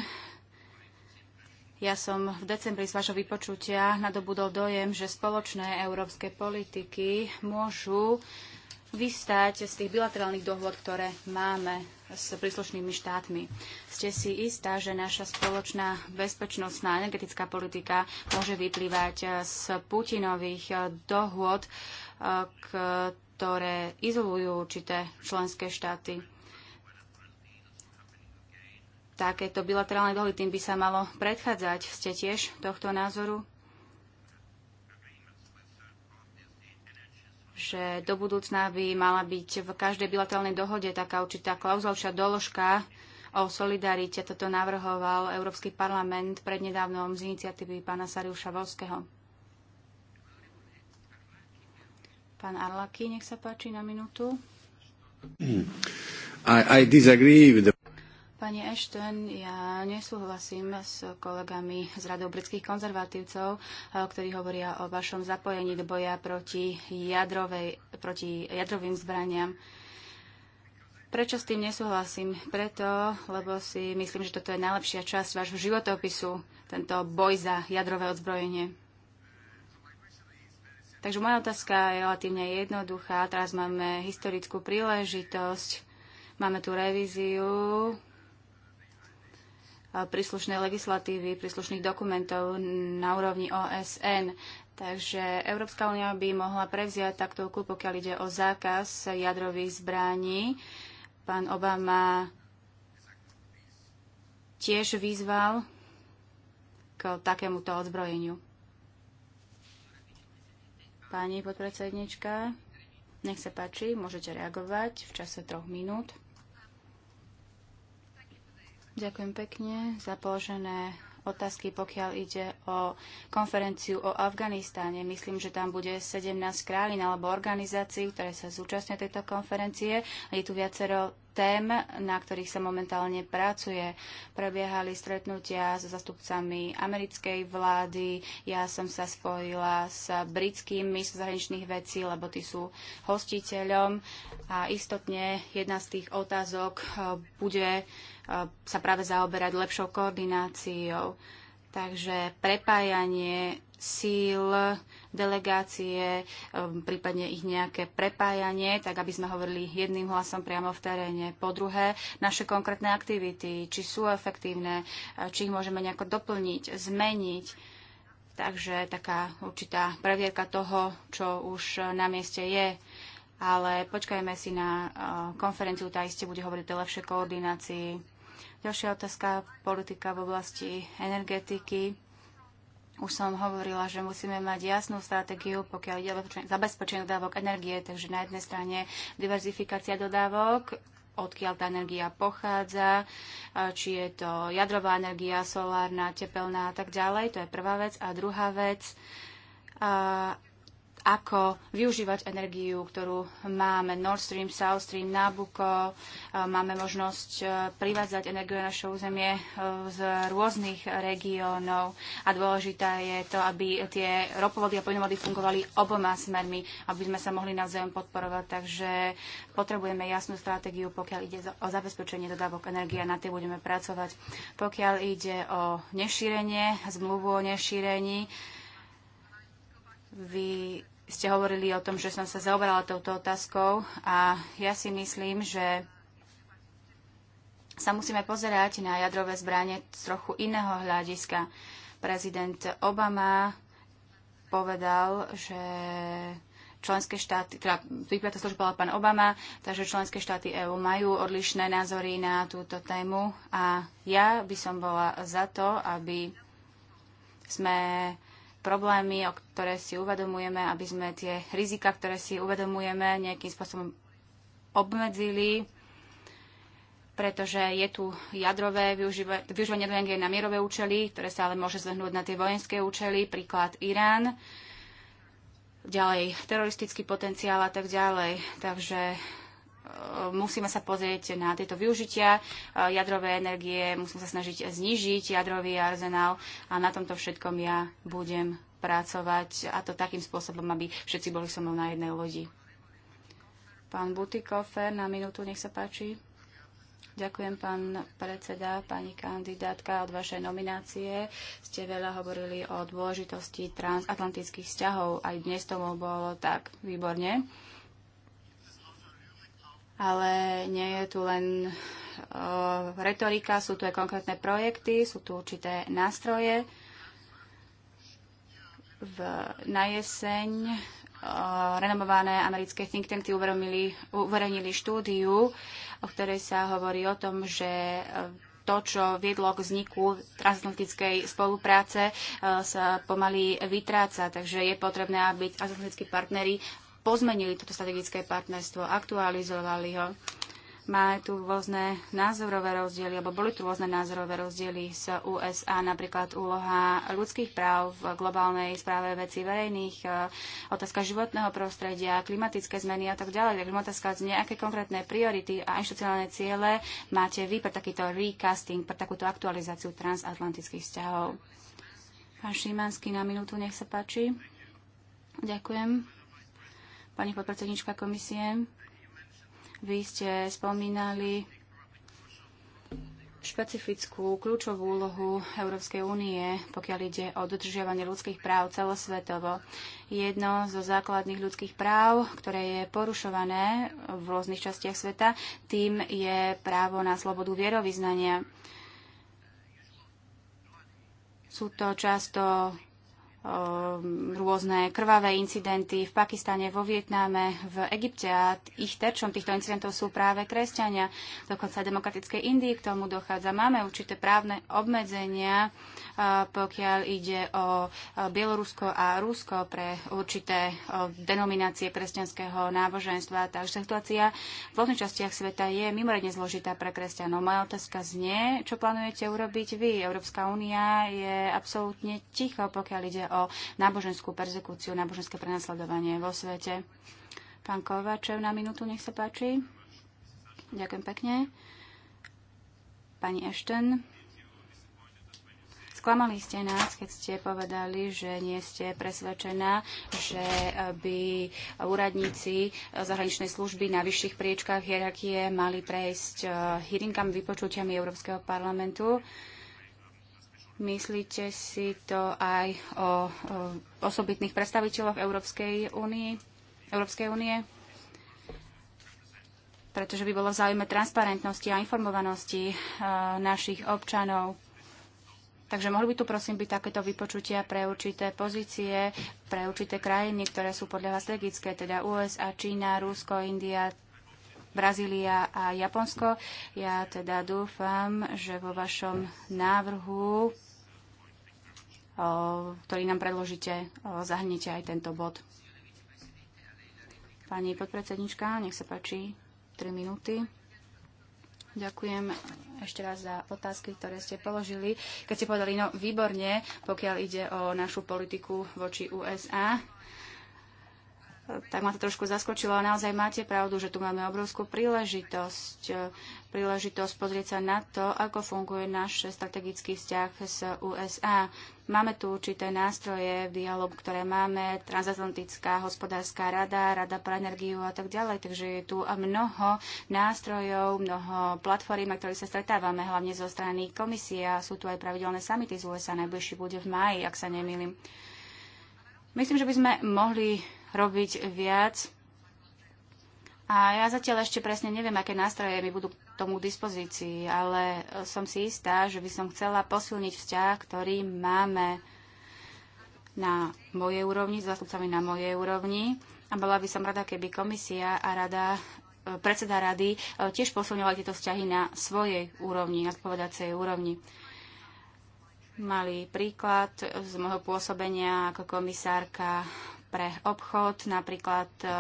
ja som v decembri z vašho vypočutia nadobudol dojem, že spoločné európske politiky môžu vystať z tých bilaterálnych dohôd, ktoré máme s príslušnými štátmi. Ste si istá, že naša spoločná bezpečnostná energetická politika môže vyplývať z Putinových eh, dohôd, eh, ktoré izolujú určité členské štáty takéto bilaterálne dohody, tým by sa malo predchádzať. Ste tiež tohto názoru? že do budúcna by mala byť v každej bilaterálnej dohode taká určitá klauzulčia doložka o solidarite. Toto navrhoval Európsky parlament prednedávnom z iniciatívy pána Sariuša Volského. Pán Arlaky, nech sa páči na minútu. I, I disagree with the... Pani Ashton, ja nesúhlasím s kolegami z radov britských konzervatívcov, eh, ktorí hovoria o vašom zapojení do boja proti, jadrovej, proti jadrovým zbraniam. Prečo s tým nesúhlasím? Preto, lebo si myslím, že toto je najlepšia časť vášho životopisu, tento boj za jadrové odzbrojenie. Takže moja otázka je relatívne jednoduchá. Teraz máme historickú príležitosť. Máme tu revíziu príslušnej legislatívy, príslušných dokumentov na úrovni OSN. Takže Európska únia by mohla prevziať takto, pokiaľ ide o zákaz jadrových zbraní. Pán Obama tiež vyzval k takémuto odzbrojeniu. Pani podpredsednička, nech sa páči, môžete reagovať v čase troch minút. Ďakujem pekne za položené otázky, pokiaľ ide o konferenciu o Afganistáne. Myslím, že tam bude 17 kráľin alebo organizácií, ktoré sa zúčastnia tejto konferencie. je tu viacero tém, na ktorých sa momentálne pracuje. Prebiehali stretnutia so zastupcami americkej vlády, ja som sa spojila s britským ministrom zahraničných vecí, lebo tí sú hostiteľom a istotne jedna z tých otázok eh, bude E, sa práve zaoberať lepšou koordináciou. Takže prepájanie síl, delegácie, e, prípadne ich nejaké prepájanie, tak aby sme hovorili jedným hlasom priamo v teréne. Po druhé, naše konkrétne aktivity, či sú efektívne, e, či ich môžeme nejako doplniť, zmeniť. Takže taká určitá previerka toho, čo už na mieste je. Ale počkajme si na konferenciu, tá iste bude hovoriť o lepšej koordinácii Ďalšia otázka, politika v oblasti energetiky. Už som hovorila, že musíme mať jasnú stratégiu, pokiaľ ide o zabezpečenie dodávok energie, takže na jednej strane diverzifikácia dodávok, odkiaľ tá energia pochádza, či je to jadrová energia, solárna, tepelná a tak ďalej. To je prvá vec. A druhá vec, ako využívať energiu, ktorú máme. Nord Stream, South Stream, Nabucco. E, máme možnosť e, privádzať energiu na naše územie e, z rôznych regiónov. A dôležité je to, aby tie ropovody a plynovody fungovali oboma smermi, aby sme sa mohli navzájom podporovať. Takže potrebujeme jasnú stratégiu, pokiaľ ide o zabezpečenie dodávok energie a na tej budeme pracovať. Pokiaľ ide o nešírenie, zmluvu o nešírení, vy ste hovorili o tom, že som sa zaoberala touto otázkou a ja si myslím, že sa musíme pozerať na jadrové zbranie z trochu iného hľadiska. Prezident Obama povedal, že členské štáty, teda príklad to služboval pán Obama, takže členské štáty EÚ majú odlišné názory na túto tému a ja by som bola za to, aby sme problémy, o ktoré si uvedomujeme, aby sme tie rizika, ktoré si uvedomujeme, nejakým spôsobom obmedzili, pretože je tu jadrové využívanie jadrovej energie na mierové účely, ktoré sa ale môže zvrhnúť na tie vojenské účely, príklad Irán, ďalej teroristický potenciál a tak ďalej. Takže musíme sa pozrieť na tieto využitia e, jadrovej energie, musíme sa snažiť znižiť jadrový arzenál a na tomto všetkom ja budem pracovať a to takým spôsobom, aby všetci boli so mnou na jednej lodi. Pán Butikofer, na minútu, nech sa páči. Ďakujem, pán predseda, pani kandidátka, od vašej nominácie. Ste veľa hovorili o dôležitosti transatlantických vzťahov. Aj dnes tomu bolo tak výborne ale nie je tu len retorika, sú tu aj konkrétne projekty, sú tu určité nástroje. V, na jeseň renomované americké think tanky uverejnili štúdiu, o ktorej sa hovorí o tom, že to, čo viedlo k vzniku transatlantickej spolupráce, sa pomaly vytráca. Takže je potrebné, aby transatlantickí partnery pozmenili toto strategické partnerstvo, aktualizovali ho. Máme tu rôzne názorové rozdiely, alebo boli tu rôzne názorové rozdiely z USA, napríklad úloha ľudských práv v globálnej správe veci verejných, e, otázka životného prostredia, klimatické zmeny a tak ďalej. Takže otázka z nejaké konkrétne priority a inštitucionálne ciele máte vy pre takýto recasting, pre takúto aktualizáciu transatlantických vzťahov. Pán Šimanský, na minútu, nech sa páči. Ďakujem. Pani podpredsednička komisie, vy ste spomínali špecifickú kľúčovú úlohu Európskej únie, pokiaľ ide o dodržiavanie ľudských práv celosvetovo. Jedno zo základných ľudských práv, ktoré je porušované v rôznych častiach sveta, tým je právo na slobodu vierovýznania. Sú to často Ehm, rôzne krvavé incidenty v Pakistane, vo Vietname, v Egypte a ich terčom týchto incidentov sú práve kresťania. Dokonca v demokratickej Indii k tomu dochádza. Máme určité právne obmedzenia pokiaľ ide o Bielorusko a Rusko pre určité denominácie kresťanského náboženstva. Takže situácia v rôznych častiach sveta je mimoriadne zložitá pre kresťanov. Moja otázka znie, čo plánujete urobiť vy? Európska únia je absolútne ticho, pokiaľ ide o náboženskú persekúciu, náboženské prenasledovanie vo svete. Pán Kovačev na minútu, nech sa páči. Ďakujem pekne. Pani Ashton. Sklamali ste nás, keď ste povedali, že nie ste presvedčená, že eh, by úradníci eh, zahraničnej služby na vyšších priečkách hierarchie mali prejsť eh, hearingami, vypočutiami Európskeho parlamentu. Myslíte si to aj o, o osobitných predstaviteľoch Európskej únie? Európskej únie? pretože by bolo v záujme transparentnosti a informovanosti našich občanov. Takže mohli by tu prosím byť takéto vypočutia pre určité pozície, pre určité krajiny, ktoré sú podľa vás strategické, teda USA, Čína, Rusko, India, Brazília a Japonsko. Ja teda dúfam, že vo vašom návrhu, ktorý nám predložíte, zahnete aj tento bod. Pani podpredsednička, nech sa páči, 3 minúty. Ďakujem ešte raz za otázky, ktoré ste položili. Keď ste povedali, no výborne, pokiaľ ide o našu politiku voči USA, tak ma to trošku zaskočilo, ale naozaj máte pravdu, že tu máme obrovskú príležitosť, e, príležitosť pozrieť sa na to, ako funguje náš strategický vzťah s USA. Máme tu určité nástroje, dialog, ktoré máme, transatlantická hospodárska rada, rada pre energiu a tak ďalej. Takže je tu mnoho nástrojov, mnoho platform, na ktorých sa stretávame, hlavne zo strany Komisie a Sú tu aj pravidelné samity z USA, najbližší bude v máji, ak sa nemýlim. Myslím, že by sme mohli robiť viac. A ja zatiaľ ešte presne neviem, aké nástroje mi budú tomu dispozícii, ale e, som si istá, že by som chcela posilniť vzťah, ktorý máme na mojej úrovni, s zástupcami na mojej úrovni. A bola by som rada, keby komisia a rada e, predseda rady e, tiež posilňovali tieto vzťahy na svojej úrovni, na spovedacej úrovni. Malý príklad z môjho pôsobenia ako komisárka pre obchod, napríklad e,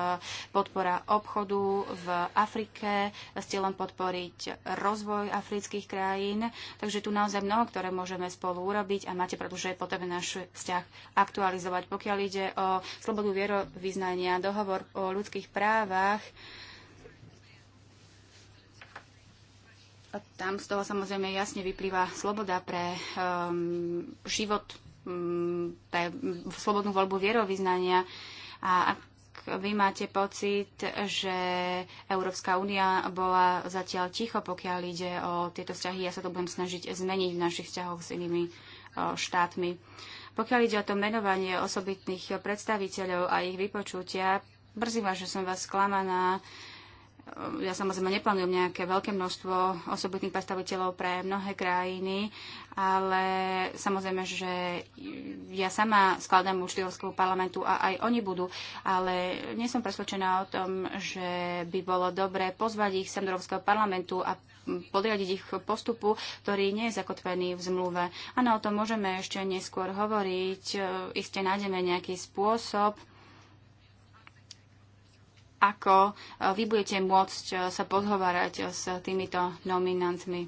podpora obchodu v Afrike s cieľom podporiť rozvoj afrických krajín. Takže tu naozaj mnoho, ktoré môžeme spolu urobiť a máte pravdu, že je potrebné náš vzťah aktualizovať. Pokiaľ ide o slobodu vierovýznania, dohovor o ľudských právach, tam z toho samozrejme jasne vyplýva sloboda pre um, život Mm, slobodnú voľbu vierovýznania. A ak vy máte pocit, že Európska únia bola zatiaľ ticho, pokiaľ ide o tieto vzťahy. Ja sa to budem snažiť zmeniť v našich vzťahoch s inými štátmi. Pokiaľ ide o to menovanie osobitných predstaviteľov a ich vypočutia, brzím vás, že som vás sklamaná. Uh, Ehm, ja samozrejme neplánujem nejaké veľké množstvo osobitných predstaviteľov pre mnohé krajiny, ale samozrejme, že ja sama skladám účty Európskeho parlamentu a aj oni budú, ale nie som presvedčená o tom, že by bolo dobré pozvať ich sem do Európskeho parlamentu a podriadiť ich postupu, ktorý nie je zakotvený v zmluve. Áno, o tom môžeme ešte neskôr hovoriť. Ehm, iste nájdeme nejaký spôsob, ako e, vy budete môcť e, sa pozhovárať e, s týmito nominantmi.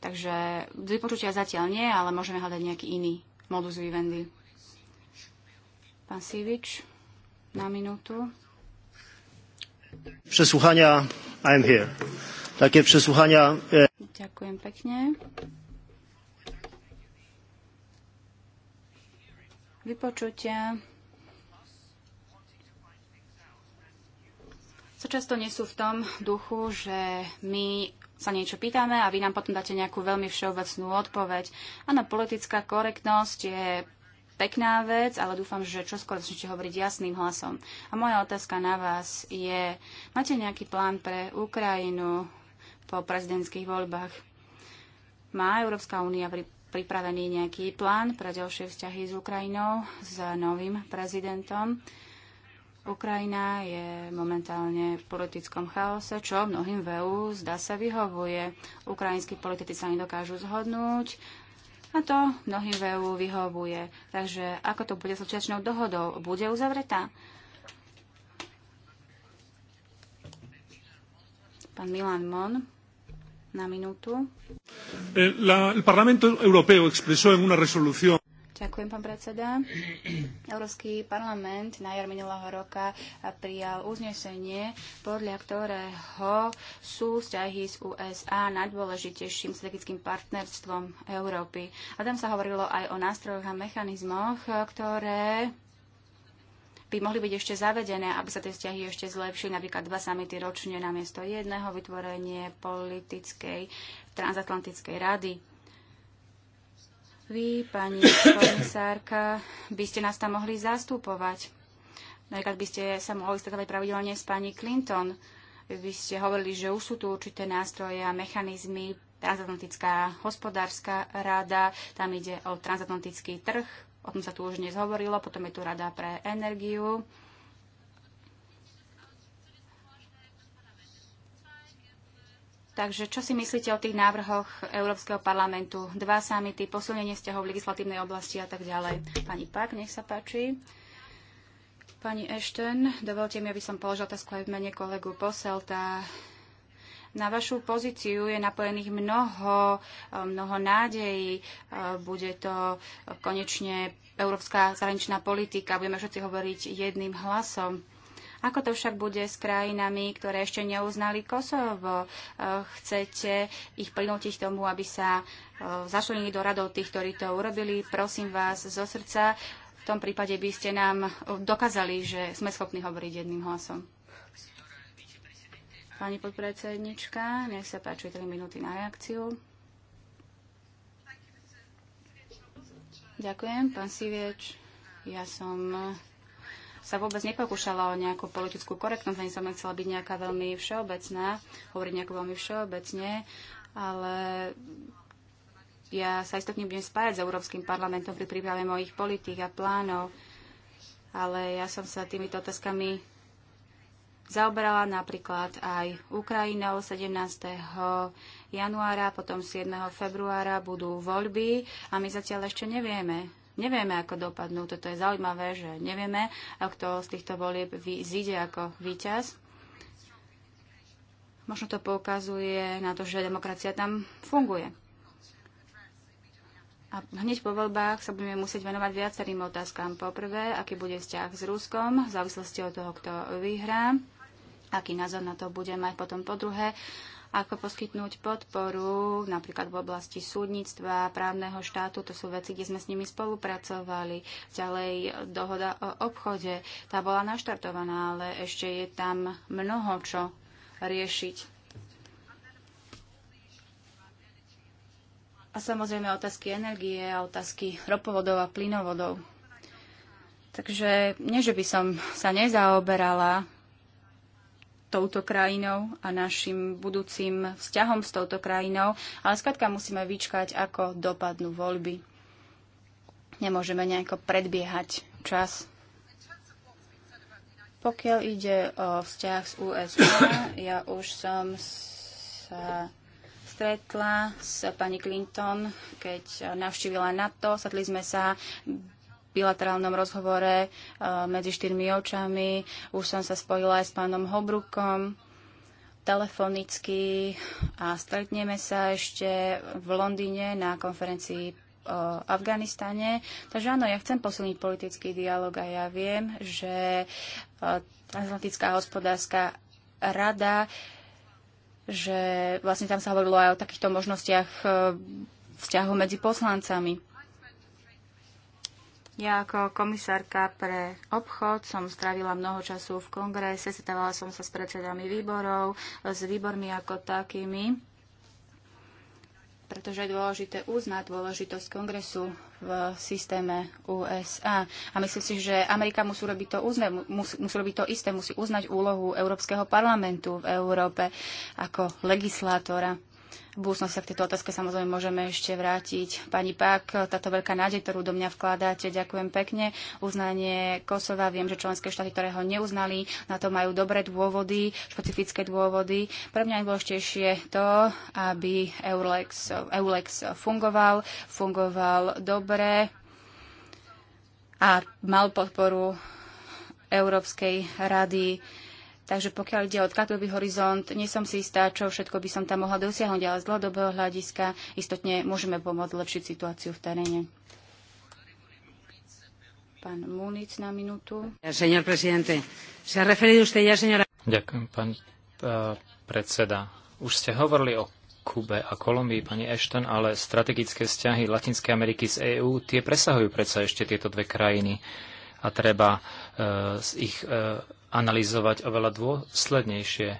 Takže vypočutia zatiaľ nie, ale môžeme hľadať nejaký iný modus vivendi. Pán Sivič, na minútu. Przesłuchania, I'm here. Také przesłuchania... E... Ďakujem pekne. Vypočutia sa často nesú v tom duchu, že my sa niečo pýtame a vy nám potom dáte nejakú veľmi všeobecnú odpoveď. Áno, politická korektnosť je pekná vec, ale dúfam, že čoskoro začnete hovoriť jasným hlasom. A moja otázka na vás je, máte nejaký plán pre Ukrajinu po prezidentských voľbách? Má Európska únia pripravený nejaký plán pre ďalšie vzťahy s Ukrajinou, s novým prezidentom? Ukrajina je momentálne v politickom chaose, čo mnohým v EU zdá sa vyhovuje. Ukrajinskí politici sa nedokážu zhodnúť a to mnohým v EU vyhovuje. Takže ako to bude s občiačnou dohodou? Bude uzavretá? Pán Milan Mon na minútu. Eh, la, el Parlamento Europeo expresó en una resolución Ďakujem, pán predseda. Európsky parlament na jar minulého roka prijal uznesenie, podľa ktorého sú vzťahy s USA najdôležitejším strategickým partnerstvom Európy. A tam sa hovorilo aj o nástrojoch a mechanizmoch, ktoré by mohli byť ešte zavedené, aby sa tie vzťahy ešte zlepšili, napríklad dva samity ročne namiesto jedného, vytvorenie politickej transatlantickej rady vy, pani komisárka, by ste nás tam mohli zastupovať. Napríklad by ste sa mohli stretávať pravidelne s pani Clinton. Vy ste hovorili, že už sú tu určité nástroje a mechanizmy, transatlantická hospodárska rada, tam ide o transatlantický trh, o tom sa tu už dnes hovorilo, potom je tu rada pre energiu, Takže čo si myslíte o tých návrhoch Európskeho parlamentu? Dva samity, posilnenie vzťahov v legislatívnej oblasti a tak ďalej. Pani Pak, nech sa páči. Pani Ešten, dovolte mi, aby som položil otázku aj v mene kolegu Poselta. Na vašu pozíciu je napojených mnoho, mnoho nádejí. Bude to konečne európska zahraničná politika. Budeme všetci hovoriť jedným hlasom. Ako to však bude s krajinami, ktoré ešte neuznali Kosovo? E, chcete ich prinútiť tomu, aby sa e, začlenili do radov tých, ktorí to urobili? Prosím vás zo srdca, v tom prípade by ste nám e, dokázali, že sme schopní hovoriť jedným hlasom. Pani podpredsednička, nech sa páči 3 minúty na reakciu. Ďakujem, pán Sivieč. Ja som sa vôbec nepokúšala o nejakú politickú korektnosť, ani som nechcela byť nejaká veľmi všeobecná, hovoriť nejako veľmi všeobecne, ale ja sa istotne budem spájať s Európskym parlamentom pri príprave mojich politík a plánov, ale ja som sa týmito otázkami zaoberala napríklad aj Ukrajinou 17. januára, potom 7. februára budú voľby a my zatiaľ ešte nevieme, nevieme, ako dopadnú. Toto je zaujímavé, že nevieme, kto z týchto volieb zíde ako víťaz. Možno to poukazuje na to, že demokracia tam funguje. A hneď po voľbách sa budeme musieť venovať viacerým otázkam. Poprvé, aký bude vzťah s Ruskom, v závislosti od toho, kto vyhrá, aký názor na to bude mať potom po druhé, ako poskytnúť podporu napríklad v oblasti súdnictva, právneho štátu, to sú veci, kde sme s nimi spolupracovali. Ďalej dohoda o obchode, tá bola naštartovaná, ale ešte je tam mnoho čo riešiť. A samozrejme otázky energie a otázky ropovodov a plynovodov. Takže nie, že by som sa nezaoberala touto krajinou a našim budúcim vzťahom s touto krajinou, ale skladka musíme vyčkať, ako dopadnú voľby. Nemôžeme nejako predbiehať čas. Pokiaľ ide o vzťah s USA, ja už som sa stretla s pani Clinton, keď navštívila NATO, sadli sme sa bilaterálnom rozhovore eh, medzi štyrmi očami. Už som sa spojila aj s pánom Hobrukom telefonicky a stretneme sa ešte v Londýne na konferencii o Afganistane. Takže áno, ja chcem posilniť politický dialog a ja viem, že eh, Atlantická hospodárska rada, že vlastne tam sa hovorilo aj o takýchto možnostiach eh, vzťahu medzi poslancami. Ja ako komisárka pre obchod som strávila mnoho času v kongrese, stretávala som sa s predsedami výborov, s výbormi ako takými, pretože je dôležité uznať dôležitosť kongresu v systéme USA. A myslím si, že Amerika musí robiť to, uzne, musí, musí robiť to isté, musí uznať úlohu Európskeho parlamentu v Európe ako legislátora budúcnosti sa k tejto otázke samozrejme môžeme ešte vrátiť. Pani Pak, táto veľká nádej, ktorú do mňa vkladáte, ďakujem pekne. Uznanie Kosova, viem, že členské štáty, ktoré ho neuznali, na to majú dobré dôvody, špecifické dôvody. Pre mňa najdôležitejšie to, aby Eulex, Eulex fungoval, fungoval dobre a mal podporu Európskej rady Takže pokiaľ ide o tlakový horizont, nie som si istá, čo všetko by som tam mohla dosiahnuť, ale z dlhodobého hľadiska istotne môžeme pomôcť lepšiť situáciu v teréne. Pán Munic na minútu. Señor presidente, se ha referido usted ya, señora... Ďakujem, pán predseda. Už ste hovorili o Kube a Kolumbii, pani Ashton, ale strategické vzťahy Latinskej Ameriky z EÚ, tie presahujú predsa ešte tieto dve krajiny a treba uh, ich uh, analyzovať oveľa dôslednejšie.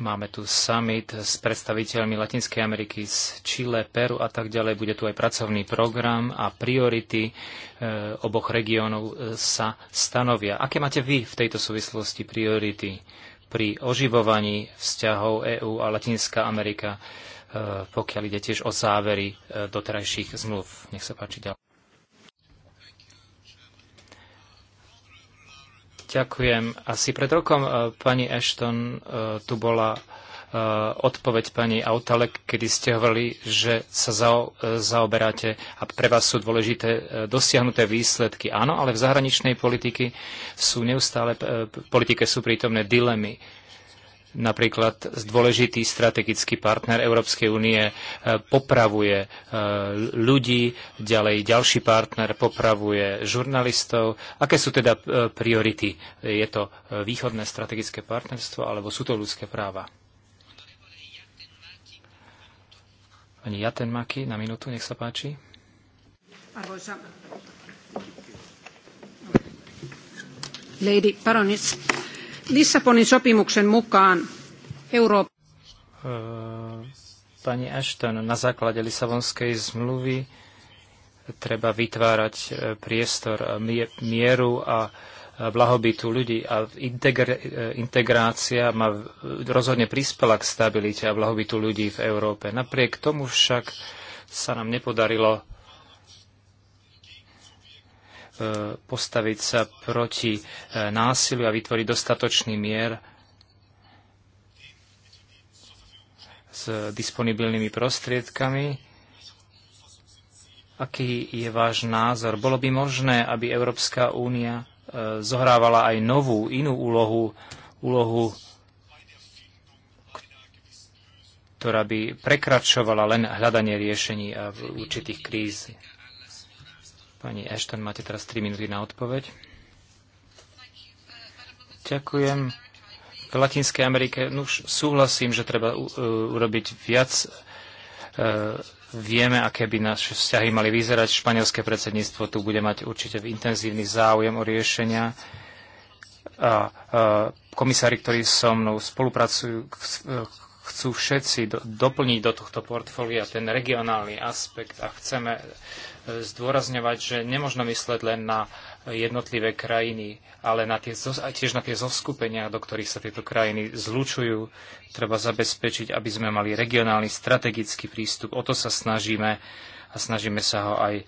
Máme tu summit s predstaviteľmi Latinskej Ameriky z Chile, Peru a tak ďalej. Bude tu aj pracovný program a priority e, oboch regiónov e, sa stanovia. Aké máte vy v tejto súvislosti priority pri oživovaní vzťahov EÚ a Latinská Amerika, e, pokiaľ ide tiež o závery e, doterajších zmluv? Nech sa páči ďalej. Ďakujem. Asi pred rokom e, pani Ashton e, tu bola e, odpoveď pani Autalek, kedy ste hovorili, že sa zaoberáte a pre vás sú dôležité dosiahnuté výsledky. Áno, ale v zahraničnej politike sú neustále, politike sú prítomné dilemy Napríklad dôležitý strategický partner Európskej únie e, popravuje e, ľudí, ďalej ďalší partner popravuje žurnalistov. Aké sú teda e, priority? Je to východné strategické partnerstvo alebo sú to ľudské práva? Pani Jatenmaki, na minútu, nech sa páči. Lady Baroness, Lissabonin sopimuksen mukaan Euroopan... Eh, pani Ashton, na základe Lisabonskej zmluvy treba vytvárať eh, priestor eh, mieru a blahobytu ľudí a integrácia ma rozhodne prispela k stabilite a blahobytu ľudí v Európe. Napriek tomu však sa nám nepodarilo E, postaviť sa proti e, násiliu a vytvoriť dostatočný mier s disponibilnými prostriedkami. Aký je váš názor? Bolo by možné, aby Európska únia e, zohrávala aj novú, inú úlohu, úlohu, ktorá by prekračovala len hľadanie riešení v určitých kríz? Pani Ashton, máte teraz 3 minúty na odpoveď. Ďakujem. V Latinskej Amerike no už súhlasím, že treba u, u, e, urobiť viac. E, vieme, aké by naše vzťahy mali vyzerať. Španielské predsedníctvo tu bude mať určite intenzívny záujem o riešenia. A, a e, komisári, ktorí so mnou spolupracujú, e, chcú všetci do, doplniť do tohto portfólia ten regionálny aspekt a chceme e, zdôrazňovať, že nemôžno mysleť len na jednotlivé krajiny, ale na tie, tiež na tie zoskupenia, do ktorých sa tieto krajiny zlučujú. Treba zabezpečiť, aby sme mali regionálny strategický prístup. O to sa snažíme a snažíme sa ho aj e,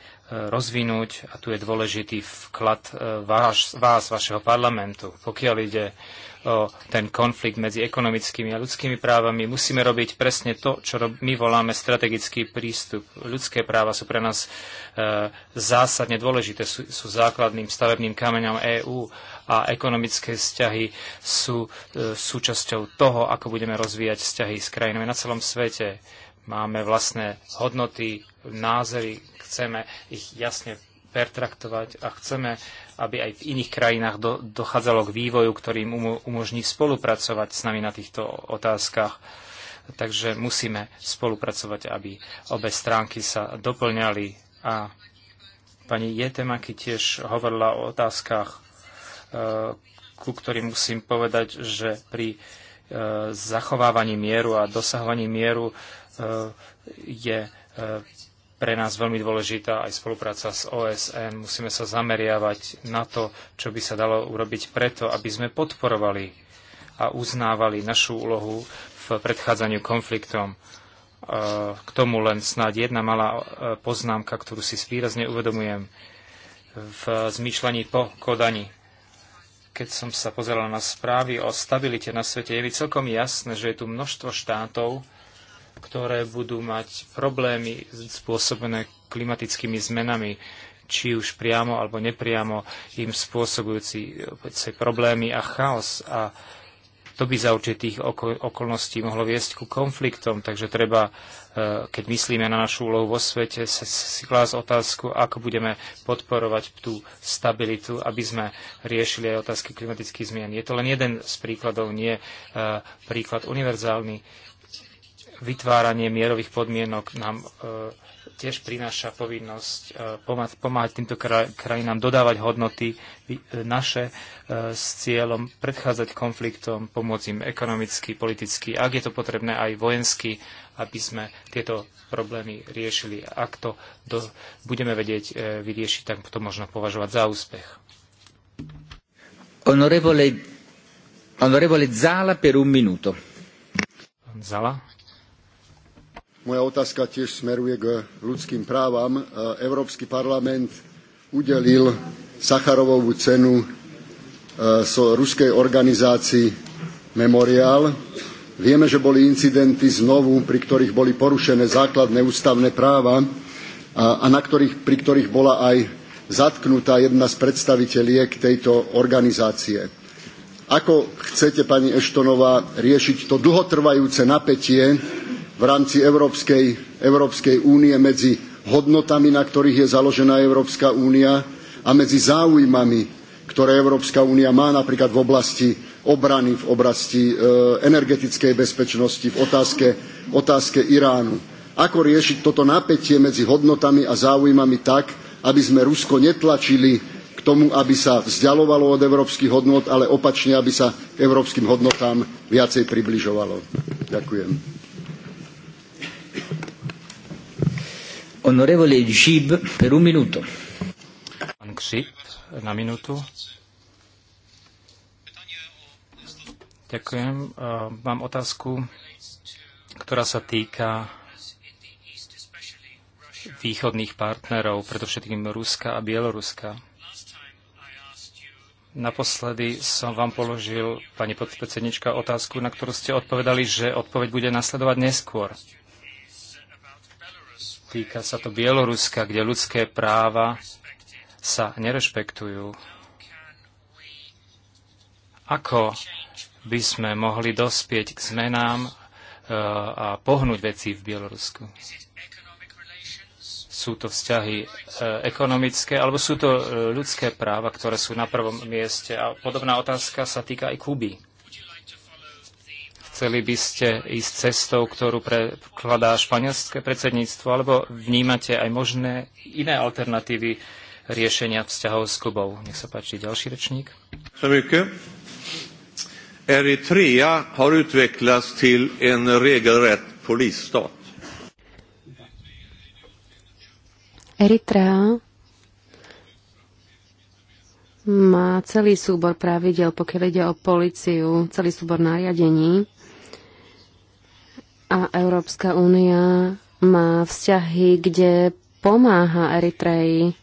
rozvinúť. A tu je dôležitý vklad e, vás, vás vašeho parlamentu. Pokiaľ ide o ten konflikt medzi ekonomickými a ľudskými právami. Musíme robiť presne to, čo my voláme strategický prístup. Ľudské práva sú pre nás e, zásadne dôležité, sú, sú základným stavebným kameňom EÚ a ekonomické vzťahy sú e, súčasťou toho, ako budeme rozvíjať vzťahy s krajinami na celom svete máme vlastné hodnoty, názory, chceme ich jasne pertraktovať a chceme, aby aj v iných krajinách do, dochádzalo k vývoju, ktorým umožní spolupracovať s nami na týchto otázkach. Takže musíme spolupracovať, aby obe stránky sa doplňali. A pani Jetemaki tiež hovorila o otázkach, e, ku ktorým musím povedať, že pri e, zachovávaní mieru a dosahovaní mieru e, je pre nás veľmi dôležitá aj spolupráca s OSN. Musíme sa zameriavať na to, čo by sa dalo urobiť preto, aby sme podporovali a uznávali našu úlohu v predchádzaniu konfliktom. E, k tomu len snáď jedna malá e, poznámka, ktorú si výrazne uvedomujem v zmýšľaní po Kodani. Keď som sa pozeral na správy o stabilite na svete, je mi celkom jasné, že je tu množstvo štátov, ktoré budú mať problémy spôsobené klimatickými zmenami, či už priamo alebo nepriamo im spôsobujúci problémy a chaos. A to by za určitých okolností mohlo viesť ku konfliktom. Takže treba, e, keď myslíme na našu úlohu vo svete, si klásť otázku, ako budeme podporovať tú stabilitu, aby sme riešili aj otázky klimatických zmien. Je to len jeden z príkladov, nie e, príklad univerzálny vytváranie mierových podmienok nám e, tiež prináša povinnosť e, pomáhať týmto krajinám dodávať hodnoty e, naše s cieľom predchádzať konfliktom, pomôcť im ekonomicky, politicky, ak je to potrebné aj vojensky, aby sme tieto problémy riešili. Ak to do, budeme vedieť vyriešiť, tak to možno považovať za úspech. Onorevole, onorevole Zala per un minuto. Zala? Moja otázka tiež smeruje k ľudským právam. E, Európsky parlament udelil Sacharovovú cenu e, so ruskej organizácii Memoriál. Vieme, že boli incidenty znovu, pri ktorých boli porušené základné ústavné práva a, a na ktorých, pri ktorých bola aj zatknutá jedna z predstaviteľiek tejto organizácie. Ako chcete, pani Eštonová, riešiť to dlhotrvajúce napätie, v rámci Európskej, Európskej únie medzi hodnotami, na ktorých je založená Európska únia a medzi záujmami, ktoré Európska únia má napríklad v oblasti obrany, v oblasti e, energetickej bezpečnosti, v otázke, otázke Iránu. Ako riešiť toto napätie medzi hodnotami a záujmami tak, aby sme Rusko netlačili k tomu, aby sa vzdialovalo od európskych hodnot, ale opačne, aby sa k európskym hodnotám viacej približovalo. Ďakujem. Onorevole Gib per un minuto. na minútu. Ďakujem. E, mám otázku, ktorá sa týka východných partnerov, predovšetkým Ruska a Bieloruska. Naposledy som vám položil, pani podpredsednička, otázku, na ktorú ste odpovedali, že odpoveď bude nasledovať neskôr. Týka sa to Bieloruska, kde ľudské práva sa nerešpektujú. Ako by sme mohli dospieť k zmenám e, a pohnúť veci v Bielorusku? Sú to vzťahy e, ekonomické, alebo sú to e, ľudské práva, ktoré sú na prvom mieste? A podobná otázka sa týka aj Kuby. Chceli by ste ísť cestou, ktorú prekladá španielské predsedníctvo, alebo vnímate aj možné iné alternatívy riešenia vzťahov s Kubou? Nech sa páči ďalší rečník. Eritrea har utvecklats till en regelrätt polisstat. Eritrea má celý súbor pravidel, pokiaľ ide o policiu, celý súbor nariadení. A Európska únia má vzťahy, kde pomáha Eritreji.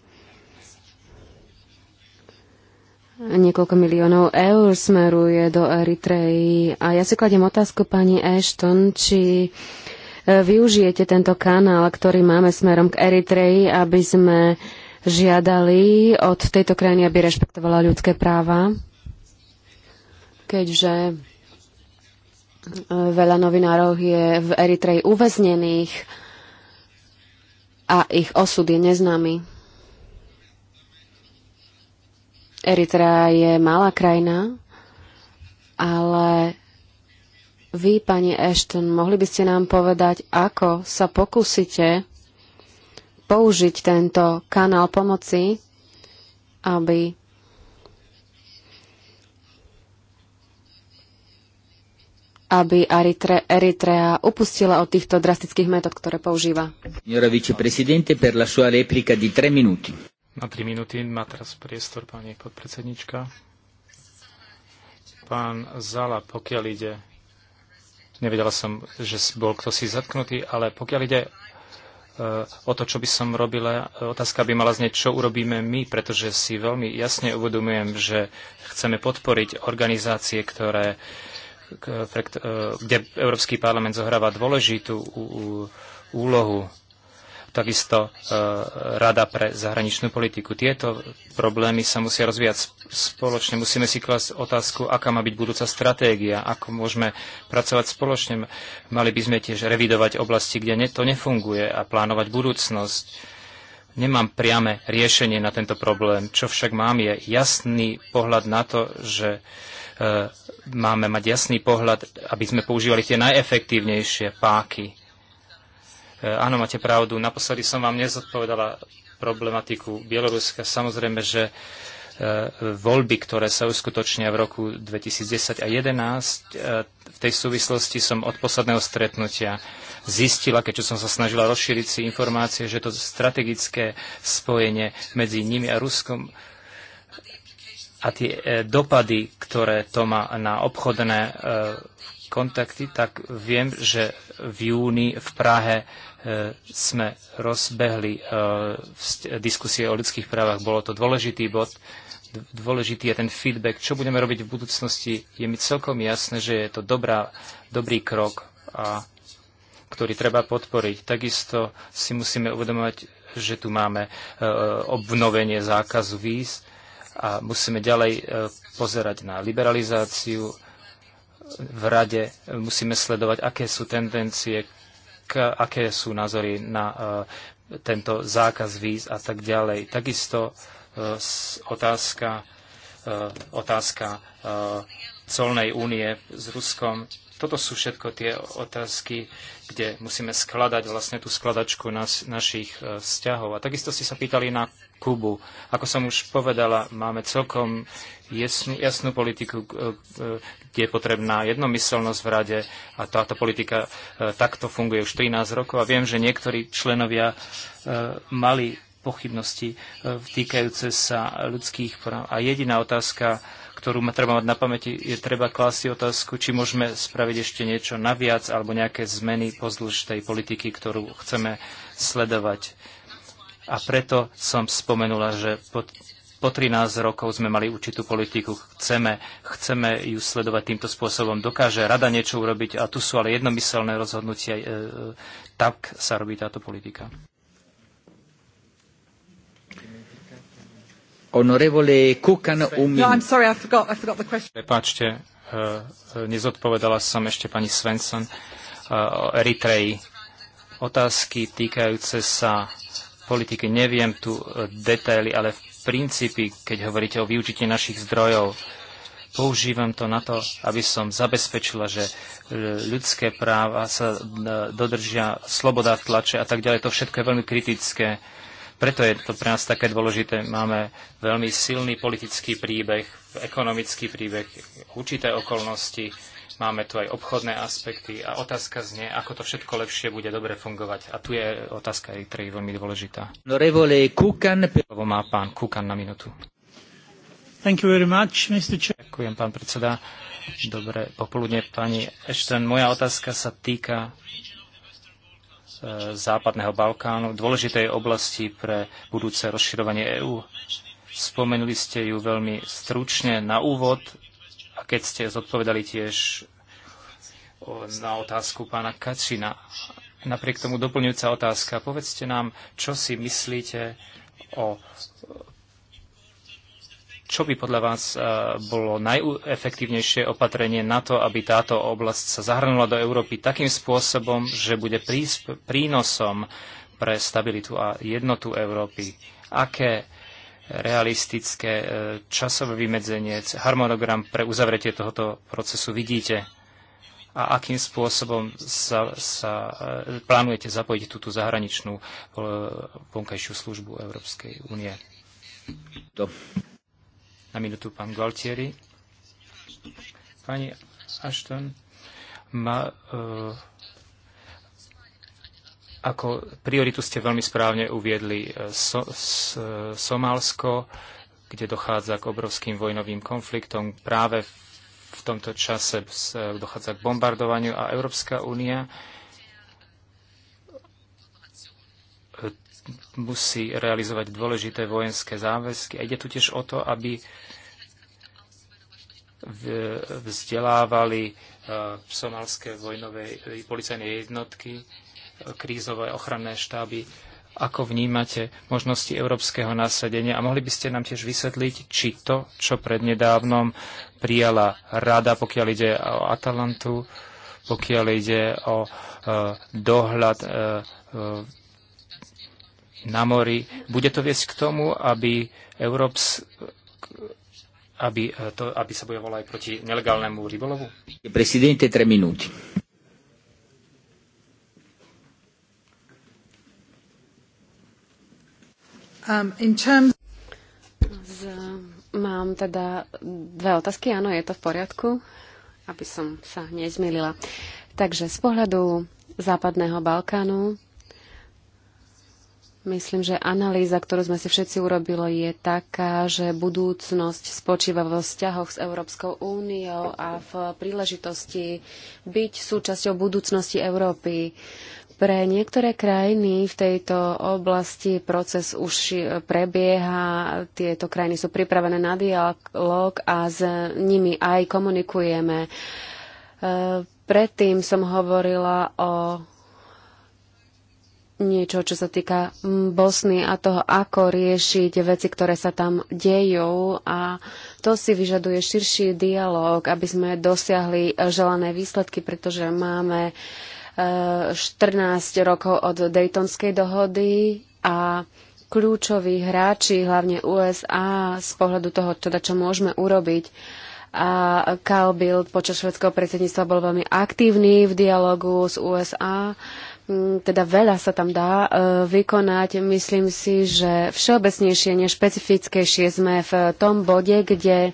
Niekoľko miliónov eur smeruje do Eritreji. A ja si kladiem otázku, pani Ashton, či e, využijete tento kanál, ktorý máme smerom k Eritreji, aby sme žiadali od tejto krajiny, aby rešpektovala ľudské práva. Keďže Veľa novinárov je v Eritreji uväznených a ich osud je neznámy. Eritrea je malá krajina, ale vy, pani Ashton, mohli by ste nám povedať, ako sa pokúsite použiť tento kanál pomoci, aby aby Eritre, Eritrea upustila od týchto drastických metód, ktoré používa. Na tri minúty má teraz priestor pani podpredsednička. Pán Zala, pokiaľ ide, nevedela som, že bol kto si zatknutý, ale pokiaľ ide eh, o to, čo by som robila, otázka by mala znieť, čo urobíme my, pretože si veľmi jasne uvedomujem, že chceme podporiť organizácie, ktoré uh, E, kde Európsky parlament zohráva dôležitú úlohu, takisto e, Rada pre zahraničnú politiku. Tieto problémy sa musia rozvíjať spoločne. Musíme si klasť otázku, aká má byť budúca stratégia, ako môžeme pracovať spoločne. Mali by sme tiež revidovať oblasti, kde to nefunguje a plánovať budúcnosť. Nemám priame riešenie na tento problém. Čo však mám je jasný pohľad na to, že e, máme mať jasný pohľad, aby sme používali tie najefektívnejšie páky. E, áno, máte pravdu. Naposledy som vám nezodpovedala problematiku Bieloruska. Samozrejme, že e, voľby, ktoré sa uskutočnia v roku 2010 a 2011. E, v tej súvislosti som od posledného stretnutia zistila, keďže som sa snažila rozšíriť si informácie, že to strategické spojenie medzi nimi a Ruskom a tie e, dopady, ktoré to má na obchodné e, kontakty, tak viem, že v júni v Prahe e, sme rozbehli diskusie o ľudských právach. Bolo to dôležitý bod. Dôležitý je ten feedback, čo budeme robiť v budúcnosti. Je mi celkom jasné, že je to dobrá, dobrý krok, a, ktorý treba podporiť. Takisto si musíme uvedomovať, že tu máme obnovenie zákazu víz a musíme ďalej e, pozerať na liberalizáciu v rade, e, musíme sledovať, aké sú tendencie, aké sú názory na e, tento zákaz víz a tak ďalej. Takisto otázka, otázka colnej únie s Ruskom. Toto sú všetko tie otázky, kde musíme skladať vlastne tú skladačku nas, našich vzťahov. A takisto si sa pýtali na Kubu. Ako som už povedala, máme celkom jasnú, jasnú politiku, eh, eh, kde je potrebná jednomyselnosť v rade a táto politika eh, takto funguje už 13 rokov a viem, že niektorí členovia mali pochybnosti týkajúce sa ľudských práv. A jediná otázka, ktorú ma treba mať na pamäti, je treba klásť otázku, či môžeme spraviť ešte niečo naviac alebo nejaké zmeny pozdĺž tej politiky, ktorú chceme sledovať. A preto som spomenula, že po, po 13 rokov sme mali určitú politiku, chceme, chceme ju sledovať týmto spôsobom. Dokáže rada niečo urobiť a tu sú ale jednomyselné rozhodnutia. E, e, tak sa robí táto politika. Honorevole Kukan, um- No, I'm sorry, I forgot, I forgot the question. Prepáčte, e, e, nezodpovedala som ešte pani Svensson e, o Eritreji. Otázky týkajúce sa politike neviem tu e, detaily, ale v princípi, keď hovoríte o využití našich zdrojov, používam to na to, aby som zabezpečila, že e, ľudské práva sa e, dodržia, sloboda tlače a tak ďalej. To všetko je veľmi kritické. Preto je to pre nás také dôležité. Máme veľmi silný politický príbeh, ekonomický príbeh, určité okolnosti Máme tu aj obchodné aspekty a otázka znie, ako to všetko lepšie bude dobre fungovať. A tu je otázka, ktorá je veľmi dôležitá. Slovo má pán Kukan na minútu. Much, Ďakujem, pán predseda. Dobre, popoludne, pani Ešten. Moja otázka sa týka e, Západného Balkánu, dôležitej oblasti pre budúce rozširovanie EÚ. Spomenuli ste ju veľmi stručne na úvod a keď ste zodpovedali tiež na otázku pána Kačina. Napriek tomu doplňujúca otázka. Povedzte nám, čo si myslíte o čo by podľa vás e, bolo najefektívnejšie opatrenie na to, aby táto oblasť sa zahrnula do Európy takým spôsobom, že bude prínosom pre stabilitu a jednotu Európy? Aké realistické e, časové vymedzenie, harmonogram pre uzavretie tohoto procesu vidíte? a akým spôsobom sa, sa e, plánujete zapojiť túto zahraničnú e, vonkajšiu službu Európskej únie. To. Na minútu pán Galtieri. Pani Ashton ma, uh, ako prioritu ste veľmi správne uviedli so, s, Somálsko, kde dochádza k obrovským vojnovým konfliktom práve v v tomto čase e, dochádza k bombardovaniu a Európska únia e, musí realizovať dôležité vojenské záväzky. A ide tu tiež o to, aby vzdelávali e, somalské vojnové policajné jednotky, krízové ochranné štáby ako vnímate možnosti európskeho nasadenia a mohli by ste nám tiež vysvetliť, či to, čo prednedávnom prijala rada, pokiaľ ide o Atalantu, pokiaľ ide o e, dohľad e, e, na mori, bude to viesť k tomu, aby Európs aby, e, to, aby sa bojovalo aj proti nelegálnemu rybolovu? Prezidente, 3 minúty. Um, terms... Z, mám teda dve otázky. Áno, je to v poriadku, aby som sa nezmýlila. Takže z pohľadu Západného Balkánu Myslím, že analýza, ktorú sme si všetci urobili, je taká, že budúcnosť spočíva vo vzťahoch s Európskou úniou a v príležitosti byť súčasťou budúcnosti Európy. Pre niektoré krajiny v tejto oblasti proces už prebieha, tieto krajiny sú pripravené na dialog a s nimi aj komunikujeme. E, predtým som hovorila o niečo, čo sa týka Bosny a toho, ako riešiť veci, ktoré sa tam dejú a to si vyžaduje širší dialog, aby sme dosiahli želané výsledky, pretože máme uh, 14 rokov od Daytonskej dohody a kľúčoví hráči, hlavne USA, z pohľadu toho, čo, teda, čo môžeme urobiť. A Kyle Bild počas švedského predsedníctva bol veľmi aktívny v dialogu s USA. Mm, teda veľa sa tam dá e, vykonať. Myslím si, že všeobecnejšie, nešpecifickejšie sme v tom bode, kde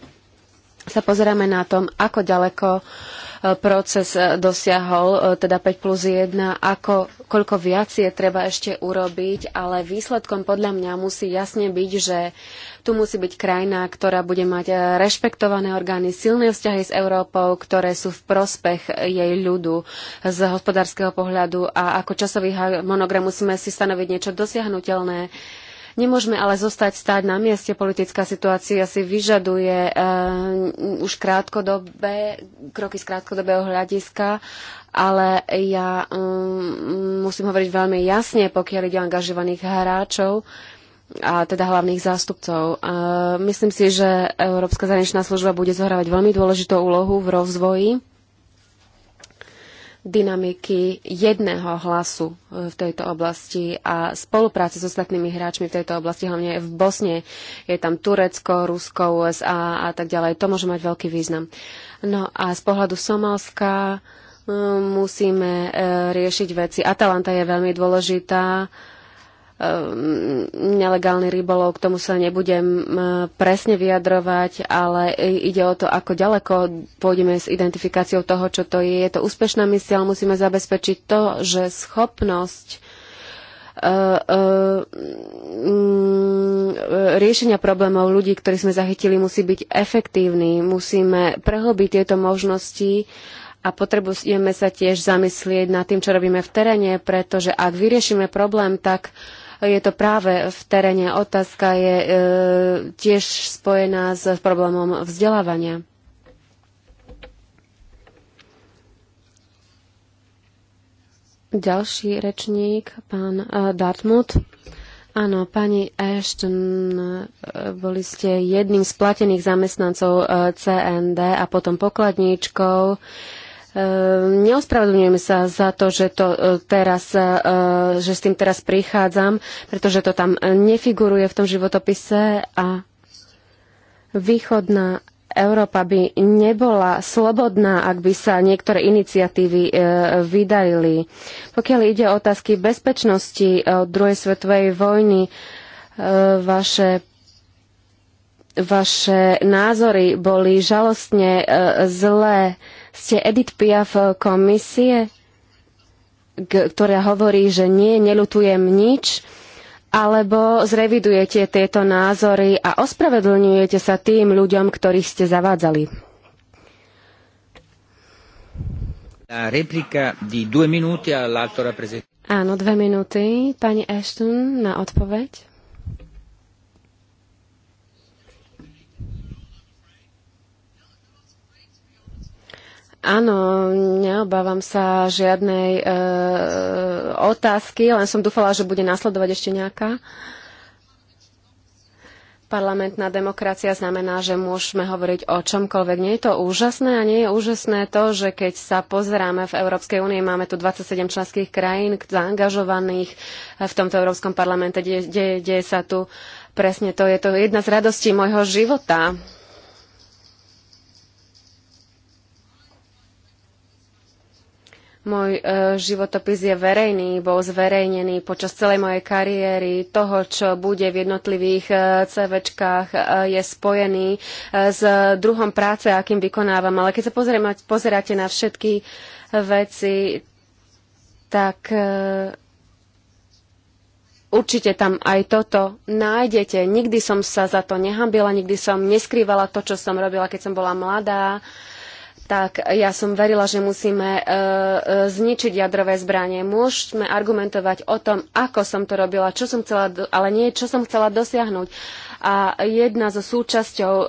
sa pozeráme na tom, ako ďaleko uh, proces e, dosiahol, e, teda 5 plus 1, ako, koľko viac je treba ešte urobiť, ale výsledkom podľa mňa musí jasne byť, že tu musí byť krajina, ktorá bude mať e, rešpektované orgány, silné vzťahy s Európou, ktoré sú v prospech jej ľudu z hospodárskeho pohľadu a ako časový monogram musíme si stanoviť niečo dosiahnutelné Nemôžeme ale zostať stáť na mieste. Politická situácia si vyžaduje eh, už krátkodobé, kroky z krátkodobého hľadiska, ale ja um, musím hovoriť veľmi jasne, pokiaľ ide o angažovaných hráčov a teda hlavných zástupcov. Uh, myslím si, že Európska zahraničná služba bude zohrávať veľmi dôležitú úlohu v rozvoji dynamiky jedného hlasu v tejto oblasti a spolupráce s ostatnými hráčmi v tejto oblasti, hlavne v Bosne. Je tam Turecko, Rusko, USA a tak ďalej. To môže mať veľký význam. No a z pohľadu Somalska um, musíme eh, riešiť veci. Atalanta je veľmi dôležitá Ehm, nelegálny rybolov, k tomu sa nebudem eh, presne vyjadrovať, ale ide o to, ako ďaleko pôjdeme s identifikáciou toho, čo to je. Je to úspešná misia, ale musíme zabezpečiť to, že schopnosť eh, eh, mm, riešenia problémov ľudí, ktorí sme zachytili, musí byť efektívny. Musíme prehlbiť tieto možnosti a potrebujeme sa tiež zamyslieť nad tým, čo robíme v teréne, pretože ak vyriešime problém, tak uh, je to práve v teréne. Otázka je e, tiež spojená s problémom vzdelávania. Ďalší rečník, pán e, Dartmouth. Áno, pani Ashton, e, boli ste jedným z platených zamestnancov e, CND a potom pokladníčkou. E, Ehm, Neospravedlňujem sa za to, že, to e, teraz, e, že s tým teraz prichádzam, pretože to tam nefiguruje v tom životopise a východná Európa by nebola slobodná, ak by sa niektoré iniciatívy e, vydarili. Pokiaľ ide o otázky bezpečnosti od druhej svetovej vojny, vaše vaše názory boli žalostne zlé. Ste Edith Piaf komisie, ktorá hovorí, že nie, nelutujem nič, alebo zrevidujete tieto názory a ospravedlňujete sa tým ľuďom, ktorých ste zavádzali? Áno, dve minúty. Pani Ashton na odpoveď. Áno, neobávam sa žiadnej e, otázky, len som dúfala, že bude nasledovať ešte nejaká. Parlamentná demokracia znamená, že môžeme hovoriť o čomkoľvek. Nie je to úžasné a nie je úžasné to, že keď sa pozeráme v Európskej únii, máme tu 27 členských krajín zaangažovaných v tomto Európskom parlamente. Deje, de- de- sa tu presne to. Je to jedna z radostí môjho života Môj e, životopis je verejný, bol zverejnený počas celej mojej kariéry. Toho, čo bude v jednotlivých e, CVčkách, e, je spojený e, s druhom práce, akým vykonávam. Ale keď sa pozrieme, pozeráte na všetky veci, tak určite tam aj toto nájdete. Nikdy som sa za to nehambila, nikdy som neskrývala to, čo som robila, keď som bola mladá tak ja som verila, že musíme e, e, zničiť jadrové zbranie. Môžeme argumentovať o tom, ako som to robila, čo som chcela, ale nie, čo som chcela dosiahnuť. A jedna zo súčasťou e,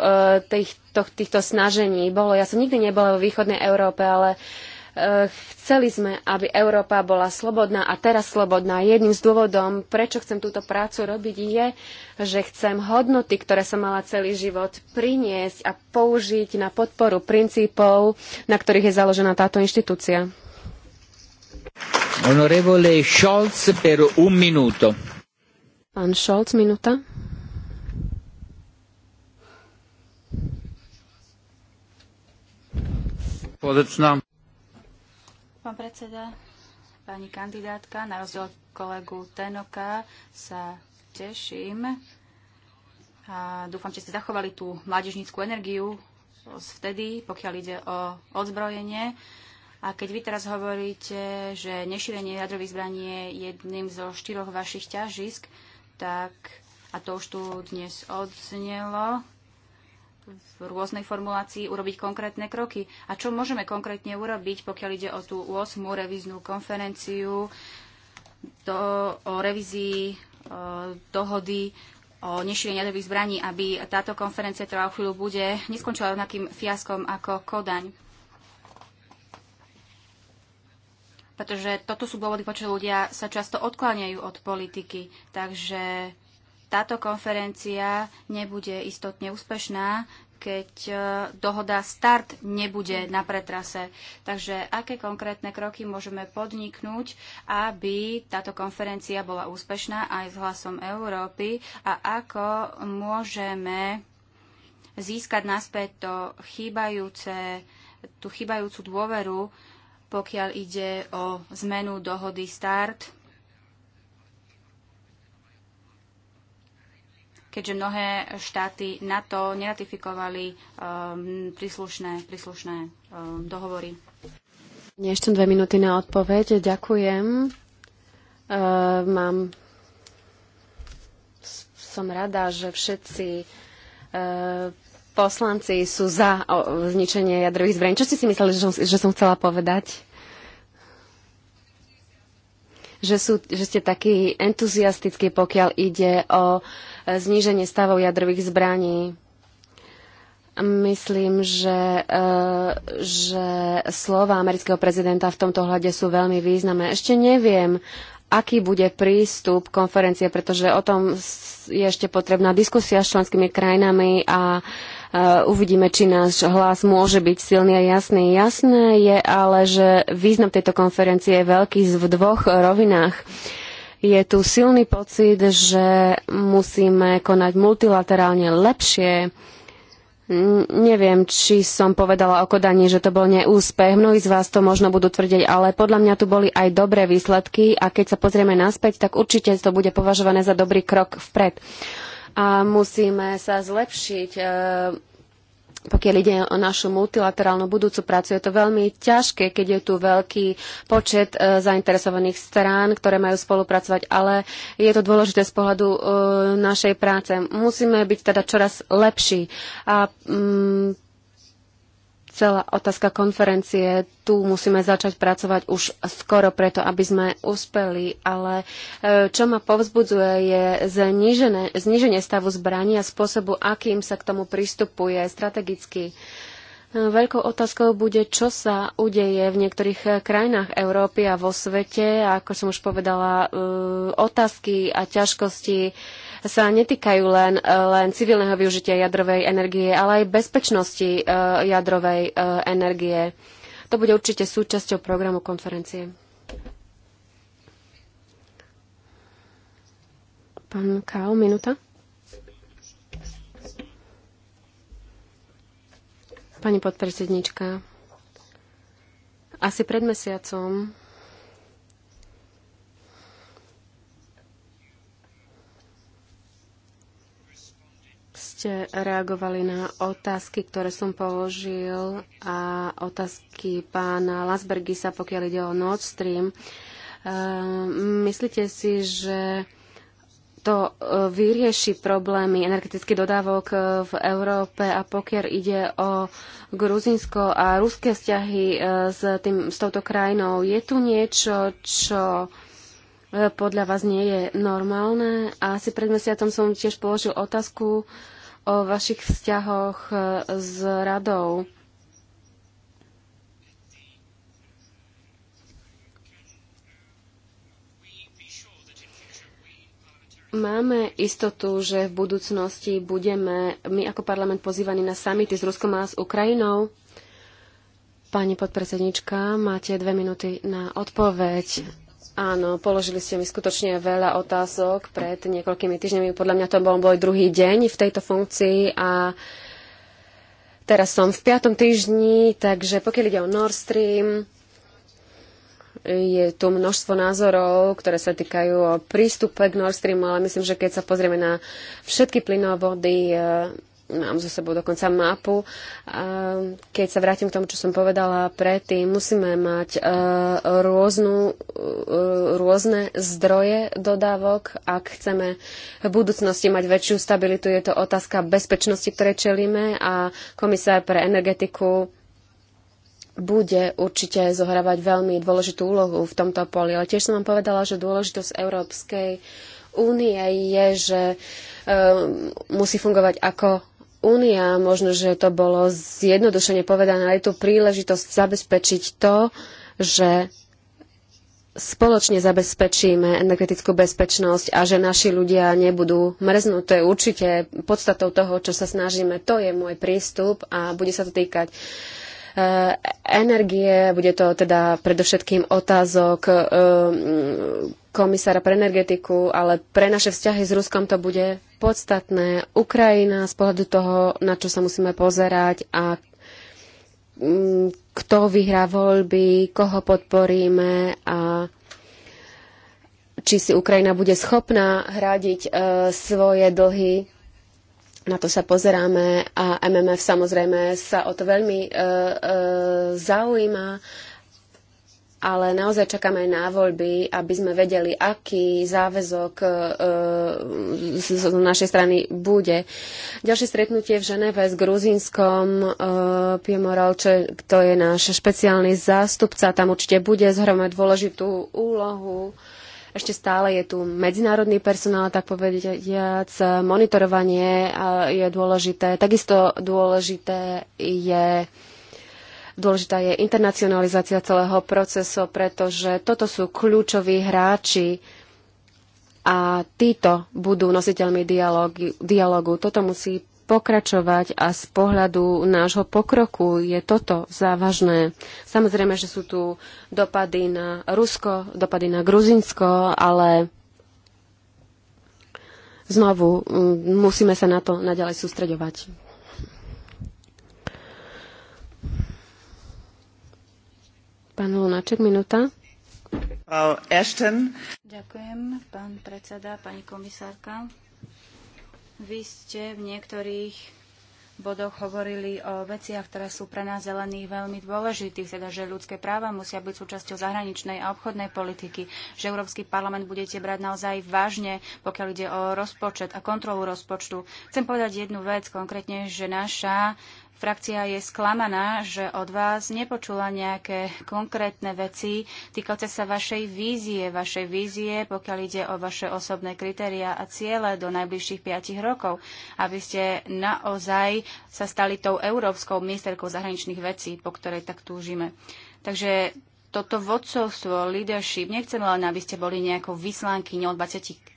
tých, to, týchto snažení bolo, ja som nikdy nebola vo východnej Európe, ale Eh, chceli sme, aby Európa bola slobodná a teraz slobodná. Jedným z dôvodom, prečo chcem túto prácu robiť, je, že chcem hodnoty, ktoré som mala celý život, priniesť a použiť na podporu princípov, na ktorých je založená táto inštitúcia. Scholz per un minuto. Pán Scholz, minúta. Pán predseda, pani kandidátka, na rozdiel kolegu Tenoka sa teším. A dúfam, že ste zachovali tú mládežnícku energiu z vtedy, pokiaľ ide o odzbrojenie. A keď vy teraz hovoríte, že nešírenie jadrových zbraní je jedným zo štyroch vašich ťažisk, tak, a to už tu dnes odznelo, v rôznej formulácii urobiť konkrétne kroky. A čo môžeme konkrétne urobiť, pokiaľ ide o tú 8. revíznu konferenciu do, o revízii e, dohody o nešírení jadrových zbraní, aby táto konferencia, ktorá o chvíľu bude, neskončila rovnakým fiaskom ako Kodaň. Pretože toto sú dôvody, prečo ľudia sa často odkláňajú od politiky. Takže táto konferencia nebude istotne úspešná, keď e, dohoda start nebude na pretrase. Takže aké konkrétne kroky môžeme podniknúť, aby táto konferencia bola úspešná aj s hlasom Európy a ako môžeme získať naspäť to chýbajúce, tú chýbajúcu dôveru, pokiaľ ide o zmenu dohody start keďže mnohé štáty NATO neratifikovali um, príslušné, príslušné um, dohovory. Ešte dve minúty na odpoveď. Ďakujem. Uh, mám... Som rada, že všetci uh, poslanci sú za o, zničenie jadrových zbraní. Čo ste si mysleli, že som, že som chcela povedať? Že, sú, že ste takí entuziastickí, pokiaľ ide o uh, zníženie stavov jadrových zbraní. Myslím, že, e, že slova amerického prezidenta v tomto hľade sú veľmi významné. Ešte neviem, aký bude prístup konferencie, pretože o tom je ešte potrebná diskusia s členskými krajinami a e, uvidíme, či náš hlas môže byť silný a jasný. Jasné je ale, že význam tejto konferencie je veľký v dvoch rovinách. Je tu silný pocit, že musíme konať multilaterálne lepšie. Neviem, či som povedala o kodaní, že to bol neúspech. Mnohí z vás to možno budú tvrdiť, ale podľa mňa tu boli aj dobré výsledky a keď sa pozrieme naspäť, tak určite to bude považované za dobrý krok vpred. A musíme sa zlepšiť e, pokiaľ ide o našu multilaterálnu budúcu prácu, je to veľmi ťažké, keď je tu veľký počet e, zainteresovaných strán, ktoré majú spolupracovať, ale je to dôležité z pohľadu e, našej práce. Musíme byť teda čoraz lepší a mm, Celá otázka konferencie, tu musíme začať pracovať už skoro preto, aby sme uspeli, ale e, čo ma povzbudzuje je znižené, zniženie stavu zbraní a spôsobu, akým sa k tomu pristupuje strategicky. E, veľkou otázkou bude, čo sa udeje v niektorých krajinách Európy a vo svete. A ako som už povedala, e, otázky a ťažkosti sa netýkajú len, e, len civilného využitia jadrovej energie, ale aj bezpečnosti e, jadrovej e, energie. To bude určite súčasťou programu konferencie. Pán Kál, minúta. Pani podpredsednička, asi pred mesiacom ste reagovali na otázky, ktoré som položil a otázky pána Lansbergisa, pokiaľ ide o Nord Stream. Ehm, myslíte si, že to e, vyrieši problémy energetických dodávok e, v Európe a pokiaľ ide o Gruzinsko a ruské vzťahy e, s, tým, s touto krajinou, je tu niečo, čo podľa vás nie je normálne? A asi pred mesiacom som tiež položil otázku, o vašich vzťahoch e, s radou. Máme istotu, že v budúcnosti budeme my ako parlament pozývaní na samity s Ruskom a s Ukrajinou. Pani podpredsednička, máte dve minúty na odpoveď. Áno, položili ste mi skutočne veľa otázok pred niekoľkými týždňami. Podľa mňa to bol môj druhý deň v tejto funkcii a teraz som v piatom týždni, takže pokiaľ ide o Nord Stream, je tu množstvo názorov, ktoré sa týkajú o prístupe k Nord Streamu, ale myslím, že keď sa pozrieme na všetky plynovody, mám za sebou dokonca mapu. Keď sa vrátim k tomu, čo som povedala predtým, musíme mať e, rôznu, e, rôzne zdroje dodávok. Ak chceme v budúcnosti mať väčšiu stabilitu, je to otázka bezpečnosti, ktoré čelíme a komisár pre energetiku bude určite zohrávať veľmi dôležitú úlohu v tomto poli. Ale tiež som vám povedala, že dôležitosť Európskej únie je, že e, musí fungovať ako únia. Možno, že to bolo zjednodušene povedané, ale je tu príležitosť zabezpečiť to, že spoločne zabezpečíme energetickú bezpečnosť a že naši ľudia nebudú mrznúť. To je určite podstatou toho, čo sa snažíme. To je môj prístup a bude sa to týkať eh, energie, bude to teda predovšetkým otázok eh, komisára pre energetiku, ale pre naše vzťahy s Ruskom to bude podstatné. Ukrajina z pohľadu toho, na čo sa musíme pozerať a mm, kto vyhrá voľby, koho podporíme a či si Ukrajina bude schopná hradiť e, svoje dlhy. Na to sa pozeráme a MMF samozrejme sa o to veľmi e, e, zaujíma ale naozaj čakáme aj na voľby, aby sme vedeli, aký záväzok e, z našej strany bude. Ďalšie stretnutie v Ženeve s Gruzínskom e, Piemoral, to je náš špeciálny zástupca, tam určite bude zhromať dôležitú úlohu. Ešte stále je tu medzinárodný personál, tak povediac. Monitorovanie e, je dôležité. Takisto dôležité je Dôležitá je internacionalizácia celého procesu, pretože toto sú kľúčoví hráči a títo budú nositeľmi dialógu. dialogu. Toto musí pokračovať a z pohľadu nášho pokroku je toto závažné. Samozrejme, že sú tu dopady na Rusko, dopady na Gruzinsko, ale znovu mm, musíme sa na to naďalej sústreďovať. Pán Lunaček, minúta. Ďakujem, pán predseda, pani komisárka. Vy ste v niektorých bodoch hovorili o veciach, ktoré sú pre nás zelených veľmi dôležitých, teda že ľudské práva musia byť súčasťou zahraničnej a obchodnej politiky, že Európsky parlament budete brať naozaj vážne, pokiaľ ide o rozpočet a kontrolu rozpočtu. Chcem povedať jednu vec konkrétne, že naša Frakcia je sklamaná, že od vás nepočula nejaké konkrétne veci týkajúce sa vašej vízie, vašej vízie, pokiaľ ide o vaše osobné kritéria a ciele do najbližších 5 rokov, aby ste naozaj sa stali tou európskou ministerkou zahraničných vecí, po ktorej tak túžime. Takže toto vodcovstvo, leadership, nechcem len, aby ste boli nejakou vyslankyňou 27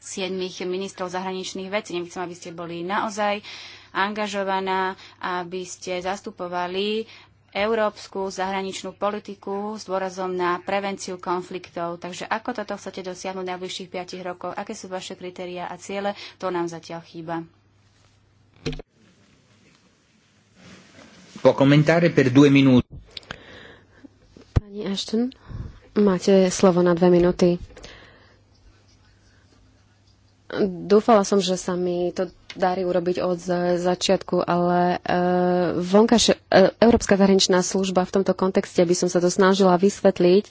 ministrov zahraničných vecí, nechcem, aby ste boli naozaj uh, angažovaná, aby ste zastupovali európsku zahraničnú politiku s dôrazom na prevenciu konfliktov. Takže ako toto chcete dosiahnuť na najbližších 5 rokov? Aké sú vaše kritéria a ciele? To nám zatiaľ chýba. Po komentáre per due minúty. Pani Ashton, máte slovo na dve minúty. Dúfala som, že sa mi to darí urobiť od začiatku, ale e, e, Európska zahraničná služba v tomto kontexte by som sa to snažila vysvetliť,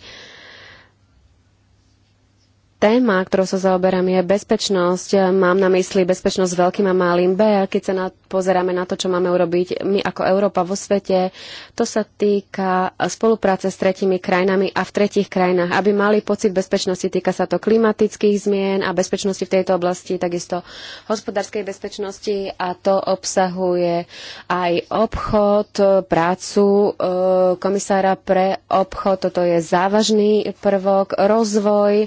téma, ktorou sa zaoberám, je bezpečnosť. Mám na mysli bezpečnosť veľkým a malým B. A keď sa na, pozeráme na to, čo máme urobiť my ako Európa vo svete, to sa týka spolupráce s tretimi krajinami a v tretich krajinách, aby mali pocit bezpečnosti. Týka sa to klimatických zmien a bezpečnosti v tejto oblasti, takisto hospodárskej bezpečnosti a to obsahuje aj obchod, prácu e, komisára pre obchod. Toto je závažný prvok, rozvoj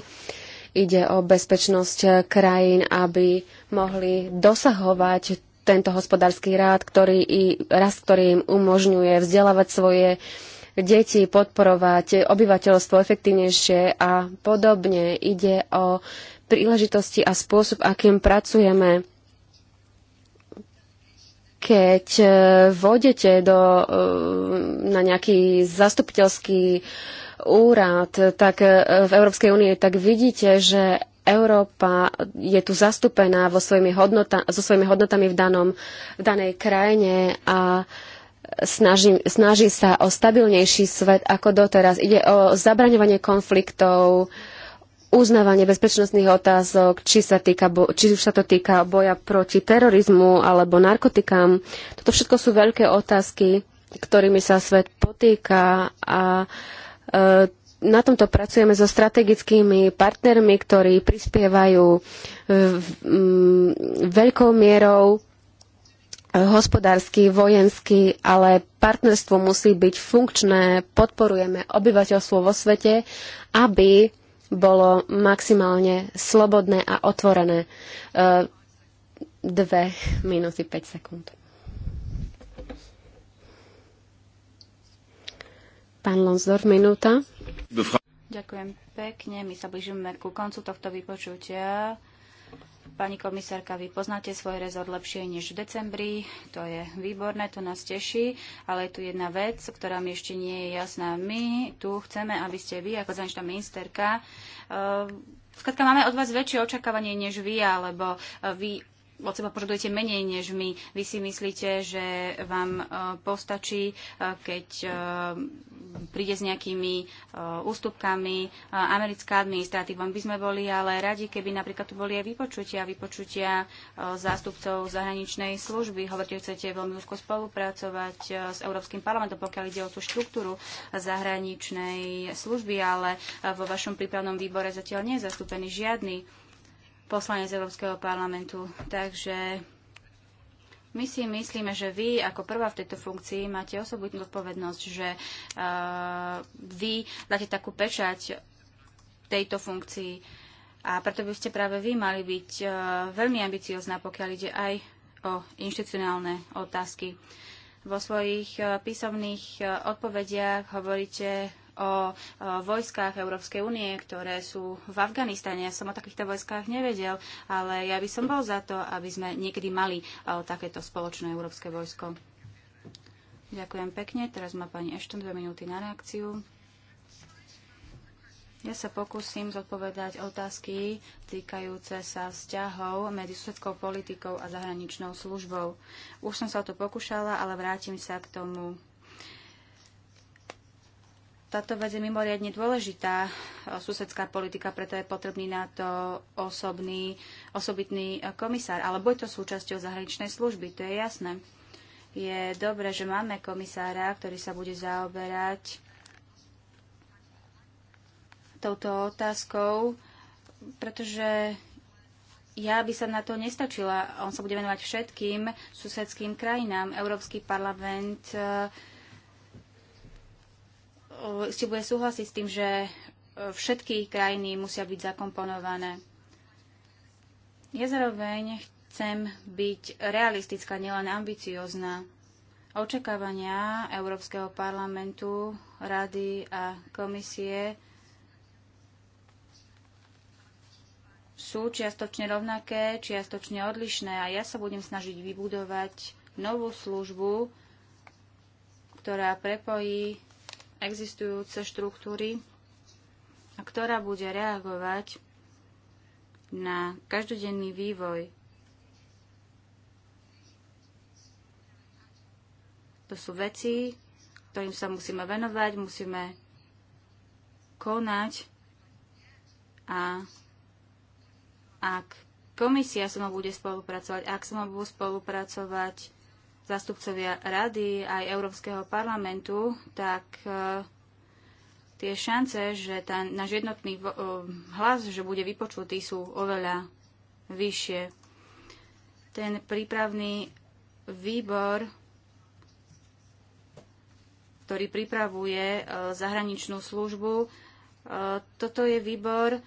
Ide o bezpečnosť krajín, aby mohli dosahovať tento hospodársky rád, ktorý, i, rast, ktorý im umožňuje vzdelávať svoje deti, podporovať obyvateľstvo efektívnejšie a podobne. Ide o príležitosti a spôsob, akým pracujeme. Keď eh, vôjdete do, eh, na nejaký zastupiteľský úrad, tak e, v Európskej únie, tak vidíte, že Európa je tu zastúpená vo svojimi hodnota, so svojimi hodnotami v, danom, v danej krajine a snaží, snaží sa o stabilnejší svet ako doteraz. Ide o zabraňovanie konfliktov, uznávanie bezpečnostných otázok, či, sa týka, či už sa to týka boja proti terorizmu alebo narkotikám. Toto všetko sú veľké otázky, ktorými sa svet potýka a uh, E, na tomto pracujeme so strategickými partnermi, ktorí prispievajú e, veľkou mierou e, hospodársky, vojenský, ale partnerstvo musí byť funkčné. Podporujeme obyvateľstvo vo svete, aby bolo maximálne slobodné a otvorené. Dve minúty 5 sekúnd. Pán Lonzor, minúta. Ďakujem pekne. My sa blížime ku koncu tohto vypočutia. Pani komisárka, vy poznáte svoj rezort lepšie než v decembri, to je výborné, to nás teší, ale je tu jedna vec, ktorá mi ešte nie je jasná. My tu chceme, aby ste vy, ako zaničná ministerka, uh, eh, Skladka, máme od vás väčšie očakávanie než vy, alebo eh, vy od seba požadujete menej než my. Vy si myslíte, že vám e, postačí, e, keď e, príde s nejakými ústupkami americká administratíva. By sme boli ale radi, keby napríklad tu boli aj vypočutia, vypočutia zástupcov zahraničnej služby. Hovoríte, chcete veľmi úzko spolupracovať s Európskym parlamentom, pokiaľ ide o tú štruktúru zahraničnej služby, ale vo vašom prípravnom výbore zatiaľ nie je zastúpený žiadny poslanec Európskeho parlamentu. Takže my si myslíme, že vy ako prvá v tejto funkcii máte osobitnú odpovednosť, že uh, vy dáte takú pečať tejto funkcii a preto by ste práve vy mali byť uh, veľmi ambiciozná, pokiaľ ide aj o inštitucionálne otázky. Vo svojich uh, písomných uh, odpovediach hovoríte o vojskách Európskej únie, ktoré sú v Afganistane. Ja som o takýchto vojskách nevedel, ale ja by som bol za to, aby sme niekedy mali takéto spoločné európske vojsko. Ďakujem pekne. Teraz má pani Ešton dve minúty na reakciu. Ja sa pokúsim zodpovedať otázky týkajúce sa vzťahov medzi susedskou politikou a zahraničnou službou. Už som sa o to pokúšala, ale vrátim sa k tomu táto vec je mimoriadne dôležitá susedská politika, preto je potrebný na to osobný, osobitný komisár. Alebo je to súčasťou zahraničnej služby, to je jasné. Je dobré, že máme komisára, ktorý sa bude zaoberať touto otázkou, pretože ja by som na to nestačila. On sa bude venovať všetkým susedským krajinám. Európsky parlament uh, si bude súhlasiť s tým, že e, všetky krajiny musia byť zakomponované. Ja zároveň chcem byť realistická, nielen ambiciozná. Očakávania Európskeho parlamentu, rady a komisie sú čiastočne rovnaké, čiastočne odlišné a ja sa budem snažiť vybudovať novú službu, ktorá prepojí existujúce štruktúry, ktorá bude reagovať na každodenný vývoj. To sú veci, ktorým sa musíme venovať, musíme konať a ak komisia sa mnou bude spolupracovať, ak sa mnou budú spolupracovať zástupcovia rady aj Európskeho parlamentu, tak e, tie šance, že tá, náš jednotný e, hlas, že bude vypočutý, sú oveľa vyššie. Ten prípravný výbor, ktorý pripravuje e, zahraničnú službu, toto je výbor, e,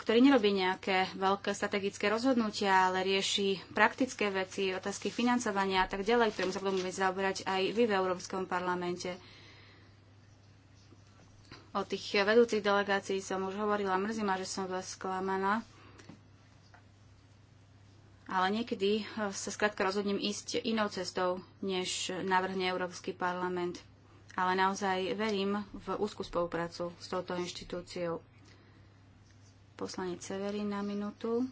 ktorý nerobí nejaké veľké strategické rozhodnutia, ale rieši praktické veci, otázky financovania a tak ďalej, ktorým sa budeme zaoberať aj vy v Európskom parlamente. O tých vedúcich delegácií som už hovorila, mrzí ma, že som vás sklamaná. Ale niekedy sa skrátka rozhodnem ísť inou cestou, než navrhne Európsky parlament ale naozaj verím v úzkú spoluprácu s touto inštitúciou. Poslanec Severin na minútu.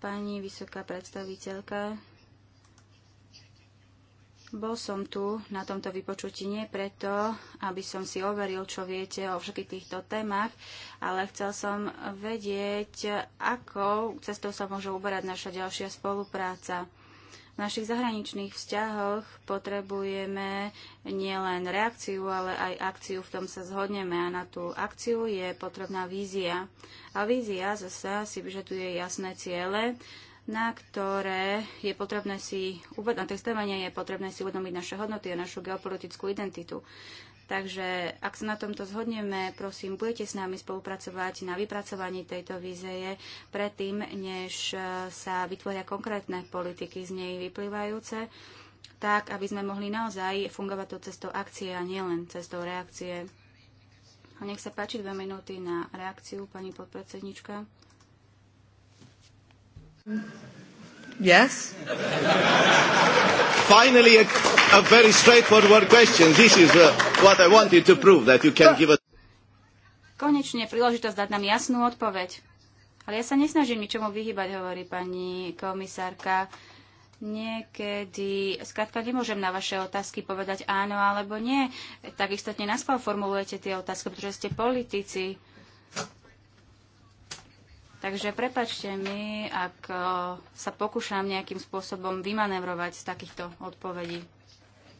Pani vysoká predstaviteľka, bol som tu na tomto vypočutí nie preto, aby som si overil, čo viete o všetkých týchto témach, ale chcel som vedieť, ako cestou sa môže uberať naša ďalšia spolupráca. V našich zahraničných vzťahoch potrebujeme nielen reakciu, ale aj akciu, v tom sa zhodneme a na tú akciu je potrebná vízia. A vízia zase si vyžaduje jasné ciele, na ktoré je potrebné si na testovanie je potrebné si uvedomiť naše hodnoty a našu geopolitickú identitu. Takže ak sa na tomto zhodneme, prosím, budete s nami spolupracovať na vypracovaní tejto vízeje predtým, než e, sa vytvoria konkrétne politiky z nej vyplývajúce, tak aby sme mohli naozaj fungovať to cestou akcie a nielen cestou reakcie. A nech sa páči dve minúty na reakciu, pani podpredsednička. Yes? Finally, a, a very straightforward question. This is uh, what I wanted to prove, that you can give a... Konečne príležitosť dať nám jasnú odpoveď. Ale ja sa nesnažím ničomu vyhybať, hovorí pani komisárka. Niekedy, skrátka, nemôžem na vaše otázky povedať áno alebo nie. Tak istotne naspal formulujete tie otázky, pretože ste politici. Takže prepačte mi, ak e, sa pokúšam nejakým spôsobom vymanevrovať z takýchto odpovedí.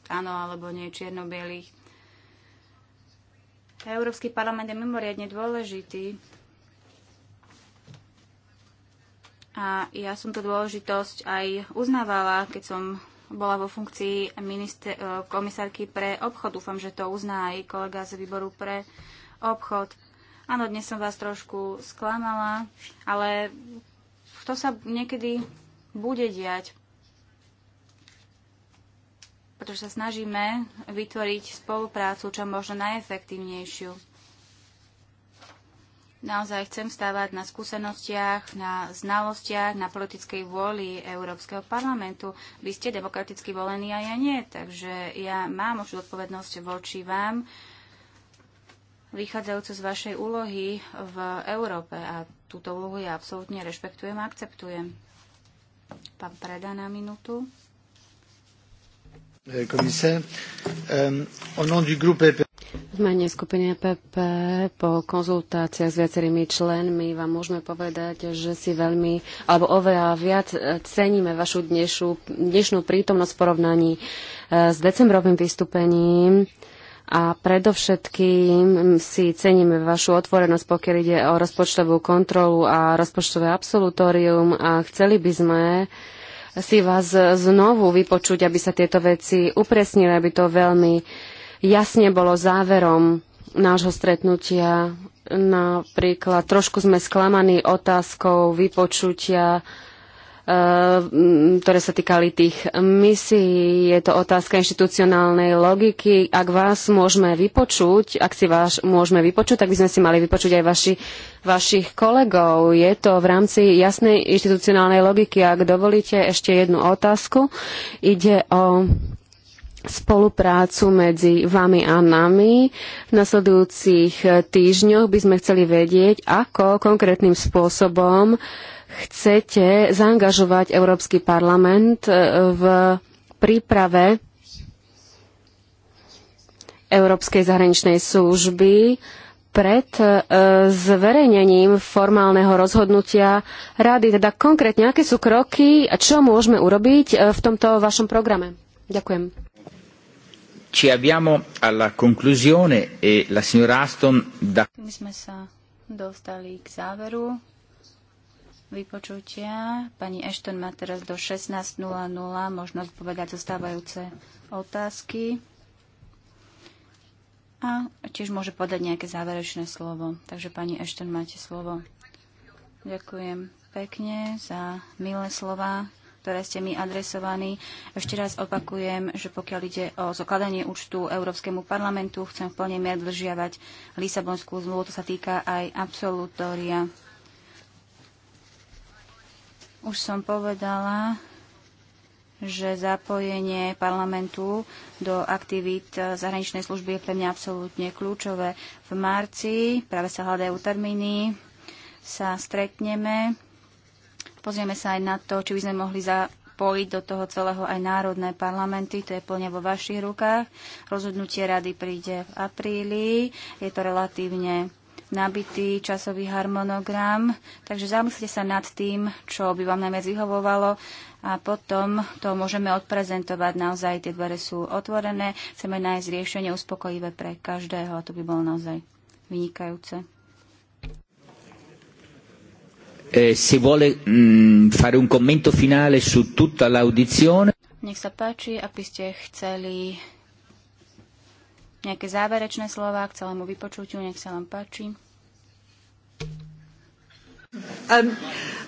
Áno alebo nie, čierno-bielých. Európsky parlament je mimoriadne dôležitý a ja som tú dôležitosť aj uznávala, keď som bola vo funkcii minister, e, komisárky pre obchod. Dúfam, že to uzná aj kolega z výboru pre obchod. Áno, dnes som vás trošku sklamala, ale to sa niekedy bude diať, pretože sa snažíme vytvoriť spoluprácu čo možno najefektívnejšiu. Naozaj chcem stávať na skúsenostiach, na znalostiach, na politickej vôli Európskeho parlamentu. Vy ste demokraticky volení a ja nie, takže ja mám už odpovednosť voči vám Vychádzajúce z vašej úlohy v Európe a túto úlohu ja absolútne rešpektujem a akceptujem. Pán Preda na minútu. Ehm, v mene skupiny EPP po konzultáciách s viacerými členmi vám môžeme povedať, že si veľmi, alebo oveľa viac e, ceníme vašu dnešnú prítomnosť v porovnaní e, s decembrovým vystúpením a predovšetkým si ceníme vašu otvorenosť, pokiaľ ide o rozpočtovú kontrolu a rozpočtové absolutórium a chceli by sme si vás znovu vypočuť, aby sa tieto veci upresnili, aby to veľmi jasne bolo záverom nášho stretnutia. Napríklad trošku sme sklamaní otázkou vypočutia Eh, ktoré sa týkali tých misií. Je to otázka inštitucionálnej logiky. Ak vás môžeme vypočuť, ak si vás môžeme vypočuť, tak by sme si mali vypočuť aj vaši, vašich kolegov. Je to v rámci jasnej inštitucionálnej logiky. Ak dovolíte ešte jednu otázku, ide o spoluprácu medzi vami a nami. V nasledujúcich týždňoch by sme chceli vedieť, ako konkrétnym spôsobom uh, chcete zaangažovať Európsky parlament e, v príprave Európskej zahraničnej služby pred e, zverejnením formálneho rozhodnutia rady. Teda konkrétne, aké sú kroky a čo môžeme urobiť e, v tomto vašom programe? Ďakujem. Ci abbiamo alla conclusione e la signora Aston da... My sme sa dostali k záveru vypočutia. Pani Ashton má teraz do 16.00 možnosť povedať zostávajúce otázky a tiež môže podať nejaké záverečné slovo. Takže pani Ešton, máte slovo. Ďakujem pekne za milé slova, ktoré ste mi adresovaní. Ešte raz opakujem, že pokiaľ ide o zakladanie účtu Európskemu parlamentu, chcem v plnej mier dodržiavať Lisabonskú zmluvu, to sa týka aj absolutória. Už som povedala, že zapojenie parlamentu do aktivít zahraničnej služby je pre mňa absolútne kľúčové. V marci, práve sa hľadajú termíny, sa stretneme. Pozrieme sa aj na to, či by sme mohli zapojiť do toho celého aj národné parlamenty. To je plne vo vašich rukách. Rozhodnutie rady príde v apríli. Je to relatívne nabitý časový harmonogram, takže zamyslite sa nad tým, čo by vám najviac vyhovovalo a potom to môžeme odprezentovať. Naozaj tie dvere sú otvorené, chceme nájsť riešenie uspokojivé pre každého a to by bolo naozaj vynikajúce. Eh, se vuole mm, fare un commento finale su tutta l'audizione. Nech sa páči, aby ste chceli nejaké záverečné slova k celému vypočutiu. Nech sa vám páči. Um,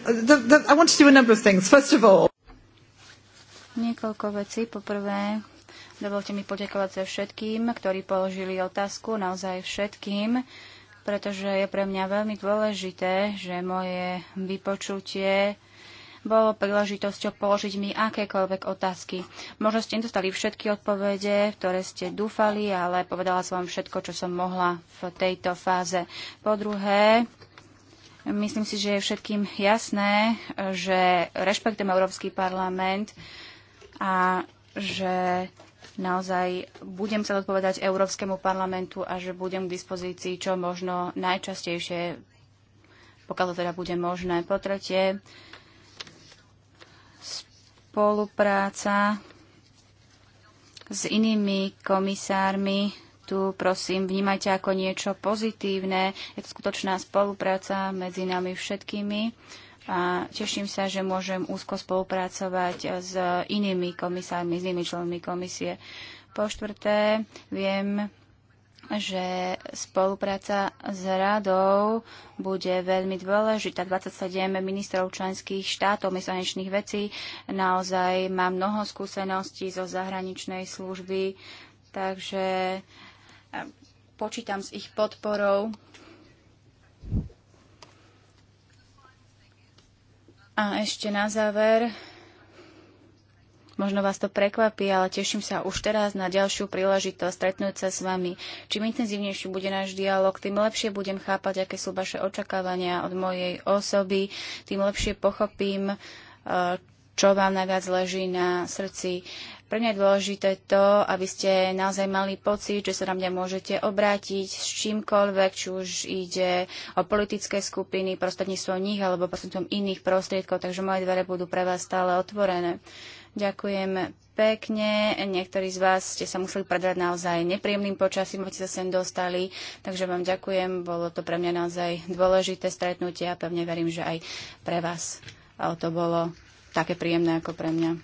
the, the, I want to do a number of things. First of all, Niekoľko vecí. Poprvé, dovolte mi poďakovať sa všetkým, ktorí položili otázku, naozaj všetkým, pretože je pre mňa veľmi dôležité, že moje vypočutie bolo príležitosťou položiť mi akékoľvek otázky. Možno ste nedostali všetky odpovede, ktoré ste dúfali, ale povedala som vám všetko, čo som mohla v tejto fáze. Po druhé, myslím si, že je všetkým jasné, že rešpektujem Európsky parlament a že naozaj budem sa odpovedať Európskemu parlamentu a že budem k dispozícii čo možno najčastejšie, pokiaľ to teda bude možné. Po tretie, spolupráca s inými komisármi. Tu prosím, vnímajte ako niečo pozitívne. Je to skutočná spolupráca medzi nami všetkými a teším sa, že môžem úzko spolupracovať s inými komisármi, s inými členmi komisie. Po štvrté, viem, že spolupráca s radou bude veľmi dôležitá. 27 ministrov členských štátov mesanečných vecí. Naozaj má mnoho skúseností zo zahraničnej služby, takže eh, počítam s ich podporou. A ešte na záver Možno vás to prekvapí, ale teším sa už teraz na ďalšiu príležitosť stretnúť sa s vami. Čím intenzívnejší bude náš dialog, tým lepšie budem chápať, aké sú vaše očakávania od mojej osoby, tým lepšie pochopím, e, čo vám najviac leží na srdci. Pre mňa je dôležité to, aby ste naozaj mali pocit, že sa na mňa môžete obrátiť s čímkoľvek, či už ide o politické skupiny, prostredníctvom nich alebo prostredníctvom iných prostriedkov, takže moje dvere budú pre vás stále otvorené. Ďakujem pekne. Niektorí z vás ste sa museli predrať naozaj nepríjemným počasím, aby ste sa sem dostali. Takže vám ďakujem. Bolo to pre mňa naozaj dôležité stretnutie a pevne verím, že aj pre vás Ale to bolo také príjemné ako pre mňa.